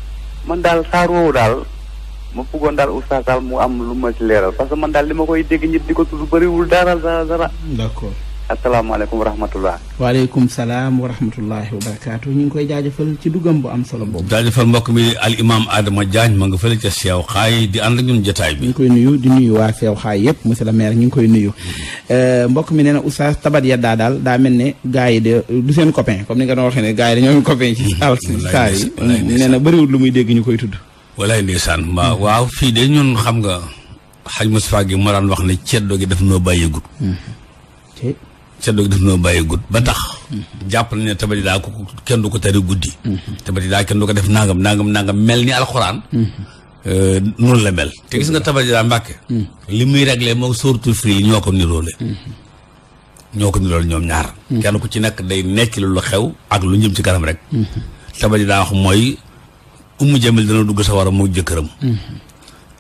man daal saaru woowu daal. ma bëggoon daal oustaz daal mu am lu ma ci leeral parce que man daal li ma koy dégg ñit di ko tudd bëriwul dara dara dara. d'accord. asalaamaaleykum wa rahmatulah. salaam wa rahmatullahi wa barakaatu ñu ngi koy jaajëfal ci duggam bu am solo boobu. jaajëfal mbokk mi al imaam Adama Diagne ma nga fële ca seew xaay di ànd ak ñun jotaay bi. ñu koy nuyu di nuyu waa seew xaay yëpp monsieur le maire ñu ngi koy nuyu. Mm-hmm. Euh, mbokk mi nee na oustaz tabat ya daa daal daa mel ne gars yi seen copain comme ni nga doon waxee ne gars yi dañoo am copain ci. saa yi ñu koy tudd. walaay ndeysaan waaw fii de ñun xam nga xaj Moustapha gi moo daan wax ne ceddo gi daf noo bàyyi gut ceddo gi daf noo bàyyi gut ba tax mm-hmm. jàpp na ne tabati daa ko kenn du ko tari guddi mm-hmm. tabati daa kenn du ko def nangam nangam nangam mel ni alxuraan mm-hmm. euh, noonu la mel te gis nga tabati daa mbàkke li muy réglé moo surtout fii ñoo ko niroole ñoo ko niroole ñoom ñaar kenn ku ci nekk day nekk lu xew ak lu jëm ci kanam rek tabati daa wax mooy ummu jamil dana dugg sa sawara moo jëkkëram mm-hmm.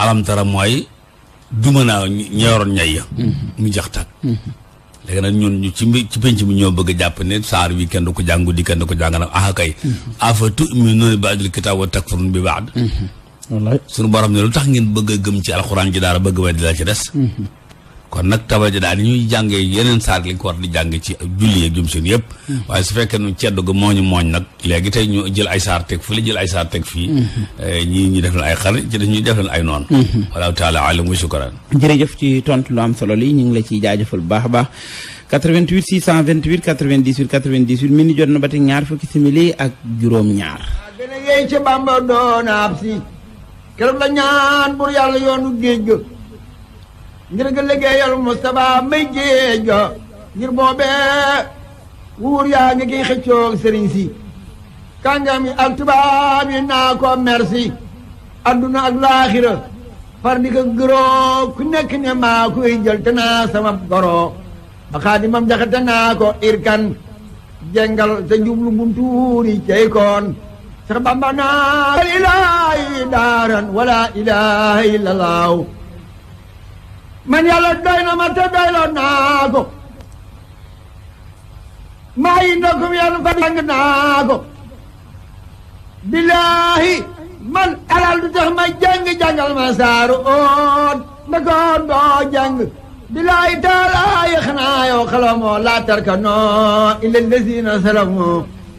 alamtara mooy duma naa ñeeroon ñay ya mm-hmm. mu jax tag mm-hmm. léegi nag ñun ñu ci ci penc mi ñoo bëgg jàpp ne saar wi kenn du ko jàng guddi kenn du ko jàng nag ah kay afa tu'minuuna bi ba'dil kitaab wa takfuruuna bi ba'd wallaay suñu borom ne lu tax ngeen bëgg a gëm ci alxuraan ji daara bëgg way di la ci des kon nag tabaja daal ñuy jàngee yeneen saar li ko war di jàng ci julli ak jum seen yëpp hmm. waaye su fekkee nu ceddo ga mooñu mooñ nag léegi tey ñu jël ay saar teg fële jël ay saar teg fii hmm. eh, ñii ñu def leen ay xar ci def ñu def leen ay noon hmm. wallahu taala alam wa shukran jërëjëf ci tontu lu am solo li ñu ngi la ciy jaajëfal bu baax a baax 88 628 98 98 mi ni jot na ba tey ñaar fukki simili ak juróom ñaar dana yey ci Bàmba doon si keroog la ñaan bur yàlla yoonu géej ngir nga liggéeyal Moustapha may géej ga ngir boobee wuur yaa ngi kiy xëccoog sëriñ si kàngam yi ak tubaab yi naa ko merci adduna ak laaxira far di ko gëroo ku nekk ne maa koy jël te naa sama goroo ba xaadimam jaxate naa ko irkan jengal te jublu buntuuri cey koon sax bamba naa ilaahi daaran wala ilaaha illallah man yàlla doy na ma te doyloo naa ko maa yi ndokkum yàlla fa jàng naa ko man alal du tax ma jàng jàngal ma saaru oon ma koon boo jàng bilaahi taalaa yéex naa yow xalamoo laa tarka noo illa lazina salamu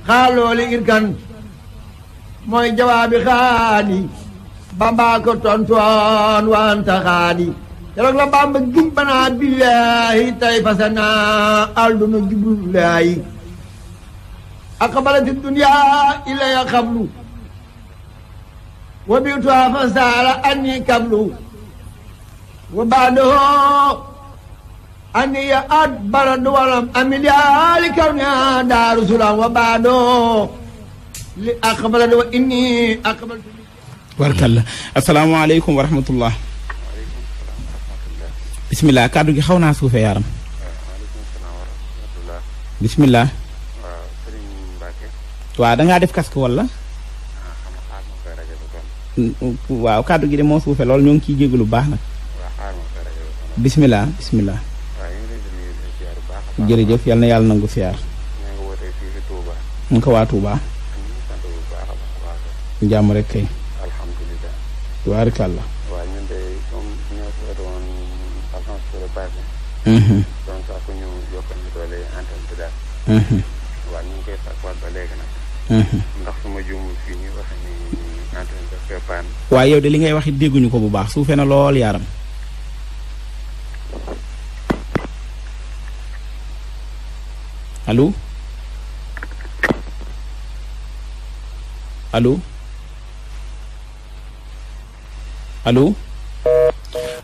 xaaloo li irkan mooy jawaabi xaani bambaa ko tontoon wanta keroog la Bàmba jumbanaa billaahi tay fasanaa alduna jublullaahi aqbalati dunyaa ilaya xablu wa biituha fa saala anni kablu wa baadoo anni ya at baradu walam amiliyaali kaw naa daaru sulaam wa baadoo li aqbalati wa inni aqbaltu barkalla asalaamaaleykum wa rahmatullah bisimilah kàddu gi xaw naa suufee yaram. bisimilah. waaw da ngaa def casque wala. waaw kàddu gi de moo suufe lool ñoo ngi ciy jégg lu baax nag. bisimilah bisimilah. jërëjëf yal na yàlla nangu siyaar. nga ko waa Touba. jàmm rek kay. tubaarikàlla. doon sàkku ñu yokkal ñu ñu ngi koy sàkkuwaat ba léegi nag ndax su ma waaye yow de li ngay wax dégguñu ko bu baax suufe na lool yaaram allo allo allo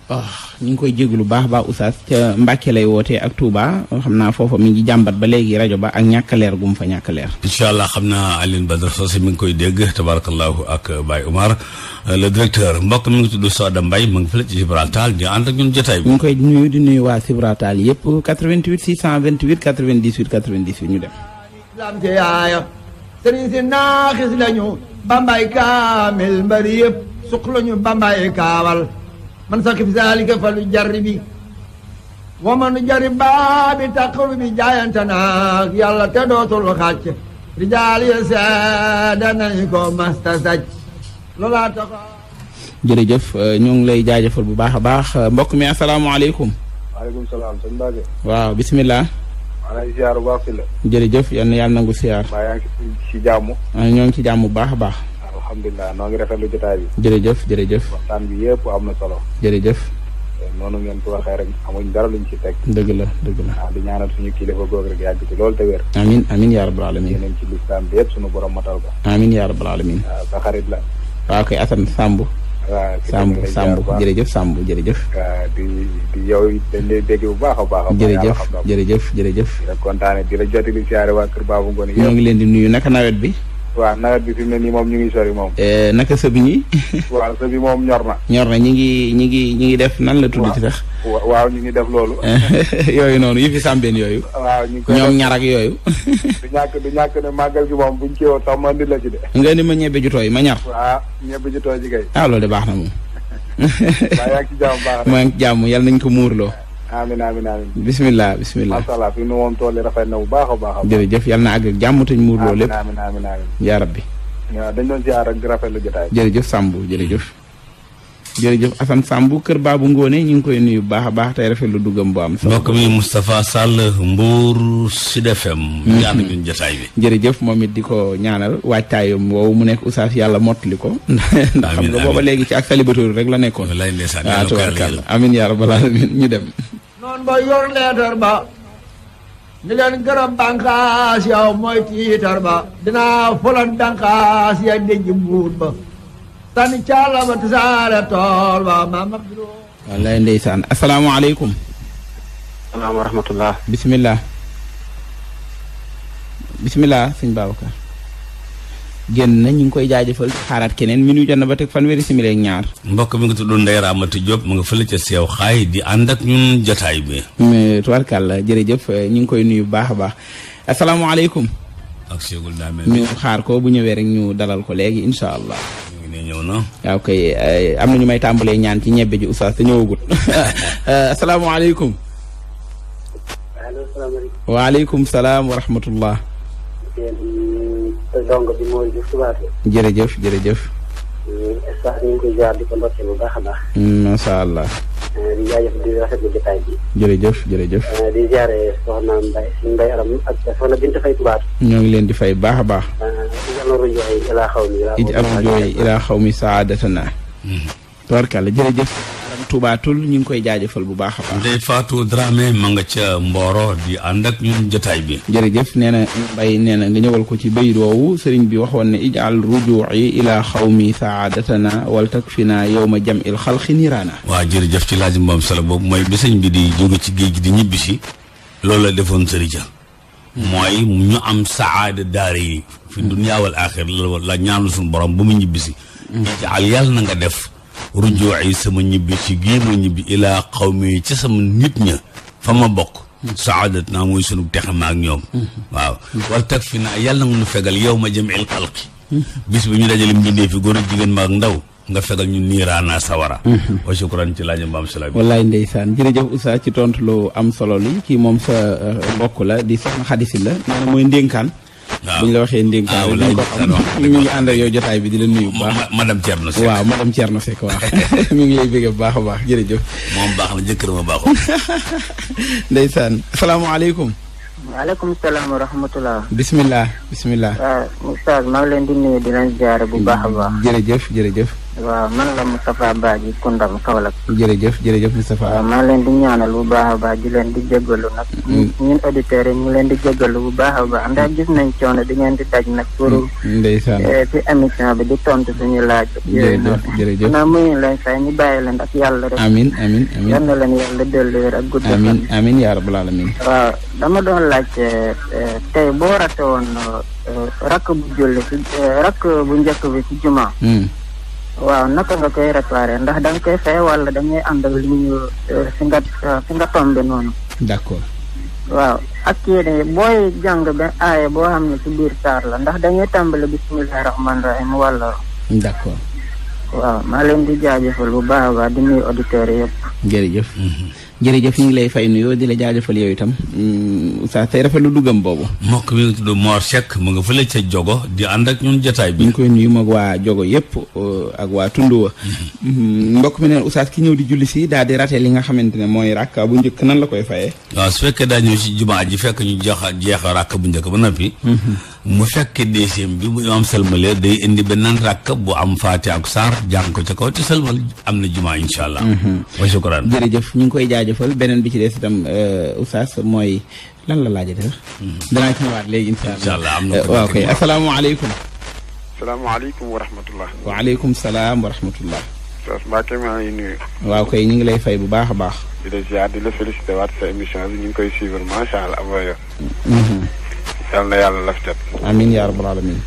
Ah, ñu ngi koy jéglu baax baax oustaz ca Mbàkke lay wootee ak Touba xam naa foofa mi ngi jàmbat ba léegi rajo ba ak ñàkk leer gu mu fa ñàkk leer incha allah xam naa Alioune Badara Socé mi ngi koy dégg tabarakallahu ak Baye Omar euh, le directeur mbokk mi ngi tudd Soda Mbaye mu ngi fële ci Gibraltar di ànd ak ñun jotaay ñu ngi koy nuyu di nuyu waa Gibraltar yëpp 88 628 98 98 ñu dem islam ci yaaya sëriñ si naaxis lañu bambay kaamil mbari yëpp suq lañu bambay kaawal man saqib zalika falu jarribi wa man jarib baabi taqrubi jaayante naag yàlla te dootul xàcc rijaal yi seede nañ masta sàcc loolaa tax jërëjëf euh, ñu ngi lay jaajëfal bu baax a baax euh, mbokk mi asalaamaaleykum. waaleykum salaam sëñ Mbacke. waaw bisimilah. maa ngi la. jërëjëf yal na yàlla nangu ziar. maa ñoo ngi ci jàmm bu baax a baax. alhamdulilah noo ngi rafetlu jotaay bi. jërëjëf jërëjëf. waxtaan bi yëpp am na solo. jërëjëf. Eh, noonu ngeen ko waxee rek amuñ dara lañ ci teg. dëgg la dëgg la. waaw ah, di ñaanal suñu kilifa googu rek yàgg ci loolu te wér. amiin amiin yaa rabbal alamin. yeneen ci lislaam bi yëpp suñu borom matal ko. amiin yaa rabbal alamin. waaw ah, sa xarit la. waaw ah, kay Assane Samb. waaw Samb Samb jërëjëf Samb jërëjëf. waaw di di yow it dañ lay dégg bu baax a baax. jërëjëf jërëjëf jërëjëf. di kontaane di la jotali siyaare waa Kër Babou Ngoné. ñoo ngi leen di nuyu naka nawet bi. waaw nawet bi fi mu ne nii moom ñu ngi sori moom. Eh, naka sëb yi. waaw sëb yi moom ñor na. ñor na ñu ngi ñu ngi ñu ngi def nan la tudd ci sax. waaw ñu ngi def loolu. yooyu noonu yi fi sàmbeen yooyu. waaw ñu ñoom ñaar ak yooyu. du ñàkk du ñàkk ne màggal gi moom buñ kiiwoon sax ma ndil la ci de. nga ni ma ñebe ju tooy ma ñaar. waaw ñebe ju tooy ji kay. ah loolu de baax na moom. waaye ak ci jàmm baax nañ ko muurloo. amin amin amin bisimilah bisimilah macha allah fi mu moom tool yi rafet na bu baax a baax jërëjëf yàlla na àgg ak jàmm tañ muur loolu lépp amin amin amin yaa rabbi waaw dañ doon ziar ak rafet la jotaay jërëjëf Samb jërëjëf jërëjëf Assane Samb kër bu Ngone ñu ngi koy nuyu bu baax a baax tey rafet lu duggam bu am. mbokk mi Moustapha Sall Mbour Sud FM. Mm-hmm. ñaan ñun jotaay bi. moom it di ko ñaanal waajtaayam woowu mu nekk oustaz yàlla mottali ko. ndax xam nga booba léegi ci ak célibataire rek la nekkoon. walaay ndeysaan ah, yàlla tubarkàlla amiin yaa rabbal aalamiin ñu dem. noonu ba yor leetar ba. ni leen gërëm bànqaas yow mooy tiitar ba. dinaa fulan bànqaas ya ndéjji mbuur ba. tani caala ba tasaare tool ba maam ak juróom. wallaay ndeysaan asalaamaaleykum. salaam wa rahmatullah. bisimilah. bisimilah sëñ Babacar. génn na ñu ngi koy jaajëfal xaaraat keneen mi nu jot na ba teg fanweeri simili ak ñaar. mbokk mi nga tuddoon Ndeye Ramata Diop mu nga fële ca seew xaay di ànd ak ñun jotaay bi. tubarkàlla jërëjëf ñu ngi koy nuyu bu baax a baax asalaamaaleykum. ak Cheikh Goulda ñu xaar ko bu ñëwee rek ñu dalal ko léegi incha allah. bi ah, eh, am na ñu may tàmbalee ñaan ci ñebe ji oustaz te ñëwagut eh, asalaamaaleykum. salaam wa rahmatullah. jërëjëf sax ñu ngi koy jaar di bu baax a baax. macha allah. Euh, di jaajëf di rafetlu jotaay bi. jërëjëf jërëjëf. Euh, di ziare soxna Mbaye si Mbaye aram ak soxna Binta Faye Touba. ñoo ngi leen di fay baax a baax. Euh, ij alal rujooy ilaa xaw mi. ij alal rujooy ilaa xaw mi saadatana. Mm-hmm. tubarkàlla jërëjëf aram tubaatul ñu ngi koy jaajëfal bu baax a baax Ndeye Fatou Dramé nga ca Mboro di ànd ak ñun jotaay bi jërëjëf nee na mbay nee na nga ñëwal ko ci bayit woowu sëriñ bi waxoon ne ijaal rujuuci ila xawmi saadatana wal takfina yowma jam il xalqi waa waaw jërëjëf ci laaj mbaam solo boobu mooy bisañ bi di jóge ci géej gi di ñibbi si loolu la defoon sëriñ ja mooy ñu am saada daara yi fi dunya wal axir la la ñaanul suñu borom ba mu ñibbisi mm. ijaal yàlla na nga def rujoo yi sama ñibbi ci gii ma ñibbi ilaa xawmi ca sama nit ña fa ma bokk saadat naa mooy sunu texe ma ak ñoom waaw wal tag fi naa yàlla nga nu fegal yow ma jëm il xalqi bis bi ñu dajale mbindee fi góor ak jigéen ma ak ndaw nga fegal ñu niiraana sawara wa shukran ci laajam ba am solo bi wallaay ndeysaan jërëjëf Oustaz ci tontu lu am solo li kii moom sa uh, mbokk la di soxna xadisi la nee mooy ndénkaan bu ñu la waxee ndénkaane bi ah, ñu ko xam mi ngi ànd ak yow jotaay bi di la nuyu bu baax madame Thierno Seck waaw madame Thierno Seck waaw mi ngi lay bëgg bu baax a baax jërëjëf moom baax na jëkkër ma baaxul ndeysaan asalaamaaleykum waaleykum salaam wa rahmatulah bisimilah bisimilah waaw ah, Oustaz maa ngi leen di nuyu di bu baax a baax jërëjëf jërëjëf waaw man la Moustapha Badji Koundam Kaolack. jërëjëf jërëjëf Moustapha. waaw maa leen di ñaanal bu baax a baax di leen di jégalu nag. Mm. ñun auditeurs yi ñu leen di jégalu bu baax a baax ndax gis nañ coono di ngeen di daj nag. pour mm. ndeysaan eh, ci émission bi di tontu suñu laaj. jërëjëf jërëjëf naa muyu leen fay ñu bàyyi leen ak yàlla rek. amiin amiin amiin yal na leen yàlla dellu wér ak gudd. amiin amiin yaa rabbal aalamiin. waaw dama doon laajte eh, tey boo rate woon eh, rakk bu julli ci rakk bu njëkk bi ci jumaa mm. waaw naka nga koy réparé ndax da koy fay walla da ngay ànd ak ñu euh, fi nga fi nga tombé noonu. d'accord. waaw ak yéene booy jàng ba aaye boo xam ne si biir saar la ndax dañuy tàmbali bisimilah man rahim wala. d'accord. waaw maa leen di jaajëfal bu baax a baax di nuyu auditeurs yëpp. jërëjëf. Mm-hmm. jërëjëf ñu ngi lay fay nuyoo di la jaajëfal yow itam mm, saa tey rafet lu duggam boobu mbokk mi ngi tudd Mor Seck mu nga fële ca jogo di ànd ak ñun jotaay bi ñu koy nuyu mag waa jogo yëpp uh, ak waa tund wa mm-hmm. Mm-hmm. mbokk mi neen oustaz ki ñëw di julli si daal di rate li nga xamante ne mooy ràkka bu njëkk nan la koy fayee waa su fekkee daa ñëw si jumaa ji fekk ñu jox jeex ràkka bu njëkk ba noppi mm-hmm. mu fekk deuxième bi bu imaam salmalee day indi beneen rakk bu am faati ak saar jàng ko ca kaw te am na jimaa insha allah mhm. wa shukran jërëjëf ñu ngi koy jaajëfal beneen bi ci des itam euh, oustaz mooy lan la laajate sax mhm. danaa ci ñëwaat léegi insha am na euh, waaw kay asalaamaaleykum asalaamaaleykum wa rahmatullah waaleykum salaam wa rahmatullah oustaz Mbacke maa ngi nuyu waaw ñu ngi lay fay bu baax a baax di la ziar di la félicité waat sa ñu ngi koy suivre macha allah yal na yàlla laf cat. amiin yaa rabbal aalamiin.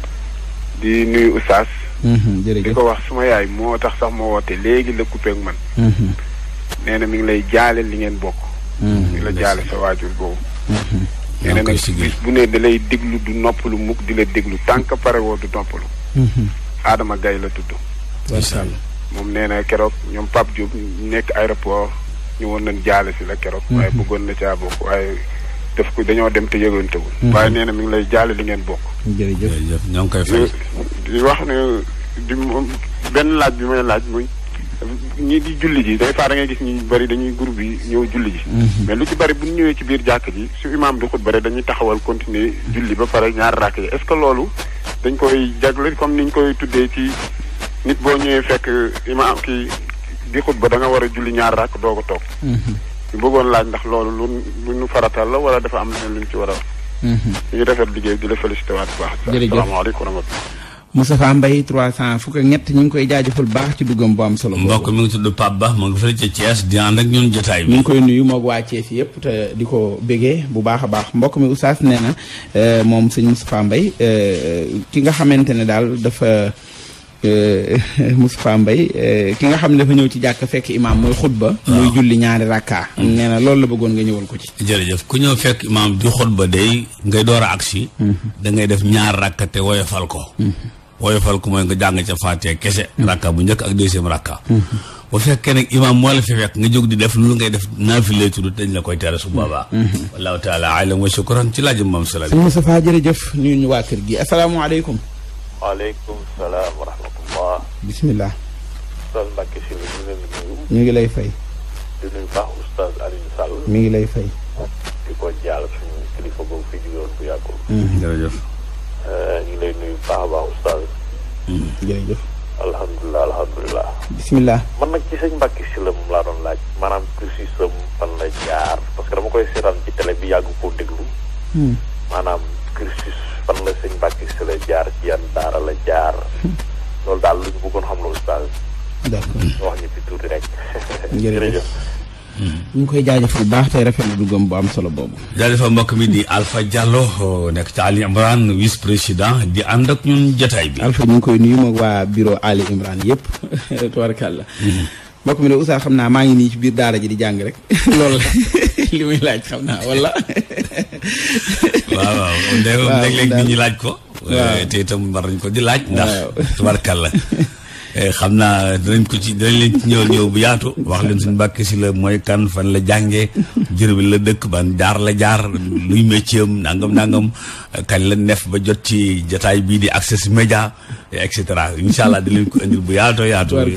di nuyu Oustaz. Mhm, jërëjëf di ko wax suma yaay moo tax sax ma woote léegi la coupé ak man. Mhm. nee na mi ngi lay jaale li ngeen bokk. Mhm. la jaale sa waajur boobu. nee bu ne da lay déglu du nopp lu mukk di la déglu tànk pare woo du noppalu. Adama Gaye la tudd. macha allah moom nee na keroog ñoom Pape Diop nekk aéroport ñu woon nañ jaale si la keroog. waaye bëggoon na caa waaye. daf ko dañoo dem te yëgantewul mhm. waaye nee na mi ngi lay jaale li ngeen bokk. jërëjëf jërëjëf ñoo koy fay. di wax ne benn laaj bi may laaj muy ñi di julli ji des fois ngay gis ñu bari dañuy groupe yi ñëw julli ji. Mhm. mais lu ci bari bu ñu ñëwee ci biir jàkk ji su imaam di xutba dañuy taxawal continuer julli ba pare ñaar rakk yi est que loolu dañ koy jagle comme niñ koy tuddee ci nit boo ñëwee fekk imaam kii di xutba da nga war a julli ñaari rakk doo ko toog. Mhm. ñu bëggoon laaj ndax loolu lu lu ñu la wala dafa am lu ñu ci war a wax. Mhm. ñu ngi rafet liggéey di la félicité waat bu baax. jërëjëf asalaamaaleykum wa rahmatulah. Moustapha Mbaye 300 fukk ak ñett ñu ngi koy jaajëfal baax ci duggam bu am solo. mbokk mu ngi tudd Pape Ba mu ngi fële ca Thiès di ànd ak jotaay bi. ñu ngi koy nuyu moog waa Thiès yëpp te di ko béggee bu baax a baax mbokk mi Oustaz nee na euh, moom sëñ Moustapha Mbaye euh, ki nga xamante ne daal dafa. Euh, Moustapha Mbaye euh, ki nga xam ne dafa ñëw ci jàkk fekk imaam muy xutba muy julli ñaari rakka mm. nee na loolu la bëggoon nga ñëwal ko ci jërëjëf ku ñëw fekk imaam di xutba day ngay door a si mm-hmm. da ngay def ñaar rakka te woyofal ko mm-hmm. woyofal ko mooy nga jàng ca faatee kese mm-hmm. rakka bu njëkk ak deuxième rakka bu fekkee nag imaam moo la fi fekk nga jóg di def lu lu ngay def naafile tudd dañ la koy tere su boobaa wallahu taala alam wa shukran ci laajum moom sala Moustapha jërëjëf ñu ñu kër gi asalaamaaleykum waaleykum salaam wa rahmatullah. bisimilah. Oustaz Mbacke Sylla ñu ngi lay fay. di nuyu baax Oustaz Alioune mi ngi lay fay. di ko jaal suñu kilifa boobu fi jógewoon bu yàggul. Mm-hmm. jërëjëf. Eh, ngi lay nuyu baax a baax Oustaz. Mm-hmm. jërëjëf. alhamdulilah alhamdulilah. bisimilah. man nag ci sëñ Mbacke Sylla moom laa doon laaj. maanaam cursusam fan la jaar parce que dama koy seetaan ci télé bi yàgg koo déglu. Mm-hmm. maanaam cursus. fan la sëñ Mbacke si la jaar la jaar. loolu daal lu ñu bëggoon xam loolu daal. d'accord wax ñu fi tuuti hmm. koy jaajëfal bu baax tey rafetlu duggam bu am solo boobu. jaajëfal mbokk mi di Alpha Diallo nekk ci Ali Imran vice di ànd ak ñun jotaay bi. Alpha ñu ngi koy nuyu moog waa bureau Ali Imran yëpp tubarkàlla. Hmm. mbokk mi de Oustaz xam naa maa ngi nii ci biir daara ji di jàng rek loolu li muy laaj xam naa wala. waaw waaw léeg-léeg nit ñi laaj ko. Eh, te itam war nañ ko di laaj. ndax tubarkalla Eh, xam naa danañ ko ci danañ leen ci ñëw ñëw bu yaatu wax leen suñu Mbàkke la mooy kan fan la jàngee Jurbel la dëkk ban jaar la jaar luy métier am nangam nangam kañ la neef ba jot ci jataay bii di Access Media et cetera incha allah dinañ ko indil bu yaato yaatu. Eh,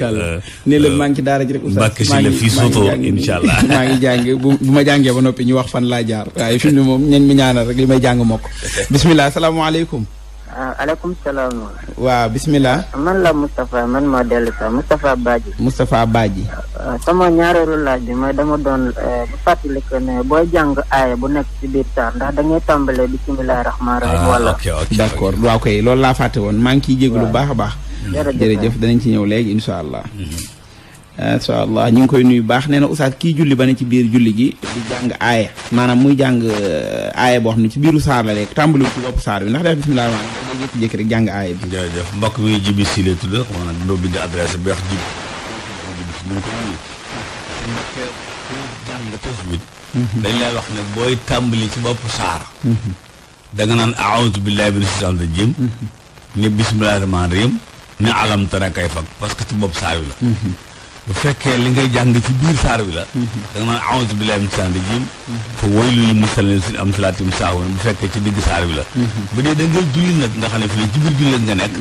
ne la eh, maa ngi ci daara ji rek. Mbàkke Sylla fii Soto incha allah ngi jàng bu ma jàngee ba noppi ñu wax fan laa jaar waaye fi mu moom ñañ mi ñaanal rek i may jàng mokk bisimilah salaamaaleykum. Ah, aleykum salaam. waa bisimilah. man la Moustapha man moo dellu sa Moustapha Badji. Moustapha Badji. Ah, sama ñaareelu laaj bi mooy dama doon eh, bu fàttali ko ne booy jàng aaya bu nekk ci biir saar ndax da ngay tàmbalee bisimilah rahmaani rahiim. Ah, wala ok ok d' accord waaw loolu laa fàtte woon maa ngi ciy jégg lu baax a baax. jërëjëf danañ ci ñëw léegi incha allah. Mm-hmm. incha ñu ngi koy nuyu baax nee na oustaz kii julli ba ne ci biir julli gi di jàng aaya maanaam muy jàng euh, aaya boo xam ne ci biiru saar la rek tàmbali ci bopp saar bi ndax def bismillah rahmaan da jékki mbokk mi jibi si la tudd xam naa doo bind adresse lay wax ne booy tàmbali ci bopp saar da nga naan aoudu billahi mina shaytaani rajim ne bismillahi rahmaan rahim ne alam tara kayfa parce que ci bopp saar la bu fekkee li ngay jàng ci biir saar bi la da nga mën a'uuzu billaahi mina shaytaani rajiim fa waylul lil musalliin allaziina hum bu fekkee ci digg saar bi la bu dee da ngay julli nag nga xam ne fii ci biir julli nga nekk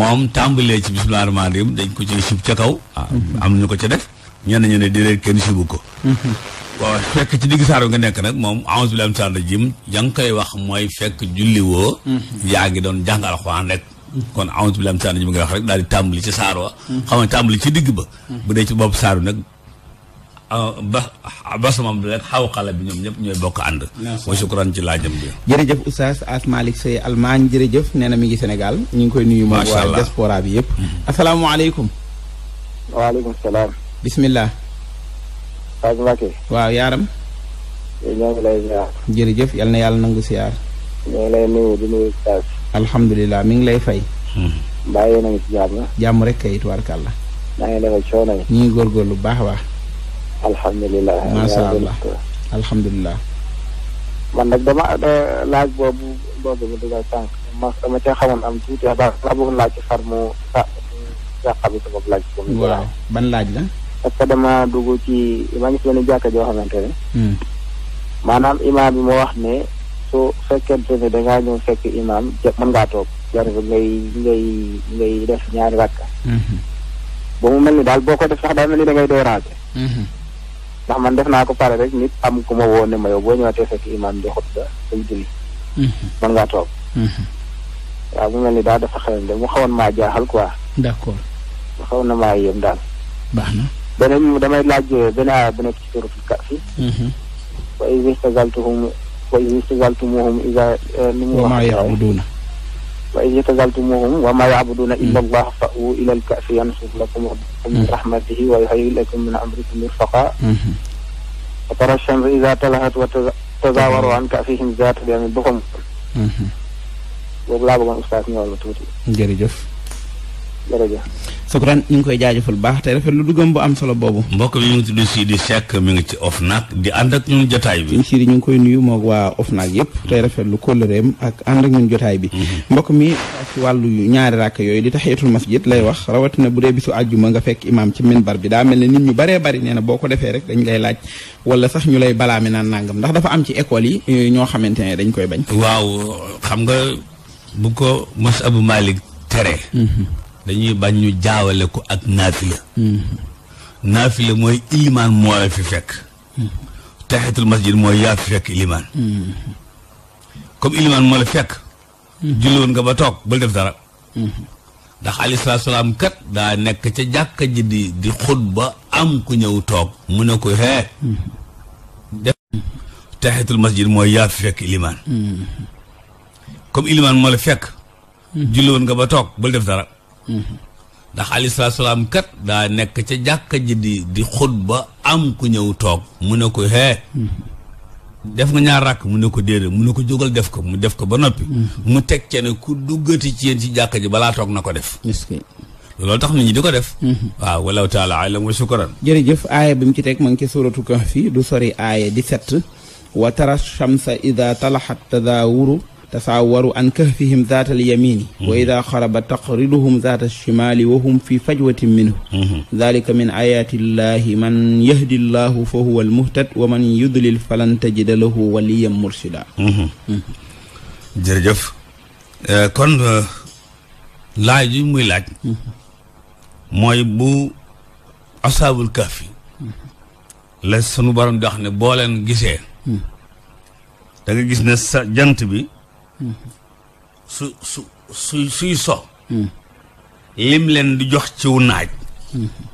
moom tàmbalee ci bismillaahi rahmaani rahiim dañ ko ci sib ca kaw ah, am nañu ko ca def ñenn ñu ne déedéet kenn sibu ko waaw fekk ci digg saar bi nga nekk nag moom a'uuzu billaahi mina shaytaani rajiim ya nga koy wax mooy fekk julli woo mm-hmm. yaa ngi doon jàng alxuraan rek kon awatu bi lam taan ji mu xaw wax rek daal di tàmbali ci saar wa xam nga tàmbali ci digg ba bu dee ci bopp saar bi nag ba basamam bi rek xaw xale bi ñoom ñëpp ñooy bokk ànd wa sukran ci laajam bi jërëjëf oustaz as malik say almaañ jërëjëf nee na mi ngi sénégal ñu ngi koy nuyu moom waa diaspora bi yëpp mm-hmm. asalaamualeykum waaleykum salaam bismillah Fatou Mbacké waaw na yàlla nangu siyaar alhamdulilah mi ngi lay fay. mbaa yéen a ngi jàmm. jàmm rek kay tubaarkàlla. naa ngi defal coono yi. bu baax a baax. alhamdulilah macha allah alhamdulilah. man nag dama laaj boobu boobu mu dugal sànq ma dama cee am laaj ci far laaj. waaw ban laaj la. parce que dama dugg ci maa ngi fi leen jàkka joo xamante hmm. maanaam imaam bi moo wax ne. su fekkente ne dangaa ñëw fekk imaam mën ngaa toog jarul ngay ngay ngay def ñaari rakka mhm. ba mu mel ni daal boo ko def sax daa mel ni da ngay déranger mhm. ndax man def naa ko pare rek nit am ku ma woo ne ma yow boo ñëwaatee fekk imaam di xutba day julli mhm. mën ngaa toog waaw mu mel ni daal dafa xelam de mu xawoon maa jaaxal quoi d'accord mu xawoon na maa yëm daal baax na beneen damay laaj beneen aaya bu nekk ci suratul Kahf fi wa iz istazaltuhum Eh, wa iz i'tazaltumuuhum iza li mu wax. wa maa ya'buduuna. wa iz i'tazaltumuuhum wa maa ya'buduuna illa hmm. allaah fa'wuu ila al-ka'fi yansur lakum rabbukum min hmm. rahmatihi wa yuhayyi' lakum min amrikum mirfaqaa. Hmm. wa tara ash-shamsa iza talaat wa tazaawaru an ka'fihim zaata al-yamiin boobu laa bëggoon ustaas ñëwal la tuuti. jërëjëf. jërëjëf. Sukran ñu ngi koy jaajëfal bu baax tey rafet lu duggam bu am solo boobu. mbokk mi mu ngi tudd Sidi Seck mi ngi ci OFNAC di ànd ak ñun jotaay bi. Sidi ñu ngi koy nuyu moog waa OFNAC yëpp. tey rafet lu kóllëreem ak ànd ak jotaay bi. Mhm. mbokk mi ci wàllu ñaari rakk yooyu di taxiyatul masjid lay wax rawatina bu dee bisu àjjuma nga fekk imaam ci minbar bi daa mel ne nit ñu baree bari nee boo ko defee rek dañ lay laaj wala sax ñu lay balaa balaame naan nangam ndax dafa am ci école yi eh, ñoo xamante ne dañ koy bañ. waaw xam nga bu ko mas Abu Malik tere mhm. dañuy bañ ñu jaawale ko ak naafila mm-hmm. naafila mooy ilimaan moo la fi fekk mm-hmm. taxitul masjid mooy yaa fi fekk ilimaan mm-hmm. comme ilimaan moo la fekk julli nga ba toog bul def dara ndax aleyhi salaatu daa nekk ca jàkka ji di di am ku ñëw toog mu ne ko hee def mooy yaa fekk ilimaan comme ilimaan moo la fekk woon nga ba toog bul def dara ndax alayhi salaam kat daa nekk ca jàkka ji di di xutba am ku ñëw toog mu ne ko hee def nga ñaar rakk mu ne ko déedéet mu ne ko jógal def ko mu def ko ba noppi mu teg ce ne ku duggati ci yéen ci jàkka ji balaa toog na ko def loolu tax nit ñi di ko def mhm. waaw wallahu taala alam wa shukran jërëjëf aaya bi mu ci teg ma ngi ci suuratu fii du sori aaya 17 wa tara shamsa ida talaxat tadawuru tasaawaru an kahfihim zaata alyamini mhm. wa ida xaraba taqriduhum zaata alchimali wa hum fi fajwatin minhu dalika mhm. min ayaati illahi man yahdi llahu fa huwa almuhtad wa man mhm. Eh, eh, muy laaj mooy bu asaabul kahfi la sunu borom di wax ne boo leen gisee da gis ne jant bi su mm-hmm. su su suy so mm-hmm. lim leen di jox ciw naaj mm-hmm.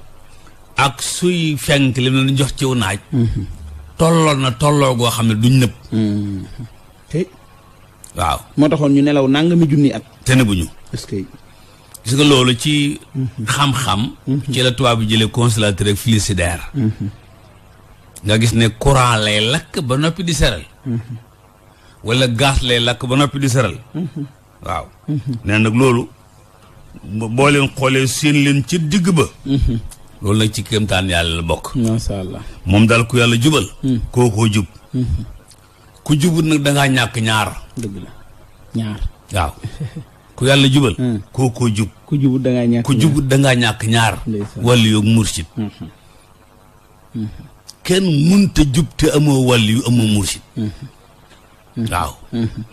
ak suy fenk lim leen di jox ciw naaj tolloo na tolloo goo xam ne duñ nëb waaw moo taxoon ñu nelaw nanga nangami junni ak te nëbuñu est-ce que gis nga loolu ci xam-xam ci la tubaab bi jëlee constellateur ak filicidaire nga gis ne courant lay lakk ba noppi di seral wala gaas lay lakk ba noppi di saral waaw nee nag loolu boo leen xoolee seen leen ci digg ba loolu nag ci kéemtaan yàlla la bokk masha Allah moom daal ku yàlla jubal hmm. hmm. hmm. kookoo jub ku jubut nag dangaa ñàkk ñaar dëgg yàlla jubal kookoo jub ku jubut dangaa ñàkk ku dangaa ñàkk ñaar wàllu yoog mursid kenn munta jub te amoo wàllu yu amoo mursid waaw.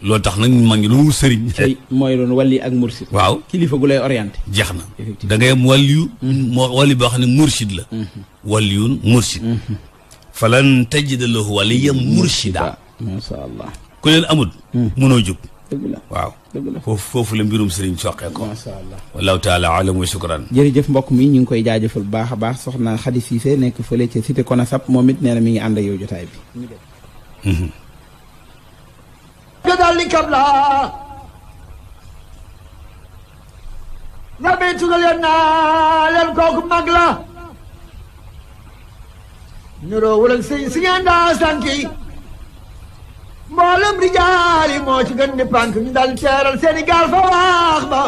loolu tax nag ma ngi lu mu sëriñ. tey mooy doon wàlli ak mursid. waaw kilifa gu lay orienté. jeex na da ngay am wàlliyu. Mhm. moo wàlli boo xam ne mursid la. Mhm. wàlliyun mursid. Mhm. falan tajida lahu waliyan mursida. macha allah ku leen amul. Hmm. mënoo jub. dëgg la foofu foofu la mbirum sëriñ soqee ko macha allah wallahu taala alam wa jërëjëf mbokk mi ñu ngi koy jaajëfal bu baax a baax soxna Xadi Siise nekk fële ca cité Konasap moom it nee mi ngi ànd ak yow jotaay bi كذلك بلا نبي تقول لنا لنكوك مقلا نرو ولن سين سين دا سانكي mboolem rijaal yi moo ci gën ni pànk ñu dal teeral Sénégal fa waax ba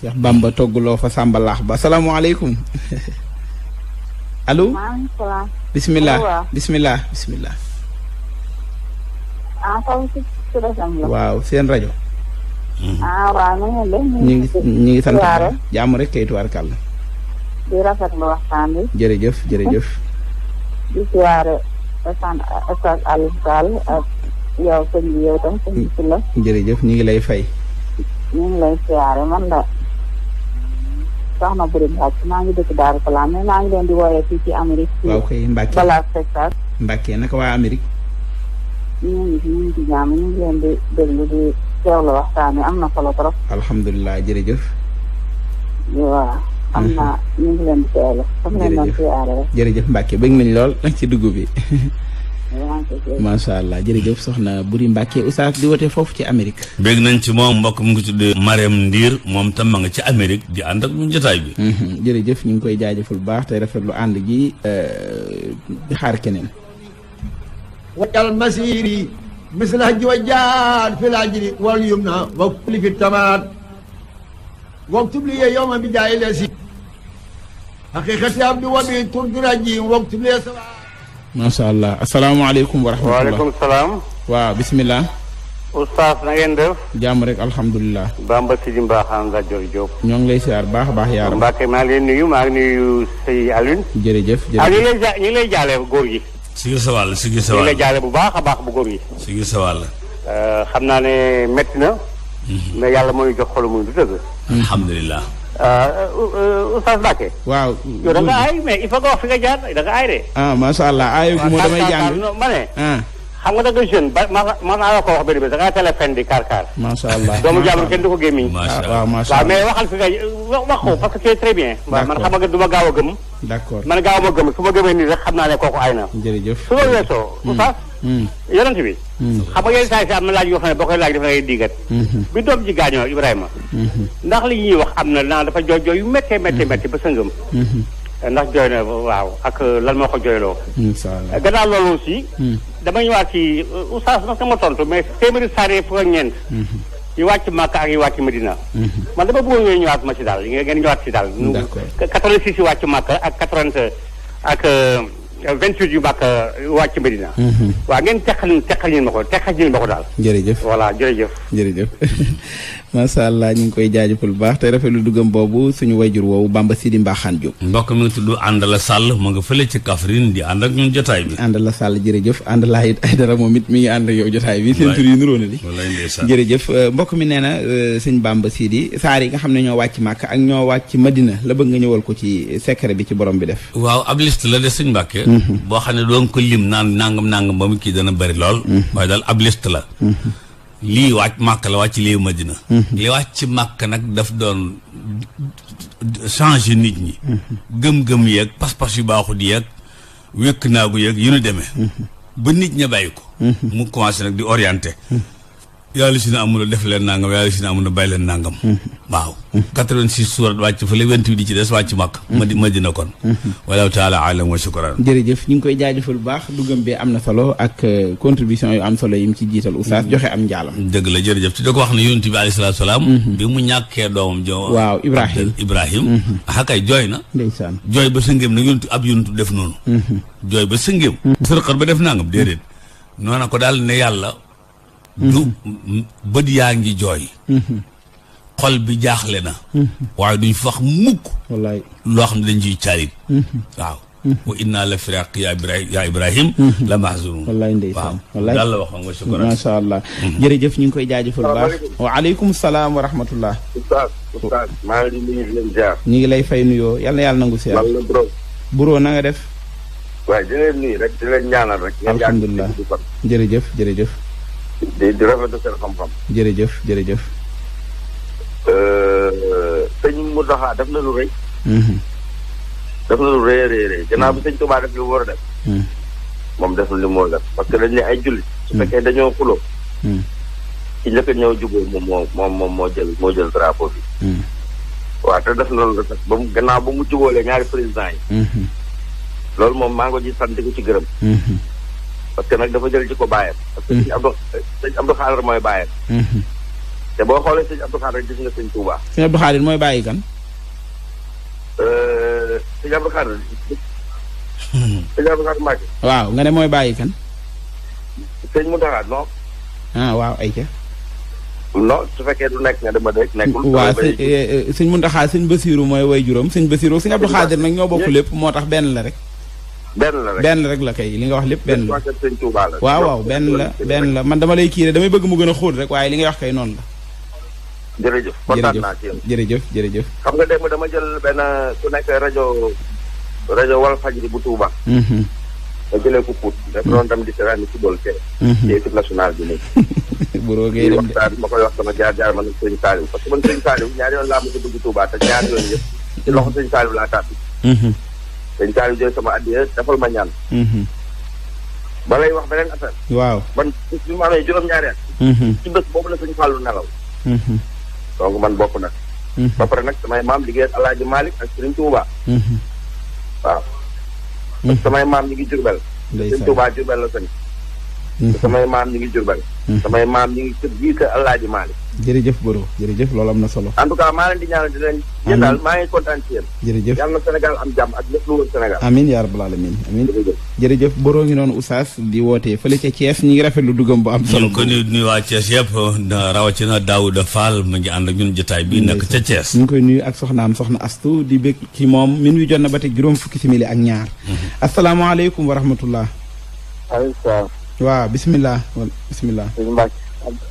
Cheikh Bamba togguloo fa Samba laax ba asalaamaaleykum allo bismillah bismillah ah foofu ci waaw seen rajo. ah waaw na ngeen def. ñu ngi ñu ngi sant jàmm rek kay tuwaar kàll. di rafetlu waxtaan bi. jërëjëf jërëjëf. di siwaare ñu ngi lay fay. ñu ngi lay siwaare man la soxna Buri Mbacke maa ngi dëkk Daaru Salaam mais maa ngi leen di woowee fii ci Amérique. waaw naka waa Amérique. ñu am na solo alhamdulilah jërëjëf. waaw am na ñu ngi jërëjëf jërëjëf Mbacke bëgg lool nag ci dugub bi. macha allah jërëjëf soxna Buri Mbacke Oustaz di wote foofu ci Amérique. bëgg nañ ci moom mbokk mu ngi tudd Marème Ndiir moom tam nga ci Amérique di ànd ak ñun jotaay bi. jërëjëf ñu ngi koy jaajëful bu baax te rafetlu ànd gi di xaar keneen. wajal masiri misla ji wa jaan fi laajiri wal yumna wa kulli fi tamaat واكتب لي يوما بداية الأسير حقيقتي عبد وبي ترد رجيم واكتب لي سواء ما شاء bismillah oustaz na ngeen def jàmm rek alhamdulilah bamba si di mbaaxaan ñoo ngi lay siyaar baax baax yaar Mbacke maa ngi leen nuyu maa ngi nuyu sëy Alioune jërëjëf jërëjëf ñu ngi lay jaale góor gi si sa wàll sigil sa wàll. bu baax a baax bu góor yi. sigil sa wàll. Euh, xam naa ne métti na. Mhm. mais yàlla mooy jox xolu muy du dëgg. alhamdulilah. Euh, euh, Oustaz Mbacké. waaw. yow da nga aay mais il faut jaar da nga aay de. ah macha allah aayu gu ma ne. Ah. xam nga da nga jeune ba ma ma ko wax benn bés da ngaa teel a fen di kaar kaar. doomu jàmbur kenn du ko gémmiñ. waaw mais waxal fi wax ko hmm. parce que c'est très bien. man xam nga du ma gaaw a gëm. d'accord man gaaw ma gëm su ma gëmee nii rek xam naa ne kooku ay na. jërëjëf su ma weesoo. Hmm. oustaz. Hmm. yonent bi. xam nga yenn saa yi si am na laaj yoo xam ne boo koy laaj dafa ngay diigat. bi doom ji gaañoo Ibrahima. ndax li ñuy wax am na naan dafa jooy jooy yu méttee méttee méttee ba sëngëm ndax jooy na waaw ak euh, lan moo ko jooyloo. incha allah euh, gannaaw loolu aussi. Hmm. dama ñëwaat ci euh, oustaz parce que ma tontu mais téeméeri saar yi fukk ak ñeent. yu hmm. wàcc Màkka ak yu wàcc Medina. Hmm. man dama bëggoon ngeen ñëwaat ma ci daal ngeen ñëwaat ci daal. d'accord 86 yu wàcc Màkka ak 80 ak 28 yu bàkk yu wàcc Medina. waaw ngeen teqal teqal ñu ma ko teqal ñu ma ko daal. jërëjëf voilà jërëjëf. jërëjëf. macha allah ñu ngi koy jaajëfal bu baax te rafetlu duggam boobu suñu wayjur woowu Bamba Sidi Mbaxaan Diop mbokk mi nga tudd Andala Sall moo nga fële ci Kaffrine di ànd ak ñun jotaay bi Andala Sall jërëjëf Andala it ay dara moom it mi ngi ànd ak yow jotaay bi seen tur yi nuroo na li jërëjëf euh, mbokk mi nee na euh, sëñ Bamba saar yi nga xam ne ñoo wàcc Màkk ak ñoo wàcc Madina la bëgg nga ñëwal ko ci secret bi ci borom bi def waaw ab liste la de sëñ Mbàkke mhm. boo xam ne doon ko naan nangam nangam ba mu kii dana bari lool mhm. waaye daal ab la mhm. lii wàcc màkk la wàcc lii madina mhm. li wàcc màkk nag daf doon changer nit ñi mhm. gëm-gëm yeeg pas-pas yu baaxut yeeg wékk naa naagu yeeg yu nu demee mhm. ba nit ña bàyyi ko mu commencé nag di orienté yàlla si na amul def leen nangam yàlla si na amul bàyyi leen nangam. Mm-hmm. waaw. 86 suurat wàcc fële 28 di ci des wàcc màkk. Mm-hmm. ma dina kon. Mm-hmm. wallaahu taala alam wa shukran. jërëjëf ñu koy jaajëfal bu baax duggam bi am na solo ak euh, contribution yu am solo yi mu ci jiital oustaz joxe am njaalam. dëgg la jërëjëf te da ko wax ne yonent bi alayhi salaatu salaam. bi mu ñàkkee doomam jo. waaw Ibrahim Ibrahim. axakay jooy na. ndeysaan jooy na yonent ab yonent def noonu. jooy ba sëngéem. sërqar ba def nangam déedéet. noona ko daal ne yàlla bët yaa ngi jooy xol bi jaaxle na waaye duñ fax mukk loo xam dañ ciy mm-hmm. waaw wa inna la firaq ya ya ibrahim mm-hmm. la mahzun wallaay ndeysaan allah mm-hmm. jërëjëf ñu ngi koy jaajëfal baax waaleykum salaam wa rahmatullah oustaz ñu ngi lay fay nuyoo yal na yàlla nangu si yàlla bro na nga def waaye jërëjëf jërëjëf di di rafetlu seen xam-xam. jërëjëf jërëjëf. Euh, sëñ Mountakha def na lu rëy. Mhm. def na lu rëy a rëy rëy gannaaw bi mhm. sëñ Touba def li mu war a def. Mhm. moom def na li mu def parce que dañ ne ay jullit. su fekkee dañoo xuloo. ci njëkk a ñëw jubóo moom moo moom moo jël moo jël drapeau bi. waaw te def na lu rafet ba mu gannaaw ba mu jubóolee ñaari président yi. loolu moom maa ngi ko ci sant ko ci gërëm. parce que nag dafa jël ci ko bàyyam. parce que mm-hmm. sëñ Abdou mooy bàyyam. Mm-hmm. boo xoolee sëñ Abdou Khadre gis nga sëñ Touba. sëñ Abdou Khadre mooy bàyyi kan. Euh, sëñ waaw nga ne mooy bàyyi kan. sëñ Mountakha non. ah waaw ayca. non su fekkee du nekk nga dama eh, eh, mooy way juróom sëñ Basirou sëñ Abdou Khadre nag ñoo bokk lépp moo tax benn la rek. benn la rek rek la kay li nga wax lépp benn la waaw waaw benn la man dama lay kii damay bëgg mu gën a xóot rek waaye li ngay wax kay noonu la. jërëjëf kontaan naa jërëjëf xam nga démb dama jël benn ku nekk rajo rajo Walfadjri bu Touba. ma mhm. jëlee ko Pout. dafa doon dem di seetaan football tey. Mhm. ci équipe nationale bi nii. bu roogee dem de ma koy wax sama jaar jaar man sëñ Saliou parce que man sëñ Saliou ñaari yoon laa mos a dugg Touba te sëñ Saliou laa tàbbi. Mhm. dañ taal jël sama addiya defal ma ñaan. Mhm. ba lay wax beneen affaire. waaw man bi ma amee juróom-ñaari at. Mhm. ci bés boobu la suñu fàllu nelaw. Mhm. donc man bokk na ba pare nag samay maam liggéey ak El Hadj Malick ak Serigne Touba. waaw. parce que samay maam ñu ngi Jurbel. Serigne Touba Jurbel la sañ. samay maam ñu ngi Jurbel. samay maam ñu ngi kër gii kër jërëjëf Boro jërëjëf loolu am na solo. en tout cas maa leen di ñaanal maa ngi kontaan ci jërëjëf yàlla na am jàmm ak lépp lu jërëjëf Boro ngi noonu Oustaz di wootee fële ca Thiès ñu ngi rafetlu dugam bu am solo. ñu ngi ko nuyu waa Thiès yëpp rawatina Daouda Fall mu ngi ànd ak ñun jotaay bi nekk ca Thiès. ñu ngi koy nuyu ak soxnaam soxna Astu di bég ci moom min wi jot na ba teg juróom fukki mili ak ñaar. Mhm. asalaamaaleykum wa rahmatullah. waaw bisimilah bisimilah.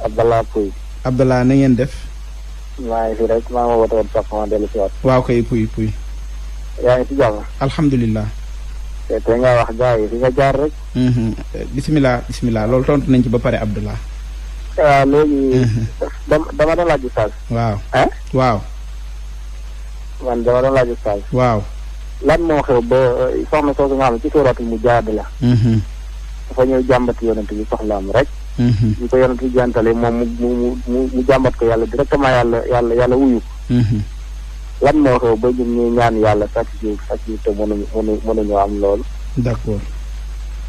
Abdallah Pouy Abdallah na ngeen def. maa ngi fi rek waaw kay puy puy. yaa ngi ci jàmm. Eh, wax jaar rek. Mm-hmm. Eh, bisimilah bisimilah loolu tontu nañ ci ba pare Abdallah. waaw ah, léegi. Mm-hmm. dama dama doon eh? waaw lan moo xew ba soxna soosu nga xam ne ci sóoraatul mu jaadu la. Mm-hmm. dafa ñëw jàmbat yonent bi soxlaam rek. ñu mm-hmm. ko yonent bi jantale moom mu mu mu mu jàmbat ko yàlla directement yàlla yàlla yàlla wuyu ko mm-hmm. lan moo xew ba ñun ñuy ñaan yàlla chaque jour chaque jour te mënuñu mënuñu am loolu d'accord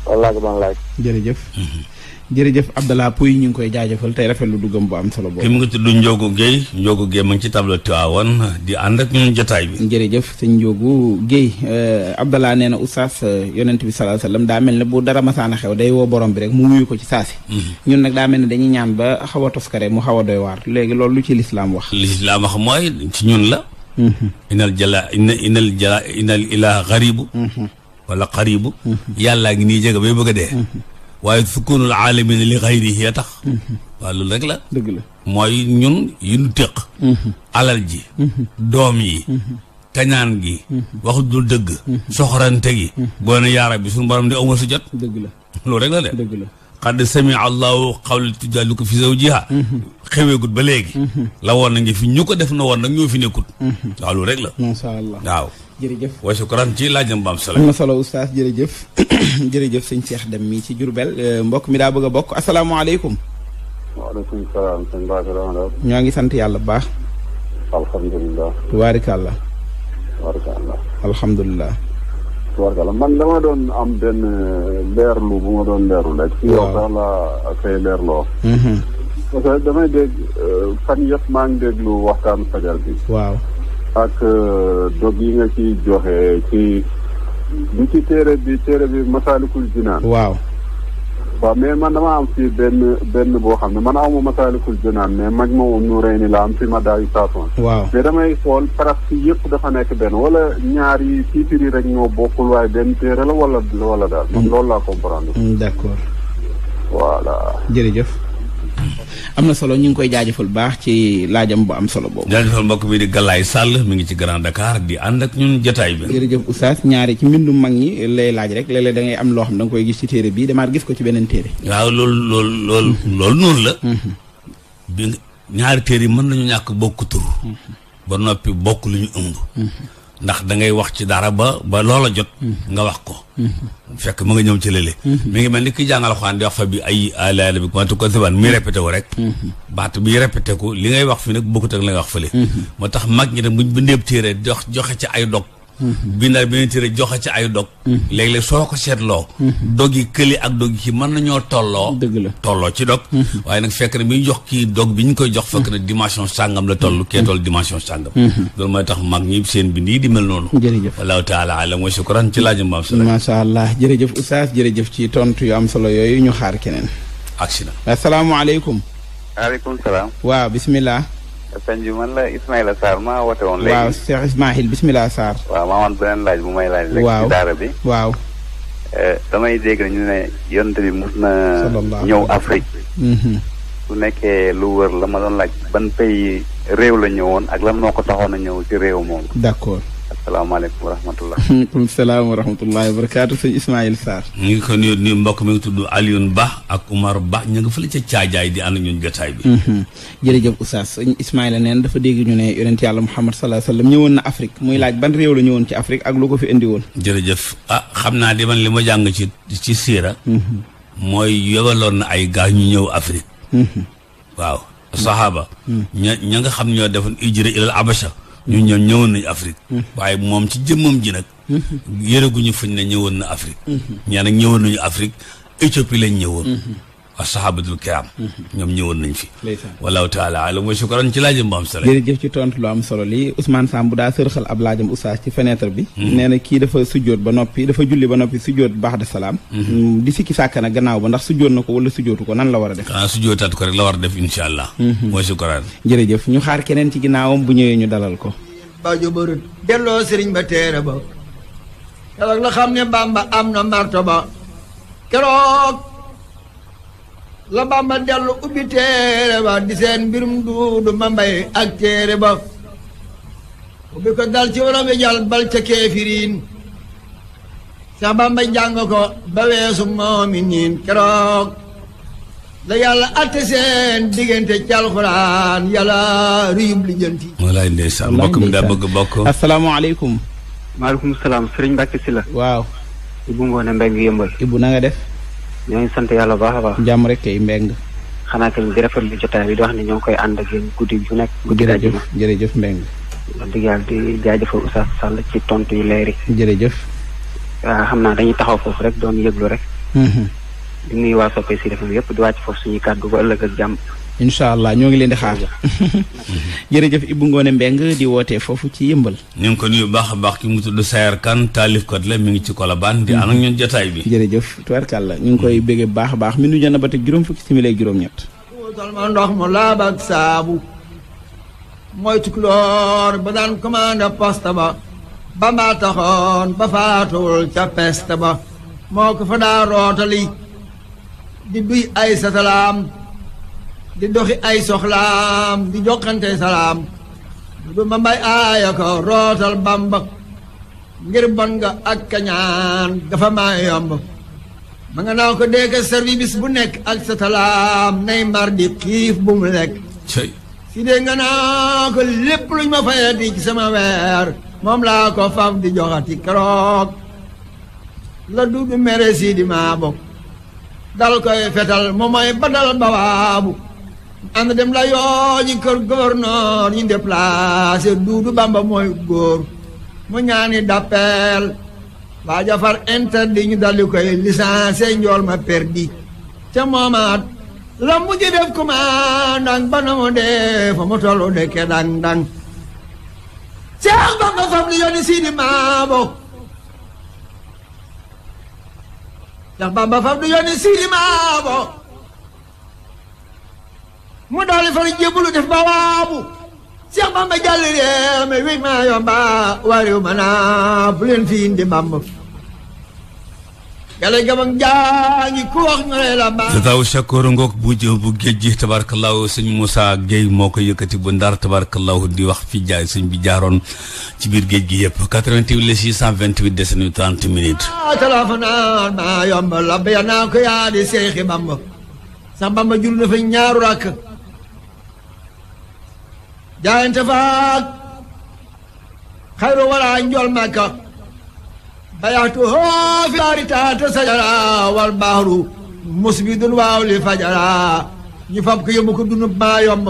wallaahi man laaj jërëjëf mm-hmm. jërëjëf Abdallah Pouy ñu ngi koy jaajëfal tey rafet lu duggam bu am solo boobu. ki mu ngi tudd Ndiogu Guèye Ndiogu Guèye mu ngi ci table Tiwaawan di ànd ak ñun jotaay bi. jërëjëf sëñ Ndiogu Guèye euh, Abdallah nee na oustaz euh, yonent bi sallallahu alayhi wasallam daa mel ne bu dara masaana xew day woo borom bi rek mu wuyu ko ci saasi. Mhm. ñun nag daa mel ne dañuy ñaan ba xaw a toskare mu xaw a doy waar léegi loolu lu ci lislaam wax. lislaam wax mooy ci ñun la. Mhm. inal jala inal jala inal ilaa xaribu. Mhm. wala xaribu. yàllaa ngi nii jege bay bëgg a dee. waaye sukkoonul aalamiina li xayrihi tax mm-hmm. waaw loolu rek la dëgg la mooy ñun yi nu téq alal ji mm-hmm. doom yi mm-hmm. kañaan gi wax dul dëgg soxorante gi boo ne yaara bi suñu borom di amul si jot dëgg la loolu rek la de dëgg la xad samia allahu xawla tujadilu ko fi zawjiha xeweegut ba léegi la woon ngi fi ñu ko def na woon nag ñoo fi nekkut waaw loolu rek la macha waaw jërëjëf wa shukran ci laaj na solo am na solo oustaz jërëjëf jërëjëf sëñ Cheikh Dem mi ci Jurbel euh, mbokk mi daa bëgg a bokk asalaamaaleykum waaleykum salaam sëñ Bakar ñoo ngi sant yàlla bu baax alhamdulilah tubaarikàllah man lama doon am benn euh, leerlu bu ma doon leerlu rek mhm. euh, fan yëpp maa ngi waxtaan fajar bi waaw ak euh, dog yi nga ci joxe ci du ci téere bi téere bi masaalikul jinaan waaw waaw mais man dama am fii benn benn boo xam ne man awma masaalikul jinaan mais mag ma moom nu rey ni la am fi ma daayu saasoon waaw mais damay xool presque si yëpp dafa nekk benn wala ñaar yi tiitir yi rek ñoo bokkul waaye benn téere la wala daal man mm. loolu laa comprendre mm, d'accord voilà jërëjëf am na solo ñu ngi koy jaajëfal baax ci laajam bu am solo boobu. jaajëfal mbokk mi di Galaye Sall mi ngi ci Grand Dakar di ànd ak ñun jotaay bi. jërëjëf Oustaz ñaari ci mbindum mag ñi lay laaj rek léeg-léeg da ngay am loo xam da nga koy gis ci téere bii demaat gis ko ci beneen téere. waaw loolu lool lool loolu noonu la. Mhm. ñaari téer yi mën nañu ñàkk bokk tur. Mhm. ba noppi bokk lu ñu ëmb. Mhm. ndax da ngay wax ci dara ba ba loola jot. nga wax ko. fekk mu nga ñëw ci lële. mi ngi mel ni ki jàngal xuraan di wax fa bi ay ala bi wante ko siban muy répété rek. baat bi répété ko li ngay wax fi nag bokkut ko la nga wax fa fële. Mm-hmm. moo tax mag ñi nag buñ bindee téere dox joxe ci ay dog. Mm-hmm. bindaal beneen téere joxe ci ay dog mm-hmm. léeg-léeg soo ko seetloo mm-hmm. dog yi këli ak dog yi ki mën nañoo tolloo dëgg la tolloo ci dog waaye nag fekk na bi ñu jox kii dog bi ñu koy jox fekk na dimension sàngam la toll kee toll dimension sàngam loolu mooy tax mag ñi seen bind yi di mel noonu jërëjëf wallahu taala alam wa shukran ci laajum baam solo macha allah jërëjëf oustaz jërëjëf ci tontu yu am solo yooyu ñu xaar keneen aksi na asalaamaaleykum waaleykum salaam waaw bismillah sëñ bi man la Ismaïla Sarr maa woote woon. léegi waaw Cheikh Ismaïl bisimilah waaw maa beneen laaj bu may laaj. waaw rek daara bi. waaw. Eh, damay dégg ñu ne yonent bi mus na. ñëw Afrique. Mhm. su nekkee lu wër la ma doon laaj ban pays réew la ñëwoon ak lan moo ko taxoon a ñëw ci réew moom. d'accord. salaamaaleykum wa rahmatulah. maaleykum salaam wa rahmatulah barakaatu sëñ Ismaïl Sarr. ñu ngi ko nuyu nuyu mbokk mi ngi tudd Alioune Ba ak Umar Ba ñu nga fële ca caajaay di ànd ñun jotaay bi. Mhm. jërëjëf Oustaz sëñ a neen dafa dégg ñu ne yonent yàlla Muhammad salaa sallam ñëwoon na muy laaj ban réew la ñëwoon ci Afrique ak lu ko fi indi woon. jërëjëf ah xam naa di man li ma jàng ci ci siira. Mhm. mooy yobaloon na ay gaa ñu ñëw Afrique. Mhm. waaw saxaaba. ña ña nga xam ñoo defoon ijra ilal Abasha. ñu ñëw ñëwoon nañu Afrique. Hmm. waaye moom ci jëmmam ji nag. Hmm. yëreguñu fuñ ne ñëwoon na Afrique. Hmm. ñaan nag ñëwoon nañu Afrique Éthiopie lañ ñëwoon. asxaabatul kiram ñoom ñëwoon nañ fi wallahu taala alam wa shukran ci laajam bu am solo jërëjëf ci tontu lu am solo li Ousmane daa sërxal ab laajam oustaz ci fenêtre bi hmm. nee na kii dafa sujjóot ba noppi dafa julli ba noppi sujjóot baax de salaam hmm. Hmm, di sikki sàkk na gannaaw ba ndax sujjóot na ko wala sujjóotu ko nan la war a def sujjóotaat ko rek la war a def insha allah wa shukran jërëjëf ñu xaar keneen ci ginnaawam bu ñëwee ñu dalal ko bajo ba teere ba keroog ba la Bamba dellu ubbi téere ba di seen mbirum duudu ma ak téere ba ubbi ko dal ci wala bi jàll bal ca keefiriin sax ko ba weesu moomi keroog la yàlla atte seen diggante ci alxuraan yàlla riyub lijjanti. walaay ndeysaan mbokk mi daa bëgg bokk. asalaamaaleykum. maaleykum salaam Serigne Mbacke waaw. Ibou Ngone Mbengue yëmbal. Ibou na ñoo ngi sant yàlla baax a baax. jàmm rek kay mbeng. xanaa kay di rafetlu jotaay bi di wax ni ñoo ngi koy ànd ak yéen guddi bu nekk. guddi daal jërëjëf jërëjëf mbeng. wax dëgg yàlla di jaajëfal Oustaz Sall ci tontu yu leer yi. jërëjëf. waaw xam naa dañuy taxaw foofu rek doon yëglu rek. Mhm. di nuyu waa soppe si defam yëpp di wàcc foofu suñuy kàddu ba ëllëg ak incha allah ñoo ngi leen di xaar jërëjëf Ibou Ngone Mbeng di wootee foofu ci yëmbal ñu ngi ko nuyu baax a baax ki mu tudd Sayar Kan taalifkat la mi ngi ci Kolobaan di ànd ak ñun jotaay bi jërëjëf tubarkàlla ñu ngi koy mm. béggee baax a baax mi nu jënd ba teg juróom fukki simili ak juróom-ñett wutal ma ndox mu laab ak saabu mooy tukloor ba daan commandé poste ba ba maa taxoon ba faatuwul ca peste ba moo ko fa daa rootali di buy ay satalaam di doxi ay soxlaam di jokkante salaam du ma mbay aaya ko rootal bamba ngir bon nga ak kañaan dafa yomb ma nga naa ko dégg service bu nekk ak sa talaam nay mar di xiif bu mu lekk si dee nga naa ko lépp luñ ma fayati ci sama weer moom laa ko faf di joxati keroog la du du mere di maa bokk dal koy fetal mu mooy badal bawaabu ànd dem la yoo ji kër gouverneur ñu déplacé Duudu Bamba mooy góor mu ñaani d'appel waa jafar interdit ñu daldi koy licencié njool ma perdi ca moomaat la mujj def commandant ba na mu dee fa mu tollu dekke dang dang Seex Bamba fam li yónni Sidi Maabo Seex Bamba fam li yónni Sidi Maabo mu dolli far jébbalu def ba waabu Seex Bamba jàll réew mi yomba wariw ma naa bu leen fi indi Bamba tataaw Chakor ngoog bu jë bu géej gi tabarkallahu sëñ Moussa Gueye moo ko yëkkati bu ndar tabarkallahu di wax fi jaay sëñ bi jaaroon ci biir géej gi yëpp 88 la 628 des nañu 30 minutes ah, Seexi Bamba sax Bamba jur na fa ñaaru rakk jaayante faak xayru wala njool màkka bayaxtu hoo fi baari taata sajara wal baaxru musbidun waaw li fajara ñu fab ko yóbbu ko dunu maa yomb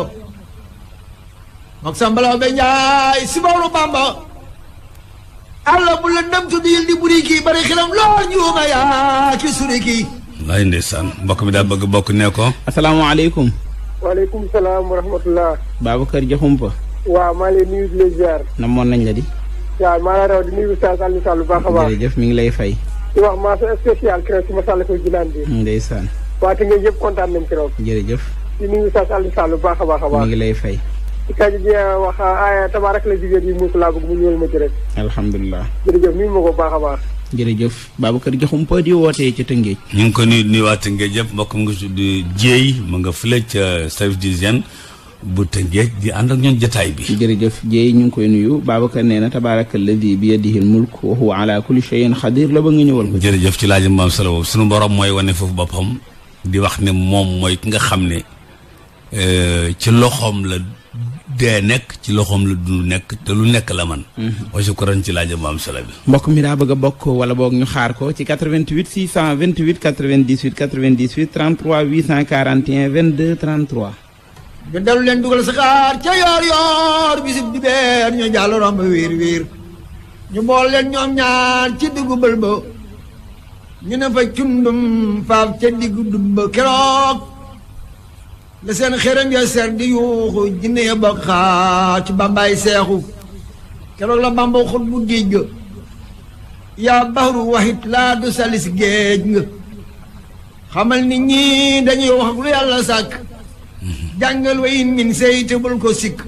mook njaay si bawlu bamba àlla bu la di buri bari xilam lool njuuma yaa ki suri kii wallaay ndeysaan mbokk mi daa bëgg bokk ne ko asalaamaaleykum waaleykum salaam wa rahmatulah. Babacar Diakhoumpa. waaw maa ngi lay nuyu di la ziar. namoon nañ la di. waaw maa ngi raw di nuyu Oustaz Alioune Sall bu baax a baax. jërëjëf mi ngi lay fay. di wax mention spéciale keroog si Massalikul Jinaan bi. ndeysaan. waa te ngeen yëpp kontaan nañ keroog. jërëjëf. di nuyu Oustaz Alioune Sall bu baax a baax a baax. mi ngi lay fay. ci wax aaya ah, tabaaraka la jigéen yi muus laa bëgg mu ñëwal ma ci rek. alhamdulilah. jërëjëf nuyu ma ko bu baax a baax. jërëjëf Babacar Diakhoum po di wootee ca Tëngéej. ñu ngi ko nuyu nuyuwaat Tëngéej yëpp mbokk mu ngi tudd Dieye mu nga fële ca service d'hygiène bu Tëngéej di ànd ak ñoom jataay bi. jërëjëf Dieye ñu ngi koy nuyu Babacar nee na tabaaraka alladi bi yadihil mulk wa huwa ala kulli shay'in xadir la ba nga ñëwal ko. jërëjëf ci laaj maam solo boobu sunu borom mooy wane foofu boppam di wax ne moom mooy ki nga xam ne eh, ci loxoom la. dee nekk ci loxoom la du nekk te lu nekk la man mhm. ci laajam bu am solo bi mbokk mi daa bëgg a bokk wala boog ñu xaar ko ci 88 628 98 98 33 841 22 33 ñu dellu leen dugal saxaar ca yoor yoor bisib di beer ñu jàll romb wiir wiir ñu bool leen ñoom ñaar ci diggu bël ba ñu ne fa cundum faaf ca diggu dum keroog la seen xërëm ya ser di yuuxu jinne ba xaa bambaay seexu keroog la bamba xul bu géej ga yaa baxru waxit laa du salis géej nga xamal nit ñi dañuy wax ak lu yàlla sàkk jàngal wayin min sey bul ko sikk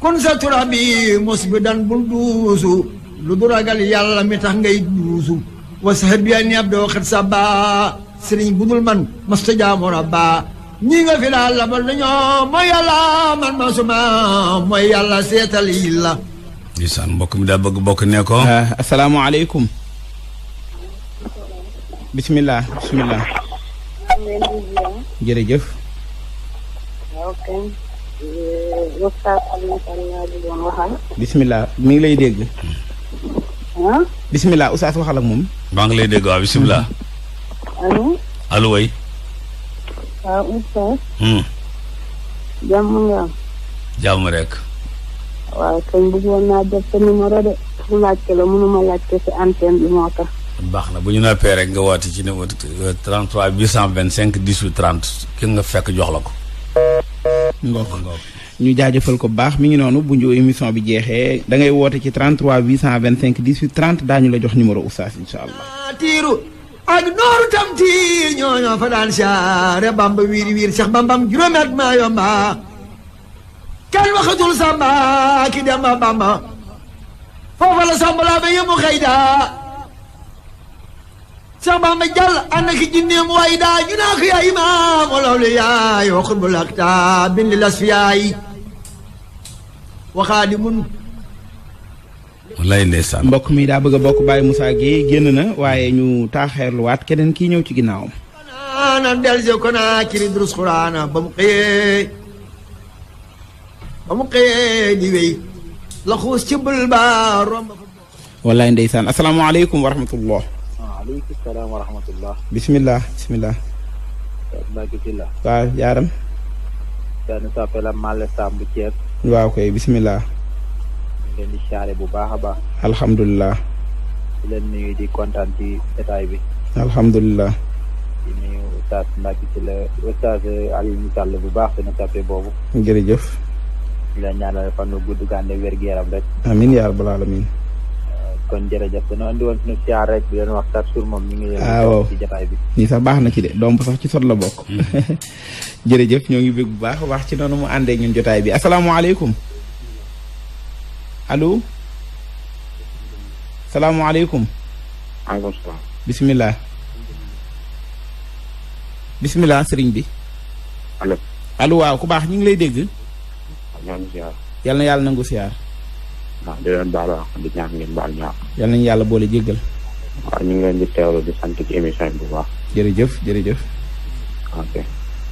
kun sa tura bi mos bul duusu lu du ragal yàlla mi tax ngay duusu wa sax bi a neeb doo xet sa baa bu dul man masta jaamoon a baa ñi nga fi daal labal dañoo mooy yàlla man ma suma mooy yàlla la. ndeysaan mbokk mi daa bëgg bokk ne ko. Ah, asalaamaaleykum. bisimilah bisimilah. jërëjëf. ok. Eh, bisimilah mi ngi lay dégg. Ah? bisimilah Oustaz waxal ak moom. maa ngi lay dégg waaw way. waaw ah, Oustaz. Hmm. jàmm nga. jàmm rek. waaw kañ bëggoon naa jot sa numéro de. su laajte la mënuma laajte si antenne bi moo tax. baax na bu ñu noppee rek nga woote ci numéro 33 825 18 30 ki nga fekk jox la ko. ngoo ko ñu jaajëfal ko bu baax mi ngi noonu bu ñu émission bi jeexee da ngay woote ci vingt 33 825 18 30 daañu la jox numéro Oustaz incha allah. ak nooru tamti ñooñoo fa daan saare bamba wiir wiir sax bambam juróomi at maa yomba kenn waxatul samba ki dem bamba foofa la samba laa ba bamba jàll ànd ak jinneem waay daa ñu imaam olawlu yaay waxul bu lakta bindi las fi yaay waxaadi mun wallaay mbokk mi daa bëgg a bokk Baye Moussa Guèye génn na waaye ñu taaxeerluwaat keneen ki ñëw ci ginnaawam na delsi ko naa ba mu xëyee ba mu xëyee di wéy la xuus ci bul ba romb wallaay ndeysaan asalaamaaleykum bismillah bismillah waaw jaaram waaw koy bismillah leen di bu baax a baax. alhamdulilah. di leen nuyu di kontaan ci jotaay bi. alhamdulilah. di nuyu Oustaz Mbacke ci la Oustaz Alioune Sall bu baax dina sàppe boobu. jërëjëf. di la ñaanal fan wu gudd gànde wér gu yaram rek. amiin yaa rabbal aalamiin. Uh, kon jërëjëf dañoo andi woon suñu siyaar rek di leen wax chaque moom ñu ngi leen ah, ci bi nii sax baax na ci de doom sax ci sot la bokk mm-hmm. jërëjëf ñoo ngi bég bu baax wax ci noonu mu àndee ñun jotaay bi asalaamaaleykum allo salaamualeykum. maaleykum salaam. bisimilah. bisimilah sëriñ bi. allo. allo waaw ku baax ñu ngi lay dégg. yal na yàlla nangu siyaar. waaw di leen baal wax di ñaan ngeen baal ñaax. yal nañu yàlla boole jéggal. waaw ñu ngi leen di teewlu di sant ci bu baax. jërëjëf jërëjëf. ok.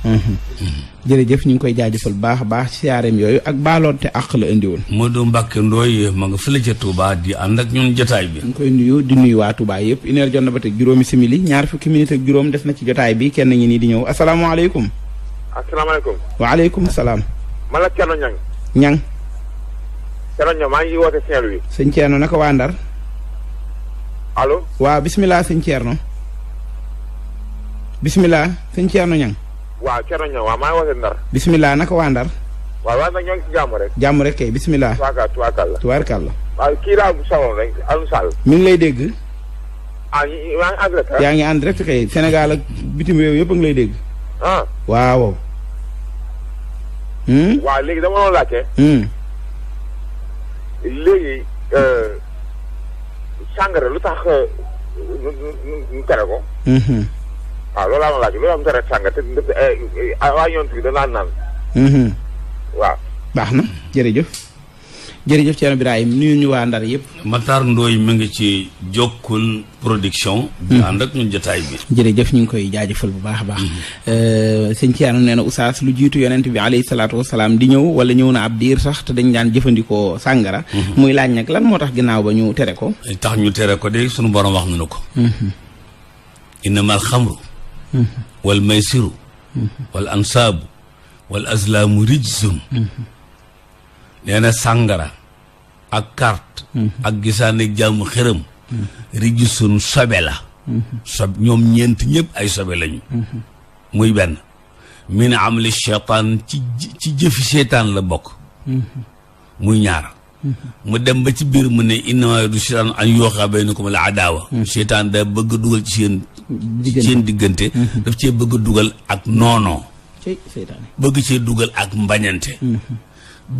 Mm-hmm. jërëjëf ñu ngi koy jaajëfal baax a baax ci siyaareem yooyu ak te àq la indi woon Modou Mbacke Ndoye ma nga fële ca Touba di ànd ak ñun jotaay bi ñu koy nuyu di nuyu waa Touba yëpp une heure jot na ba teg juróomi simili ñaar fukki minute ak juróom def na ci jotaay bi kenn ñi nii di ñëw asalaamaaleykum asalaamaaleykum waaleykum salaam man la Thierno Niang Niang Thierno Niang maa ngi woote wi louis sëñ Thierno naka waa Ndar allo waaw bisimilaa sëñ Thierno waaw Thierno Niang waaw maa ngi wootee Ndar. naka waa Ndar. rek. jàmm rek kay bisimilah. tubaarkàlla tubaarkàlla. waaw kii laa mi ngi lay dégg. ah, ah. yaa ngi en direct yaa ngi bitim réew yëpp a ngi lay dégg. ah waaw. Hmm? waaw léegi dama doon laajte. Hmm. léegi euh, lu tax euh, waaw ah, loolu laa am dara sànga te eh, eh, ah, waa yonent bi danaa mhm. waaw. baax na jërëjëf jërëjëf Thierno Birahim nuyu ñu waa Ndar yëpp. Matar Ndoye ngi ci Jokkul production. di mhm. ak ñun jotaay bi. jërëjëf ñu ngi koy jaajëfal bu baax a baax. Mhm. Eh, sëñ Thierno nee na Oustaz lu jiitu yonent bi alayhi salaatu wa salaam di ñëw wala ñëw na ab diir sax te dañ daan jëfandikoo sàngara. muy laaj nag lan moo tax ginnaaw ba ñu tere ko. tax ñu tere ko de sunu borom wax nañu ko. innamal xamru wal maysiru wal ansaabu wal azlaamu rijsun nee na sàngara ak carte ak gisaan ak jàmm xërëm rijsun sobe la sob ñoom ñeent ñëpp ay sobe lañu muy benn ne amali cheytaan ci ci jëfi cheytaan la bokk muy ñaar mu dem ba ci biir mu ne innama du cheytaan an yooxaa baynakum al adaawa cheytaan da bëgg dugal ci seen seen diggante mm-hmm. daf cee bëgg dugal ak noonoo bëgg cee dugal ak mbañante mm-hmm.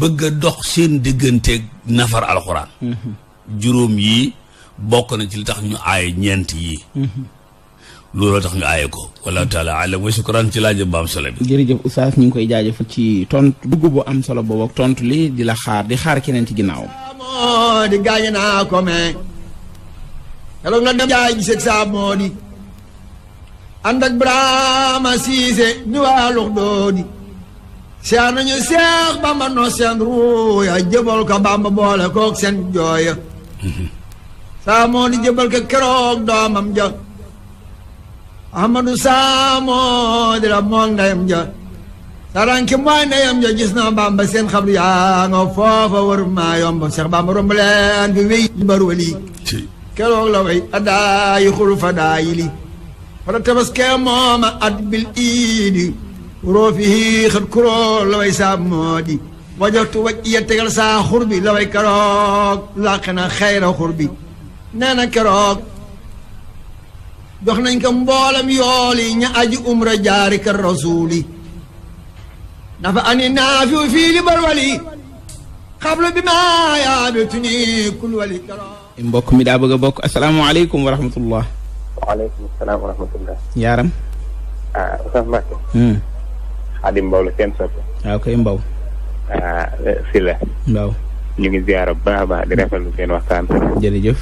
bëgg a dox seen diggante nafar alxuraan mm-hmm. juróom yi bokk na ci li tax ñu aay ñeent yi looloo tax ñu aaye ko wala taala alam wa sukkuraan ci laajë bu am solo bi jërëjëf oustaz ñu ngi koy jaajëfal ci tontu dugg am solo boobu ak tontu lii di la xaar di xaar keneen ci ginnaaw di gaañ naa ko mais keroog la jaay gi sëg moo di ànd ak Brahma Siise ni waa lux dooni seex nañu seex bamba no seen ruuya jëbal ko bamba boole kook seen jooya saamoo ni ko keroog doomam ja ahmadu saamoo di la moog ndeyam ja saranki mooy ndeyam ja gis na bamba seen xabru yaa nga foofa waru maa yomb seex bamba romb leen fi wéy baru wali keroog la way adaayi xuru fa daayili wala tabaskee mooma at bil iidi roo fi xat kuroo la way saa moo di waj iya tegal saa xur la way keroog làq na xayra xur bi nee jox nañ ko mboolem yool yi ña aji umra jaari ka rasuuli dafa ani naafiu fii li bal wali xablu bi maa yaabituni kul mi daa bëgg a bokk asalaamaaleykum wa rahmatullah waaleykum salaam wa rahmatullah. yaaram. ah Oustaz Mbacke. Hmm. Xaadim Mbaw la seen sopp. waaw kay Mbaw. ah, ah eh, si ñu ngi ziara bu baax a baax di rafetlu seen waxtaan. jërëjëf.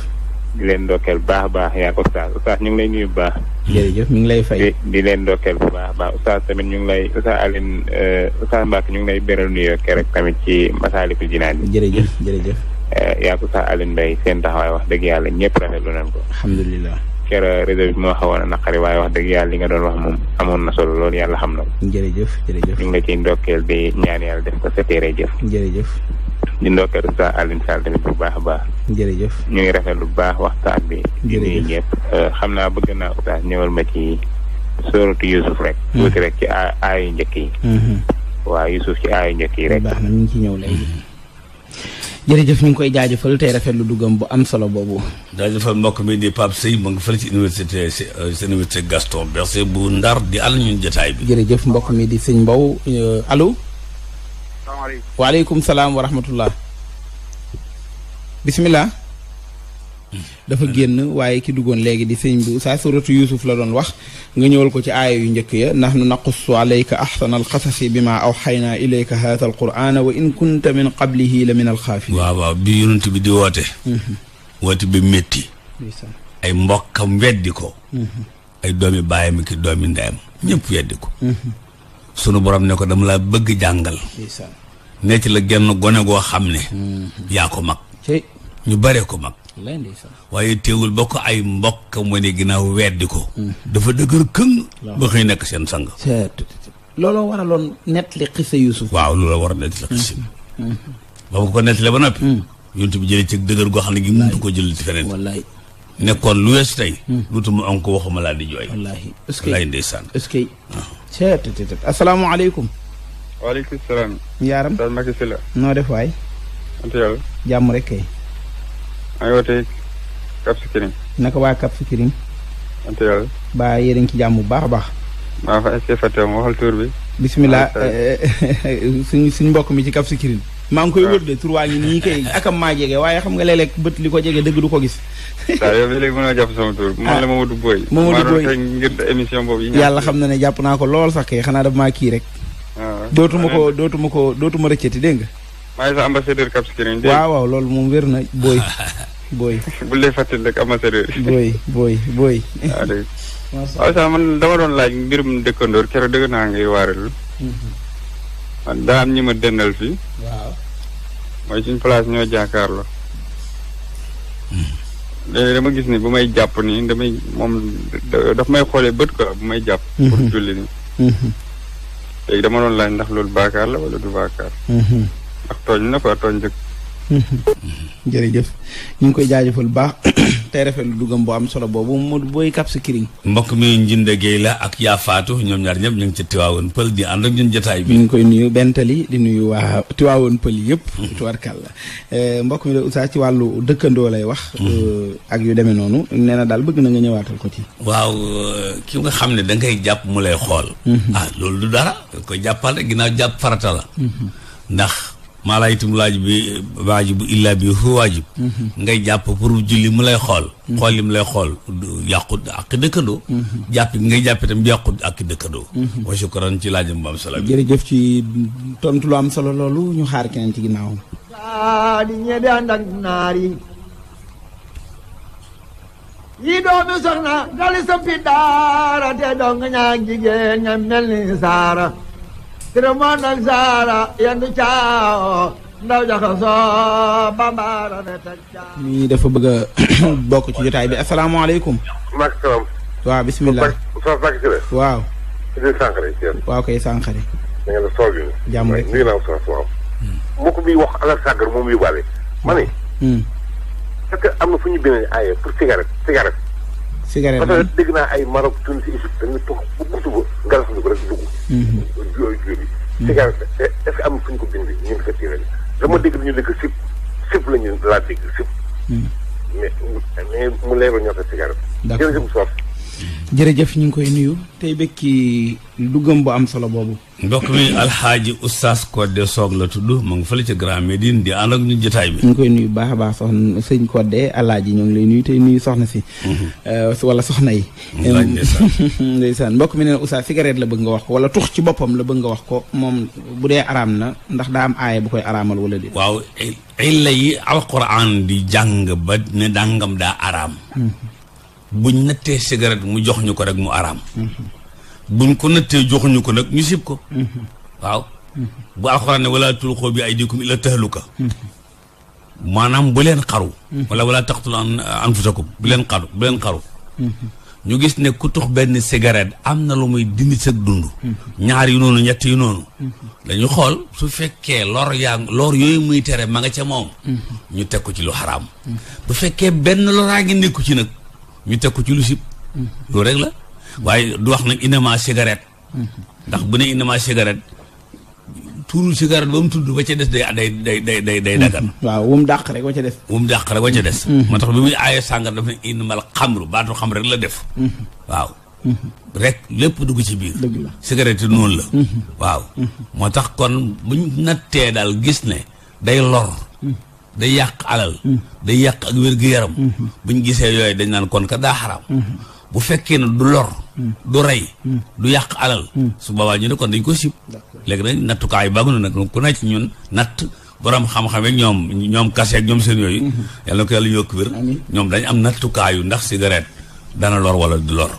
di leen ndokkeel baax a baax yaa ko Oustaz Oustaz ñu ngi lay nuyu bu baax. jërëjëf mi ngi lay fay. di leen ndokkeel bu baax baax Oustaz tamit ñu ngi lay Oustaz Alioune eh, Oustaz ñu ngi lay beral nuyoo keroog tamit ci Masaalikul Jinaan yi. jërëjëf jërëjëf. Eh, yaa ko Oustaz Alioune Mbaye seen taxawaay wax dëgg yàlla ñëpp rafetlu nañ ko. alhamdulilah. kera réseau bi moo xawoon a naqari waaye wax dëgg yàlla li nga doon wax moom amoon na solo lool yàlla xam na ko. jërëjëf jërëjëf ñu ngi la ciy ndokkeel di ñaan yàlla def ko sa téere jëf. jërëjëf. di ndokkeel sa Alioune tamit bu baax a baax. jërëjëf ñu ngi rafet lu baax waxtaan bi. jërëjëf di ñëpp euh, xam naa bëgg naa oustaz ñëwal ma ci sóoratu Yuusuf rek. tuuti hmm. rek ci aayu njëkk yi. Hmm. waaw Yuusuf ci aayu njëkk yi rek. baax na ñu ci ñëw léegi. jërëjëf ñu ngi koy jaajëfal tey lu duggam bu am solo boobu. jaajëfal mbokk mi di Pape sëy mu ngi fële ci université si université Gaston Berger bu Ndar di al ñun jotaay bi. jërëjëf mbokk mi di sëñ Mbow euh, alo salaamaaleykum waaleykum salaam wa rahmatullah bisimilah. dafa génn waaye ki duggoon léegi di sëñ bi saa suratu Yuusuf la doon wax nga ñëwal ko ci aaya yu njëkk ya nahnu naqussu alayka ahsana alqasasi bima awxayna ilayka haada alqurana wa in kunta min qablihi la min alxaafin waaw waaw bi yonent bi di woote mhm. woote bi métti ay mbokkam weddi ko mhm. ay doomi baayam ki doomi ndeyam ñëpp weddi ko mhm. sunu borom ne ko dama laa bëgg jàngal ne la genn gone goo xam ne yaa ko mag ko mag waaye teewul ba ko ay mbokk mu ne ginnaaw weddi ko. dafa dëgër këng. ba xëy nekk seen sang. looloo waraloon nettali xisa Yuusuf. waaw looloo war a nettali xisa. Mm-hmm. ba ko nettali ba noppi. Mm. yonent bi jële ci dëgër goo xam ne gi mënut ko jël ci feneen. wallaay nekkoon lu wees tey. luutu mm. mu am ko waxuma laa di jooy. wallaahi est-ce que wallaahi ndeysaan. Ah. est salaam. yaaram. noo def waay. jàmm rek maa ngi wootee Cap Skirring. naka waa Cap Skirring. sant yàlla. ci jàmm bu baax a baax. maa fa est ce ma waxal bi. bisimilah suñ suñ mbokk mi ci Cap Skirring. maa ngi koy wër de tur waa ngi nii kay akam maa jege waaye xam nga léeg-léeg bët li ko jege dëgg du ko gis. waaw yow mii léegi mën naa jàpp ah. émission boobu yàlla xam na ne jàpp naa ko lool sax kay xanaa daf maa kii rek. Ah. dootuma ah. ko dootuma ko dootuma rëccati dégg nga maay sa ambassadeur Cap Skirring. waaw waaw loolu moom wér na booy. booy bu lay fàttali rek ambassadeur. booy booy booy. waaw dégg waaw sax man dama doon laaj mbirum dëkkandoor keroog dëgg naa ngi waaral. Mhm. man daa am ñi ma dendal fii. waaw. mooy suñ place ñoo jàkkaarloo. Mhm. léegi dama gis ni bu may jàpp nii damay moom daf may xoole bët quoi bu may jàpp. Mhm. pour julli nii. léegi dama doon laaj ndax loolu baakaar la wala du baakaar. ak tooñ na ko tooñ jëkk jërëjëf ñu ngi koy jaajëfal bu baax rafet rafetlu dugam bu am solo boobu mu booy kap sa kiriñ mbokk mi njinde géey la ak yaa faatu ñoom ñaar ñëpp ñu ngi ci tiwaawoon pël di ànd ak ñun jotaay bi ñu ngi koy nuyu bentali di nuyu waa tiwaawoon pël yëpp tuwarkal la eh, mbokk mi de Oustaz ci wàllu dëkkandoo lay wax mm-hmm. eh, ak yu demee noonu nee na daal bëgg na nga ñëwaatal ko ci waaw eh, ki nga xam ne da ngay jàpp mu lay xool mm-hmm. ah loolu du dara koy jàppal rek ginnaaw jàpp farata la mm-hmm. ndax maa laaytum laaj bi waajibu illa bi hu waajib mm-hmm. ngay jàpp pour julli mu lay xool mm-hmm. xool li mu lay xool yàqut ak dëkkandoo mm-hmm. jàpp ngay jàpp itam yàqut ak dëkkandoo wa shukran ci laajam bu am solo bi jërëjëf ci tontu lu am solo loolu ñu xaar keneen ci ginnaawam saa di ñebe ànd saara Kiremon ak Zahra yendu caawo ndaw jaxasoo bambara ne teg caawo. mii bëgg a bokk ci jotaay bi asalaamaaleykum. maaleykum salaam. waaw waaw. waaw kay Sankharé. da yi. jàmm rek nii naa soog waaw. mbokk am na fu ñu beneen aaye pour cigarette cigarette. cigarette parce que dégg naa ay Maroc Tunisie Égypte dañuy toog bu guddi ba nga def ko rek dugg. Mhm. yooyu yooyu mhm. cigarette est-ce que am fu ñu ko bindee ñu ngi ko tiiree dama mhm. dégg ñu dégg sip sip la ñu laa dégg sip. mais mais mu leeral ñoo ko cigarette. d'accord jërëjëf jërëjëf ñu ngi koy nuyu tey bekki gëm bu am solo boobu mbokk mi alxaaji oustaz Codé Sock la tudd mu ngi fële ca Grand Médine di ànd ak ñu jotaay bi ñu ngi koy nuyu baax a baax soxna sëñ Codé alaaji ñu ngi lay nuyu tey nuyu soxna si mhm. euh, wala soxna yi mm-hmm. ndeysaan mbokk mi neen oustaz cigarette la bëgg nga wax ko wala tux ci boppam la bëgg nga wax ko moom bu dee araam na ndax daa am aaya bu koy araamal wala déet waaw illa yi alquran di jàng ba ne dàngam daa araam mm-hmm. buñ nattee cigarette mu jox ñu ko rek mu araam buñ ko nattee joxuñu ko nag ñu sib ko waaw bu alxuraan ne wala tulxoo bi ay dikum ila tahluka maanaam bu leen xaru wala wala taxtul anfusakum bu leen xaru bu leen xaru ñu gis ne ku tux benn cigarette am na lu muy dindi sa dund ñaar yu noonu ñett yu noonu dañu xool su fekkee lor yaa lor yooyu muy tere ma nga ca moom ñu teg ko ci lu xaraam bu fekkee benn loraa ngi nekku ci nag ñu teg ko ci lu sib loolu rek la waaye du wax nag inama cigarette ndax bu ne inama cigarette tuurul cigarette ba mu tudd ba ca des day day day day day day dagan waaw wum dàq rek ba ca des wum dàq rek ba ca des moo tax bi muy aaye sàngar dafa ne inamal xamru baatu xam rek la def waaw rek lépp dugg ci biir cigarette noonu la waaw moo tax kon bu buñ nattee daal gis ne day lor day yàq alal day yàq ak wér-gu-yaram ñu gisee yooyu dañ naan kon ka daa xaraam bu fekkee ne du lor du rey du yàq alal su boobaa ñu ne kon dañ ko sib léegi nag nattukaay bàggu na nag ku nekk ñun natt borom xam-xam yi ñoom ñoom kase ñoom seen yooyu yàlla na ko yàlla yokk wér ñoom dañ am nattukaayu ndax cigarette dana lor wala du lor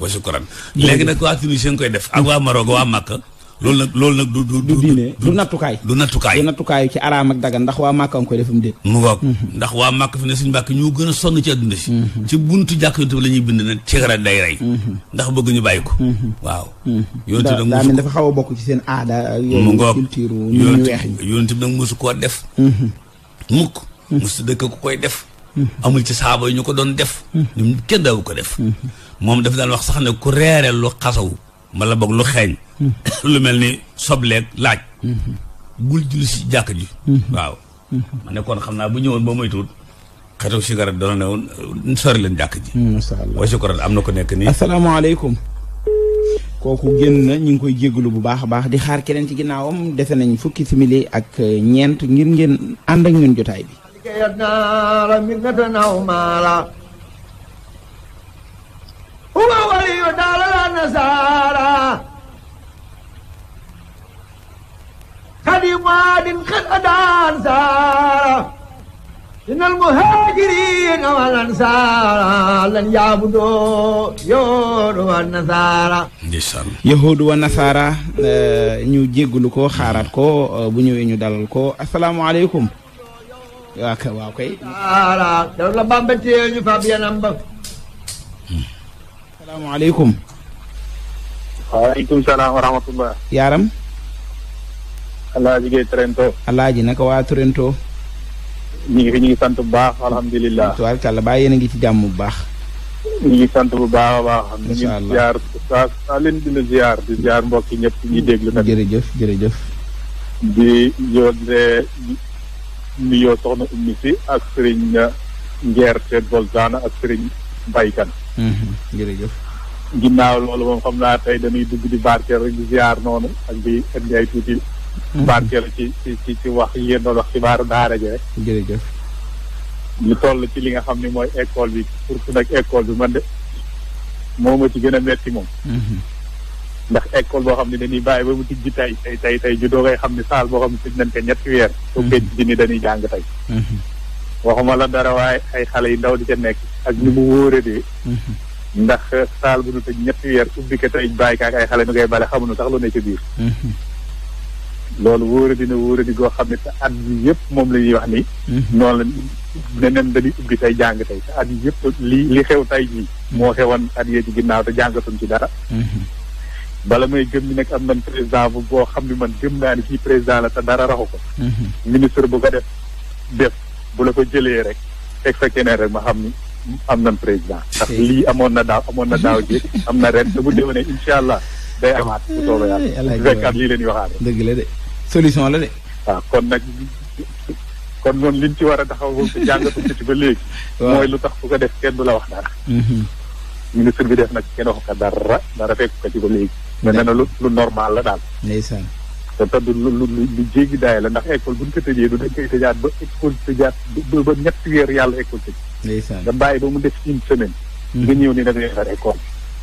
wa shukran léegi nag waa ak waa Maroc waa Makka loolu nag loolu nag du du du diine du nattukaay du nattukaay du ci araam ak dagan ndax waa Màkka nga koy def déet mu ngoog mhm. ndax waa Màkka fi ne suñu bàkk ñoo gën a sonn ci àdduna si mhm. ci buntu jàkk yonte bi la ñuy bind na cigaret day rey mhm. ndax bëgg ñu bàyyi ko waaw yonte bi nag dafa xaw a bokk ci seen aada mu ngoog culture ñu weex ñi yonte bi nag mosu koo def mukk mosu dëkk ku koy def amul ci saaba yi ñu ko doon def ñum kenn daawu ko def moom daf daan wax sax ne ku reere lu xasaw mbala boog lu xeeñ lu mel ni sobleeg laaj bul julli si jàkk ji waaw ma ne xam naa bu ñëwoon boo moytuwul xetu cigarette doona ne woon sori leen jàkk ji mm, masha Allah am na ko nekk nii asalaamaaleykum kooku génn na ñu ngi koy jégalu bu baax a baax di xaar keneen ci ginnaawam defe nañ fukki simili ak eh, ñeent ngir ngeen ànd ak ñun jotaay bi خديم عاد قد أدان سارا إن المهاجرين والأنصار لن يعبدوا يهود والنصارى ndeysaan wa nasaara eh, ñu jégglu ko xaaraat ko eh, bu ñu dalal ko asalaamaaleykum waa kay ñu fab yanam ba asalaamaaleykum waaleykum salaam wa rahmatullah Alaaji Gueye Trento. Alaaji naka waa Trento. ñu ngi ñu ngi sant bu baax alhamdulilah. tubaarkàlla baa yéen ngi ci jàmm bu baax. ñu ngi sant bu baax a baax. incha allah ñu ngi ziar di la di ziar mbokk yi ñëpp ñuy déglu nag. jërëjëf jërëjëf. di yónnee nuyoo soxna Oumy si ak Serigne Ngerte Bolzana ak Serigne Baykan. Mhm, jërëjëf. ginnaaw loolu moom xam naa tey dañuy dugg di barkeel rek di ziar noonu ak di indi ay tuuti. la ci ci ci wax ngeen doon wax xibaaru daara ji rek. jërëjëf. ñu toll ci li nga xam ne mooy école bi surtout nag école bi man de moom ma ci gën a metti moom. Mhm. ndax école boo xam ne dañuy bàyyi ba mu tijji tay tay tey tey ju doogay xam ne saal boo xam ne tëj nañ ko ñetti weer. Mhm. su fekkee ni dañuy jàng tey. Mhm. waxuma la dara waaye ay xale yu ndaw di ca nekk ak ni mu wóoree ndax saal bu nu tëj ñetti weer ubbi ko tey bàyyi kaak ay xale nu koy bale sax lu ne ci biir. loolu wóoradi na wóoradi goo xam ne te at yi yëpp moom la ñuy wax ni. Mhm. noonu la neneen dañuy ubbi tey jàng tey te at yi yëpp li li xew tey jii. Mhm. moo xewoon at yee ci ginnaaw te jàngatuñ ci dara. Mhm. bala may gëm ni nag am na président bu boo xam ne man gëm naa ni kii président la te dara raxu ko. ministre bu ko def def bu la ko jëlee rek teg fa keneen rek ma xam ni. am na président ndax lii amoon na daaw amoon na daaw ji am na ren te bu déwénee incha allah day amaat bu soobee yàlla. fekkaat eh, lii leen waxaat. dëgg la de solution la de. waaw kon nag kon noonu liñ ci war a taxaw ba jàngatu ci ba léegi. mooy lu tax ku ko def kenn du la wax dara. Mm-hmm. ministre bi def nag kenn waxu ko dara dara fekk ko ci ba léegi. mais nee na lu lu normal la daal. ndeysaan. te te du lu lu lu jéggi daay la ndax école bu ñu ko du dañ koy tëjaat ba école tëjaat ba ba ñetti weer yàlla école tëj. ndeysaan nga bàyyi ba mu def in semaine. Mm-hmm. nga ñëw nii da ngay defar école.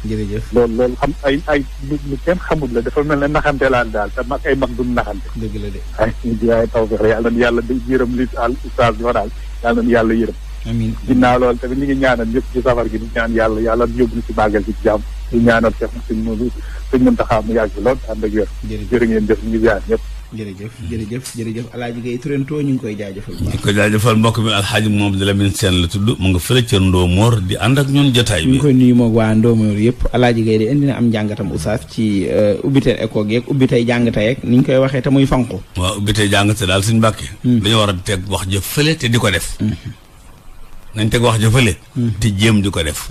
jërëjëf loolu loolu xam ay ay lu kenn xamul la dafa mel ne naxante laan daal te mag ay mag duñ naxante. dëgg la de. ay jaay taw bi yàlla na yàlla di yërëm li al ustaas bi fa daal yàlla na yàlla yërëm. amiin ginnaaw loolu tamit ñu ngi ñëpp ci safar gi di ñaan yàlla yàlla yóbbu ci màggal ci jàmm di ñaanal sax suñ mënu suñ mënta xaar mu yàgg lool ànd ak wér. jërëjëf jërë ngeen jëf ñu ñëpp jërëjëf jërëjëf jërëjëf alaaji Gaye Tourento ñu ngi koy jaajëfal ñu ngi koy jaajëfal mbokk mi alxaaji moom di Lamine Sène la tudd mu nga fële ca Ndoomoor di ànd ak ñun jotaay bi ñu ngi koy nuyu moog waa Ndoomoor yëpp alaaji Gaye di indi na am jàngatam oustaz ci uh, ubbite école yeeg ubbitey jàngate yeeg ni ñu koy waxee te muy fanqu waaw ubbitey jàngate daal suñu bàkkee hmm. dañu war a teg wax jëf fële te di ko def hmm. nañ teg wax ja fële hmm. te jéem di ko def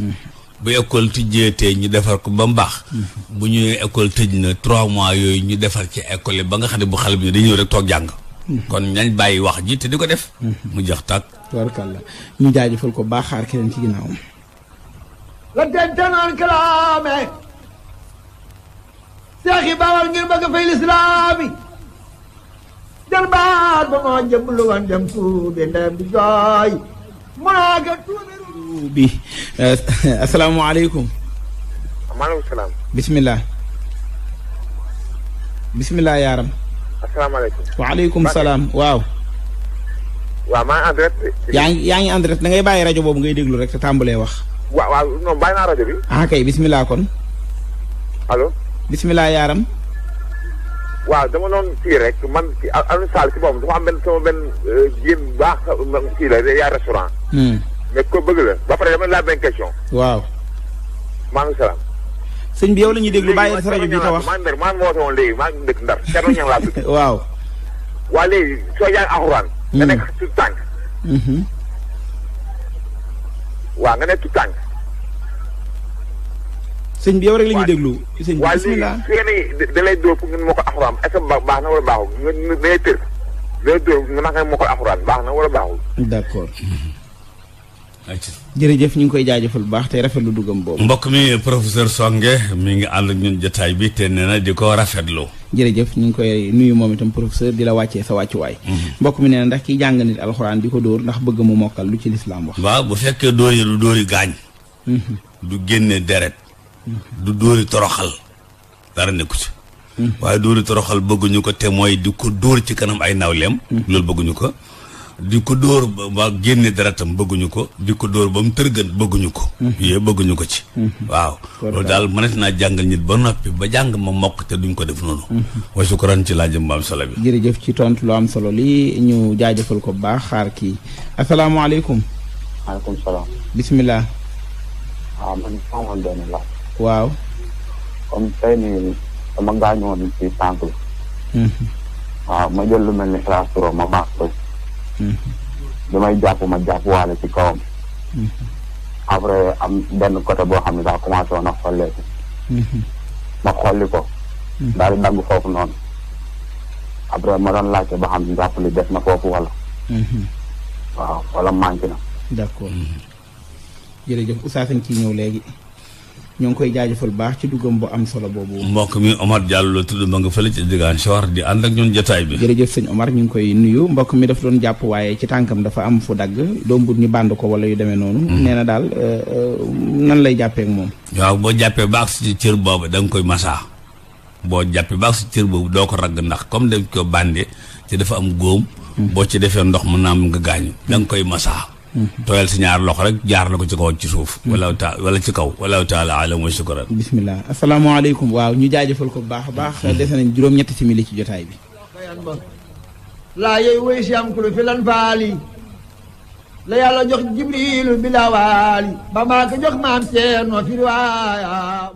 bu école tijjeetee ñu defar ko ba mu baax. bu ñuy école tëj na trois mois yooyu ñu defar ci école yi ba nga xam ne bu xale bi dañuy ñëw rek toog jàng. kon nañ bàyyi wax ji te di ko def. mu jox tàkk. tabaarkalla ñu jaajëfal ko baax xaar keneen ci ginnaawam. la dentanaan kalaame. seex yi baawal ngir bëgg fay lislaami. jan baat ba moo jëblu woon dem tuubi ndem di jooy. bi eh, asalaamaaleykum. maaleykum salaam. bisimilah. yaaram. asalaamaaleykum. waaleykum salaam waaw. waaw maa ngi yaa ngi yaa ngi en rajo boobu ngay déglu rek te tàmbalee wax. waaw waaw non bàyyi naa rajo bi. ah kay bisimilah kon. allo. bisimilah yaaram. waaw dama doon kii rek man ci Alioune ci boobu dafa am benn sama benn eh, jigéen bu baax kii la restaurant. Hmm. mais ko bëgg la ba pare dama la benn question. waaw. maaleykum salaam. sëñ bi yow la ñuy déglu bàyyi sa rajo bi ta wax man ndar moo woon maa ngi dëkk ndar Thierno Niang laa dëkk. waaw. waa léegi soo jàng alxuraan. nga hmm. nekk tout tànk. Mm-hmm. waaw nga nekk tout tànk. sëñ bi yow rek la déglu. sëñ bi bisimilah waaye léegi da lay dóor pour ngeen moo ko alxuraan baax na wala baaxul nga nga day tër. da dóor nga naka moo ko alxuraan baax na wala baaxul. d'accord. jërëjëf ñu ngi koy jaajëfal bu baax tey rafetlu dugam boobu. mbokk mi professeur Songe mu ngi ànd ak ñun jotaay bi te nee na di ko rafetlu. jërëjëf ñu ngi koy nuyu moom itam professeur di la wàccee sa wàccuwaay. Mhm. mbokk mi nee na ndax kiy jàng nit alxuraan di ko dóor ndax bëgg mu mokkal lu ci lislaam wax. waaw bu fekkee dóor yi du dóori gaañ. Mhm. du génne deret. Mhm. du dóori toroxal. dara nekku ci. waaye dóori toroxal bëgguñu ko te mooy di ko dóor ci kanam ay nawleem. loolu bëgguñu ko. di ko dóor ba génne daratam bëgguñu ko di ko dóor ba mu tërgën bëgguñu ko mhm. yooyu bëgguñu ko ci mhm. waaw loolu daal mënati naa jàngal nit ba noppi ba jàng ma mokk te duñ ko def noonu mhm. wa sukran ci laajëm ba solo bi jërëjëf ci tontu lu am solo li ñu jaajëfal ko bu baax xaar kii asalaamaaleykum maaleykum salaam bisimilah ah, waaw ah, ma jël lu mel ni classe ma baax ko bi may jàpp ma jàpp waale ci kawam. après am benn côté boo xam ne daa commencé woon a xolleeku. xolli ko. daal di dagg foofu noonu. après ma doon laajte ba xam ne jàpp li des na foofu wala. waaw wala manqué na. d'accord ci ñëw léegi. ñoo ngi koy jaajëfal baax ci duggam bu am solo boobu. mbokk mi Omar Diallo la tudd ma nga fële ci Ziguinchor di ànd ak ñun jotaay bi. jërëjëf sëñ Omar ñu ngi koy nuyu mbokk mi dafa doon jàpp waaye ci tànkam dafa am fu dagg doombut ñu bànd ko wala yu deme noonu. Hmm. nee na daal euh, euh, nan lay jàppee moom. waaw boo jàppee baax si cër boobu da nga koy masaa boo jàppee baax si cër boobu doo ko ragg ndax comme dañ ko bàndee te dafa am góom. Hmm. boo ci defee ndox mën naa am nga gaañu da nga koy masaa Mm-hmm. tooyal si ñaar loxo rek jaar na ko ci kaw ci suuf. Mm-hmm. wala ta wala ci kaw wala taala alam wa shukran. bisimilah asalaamaaleykum waaw ñu jaajëfal ko bu baax a baax. Mm-hmm. dese nañ juróom-ñetti simili ci jotaay bi. laa yooyu woy si am kulu fi lan faali la yàlla jox jibrilu bilaawaali ba maa ko jox maam seen wa firiwaaya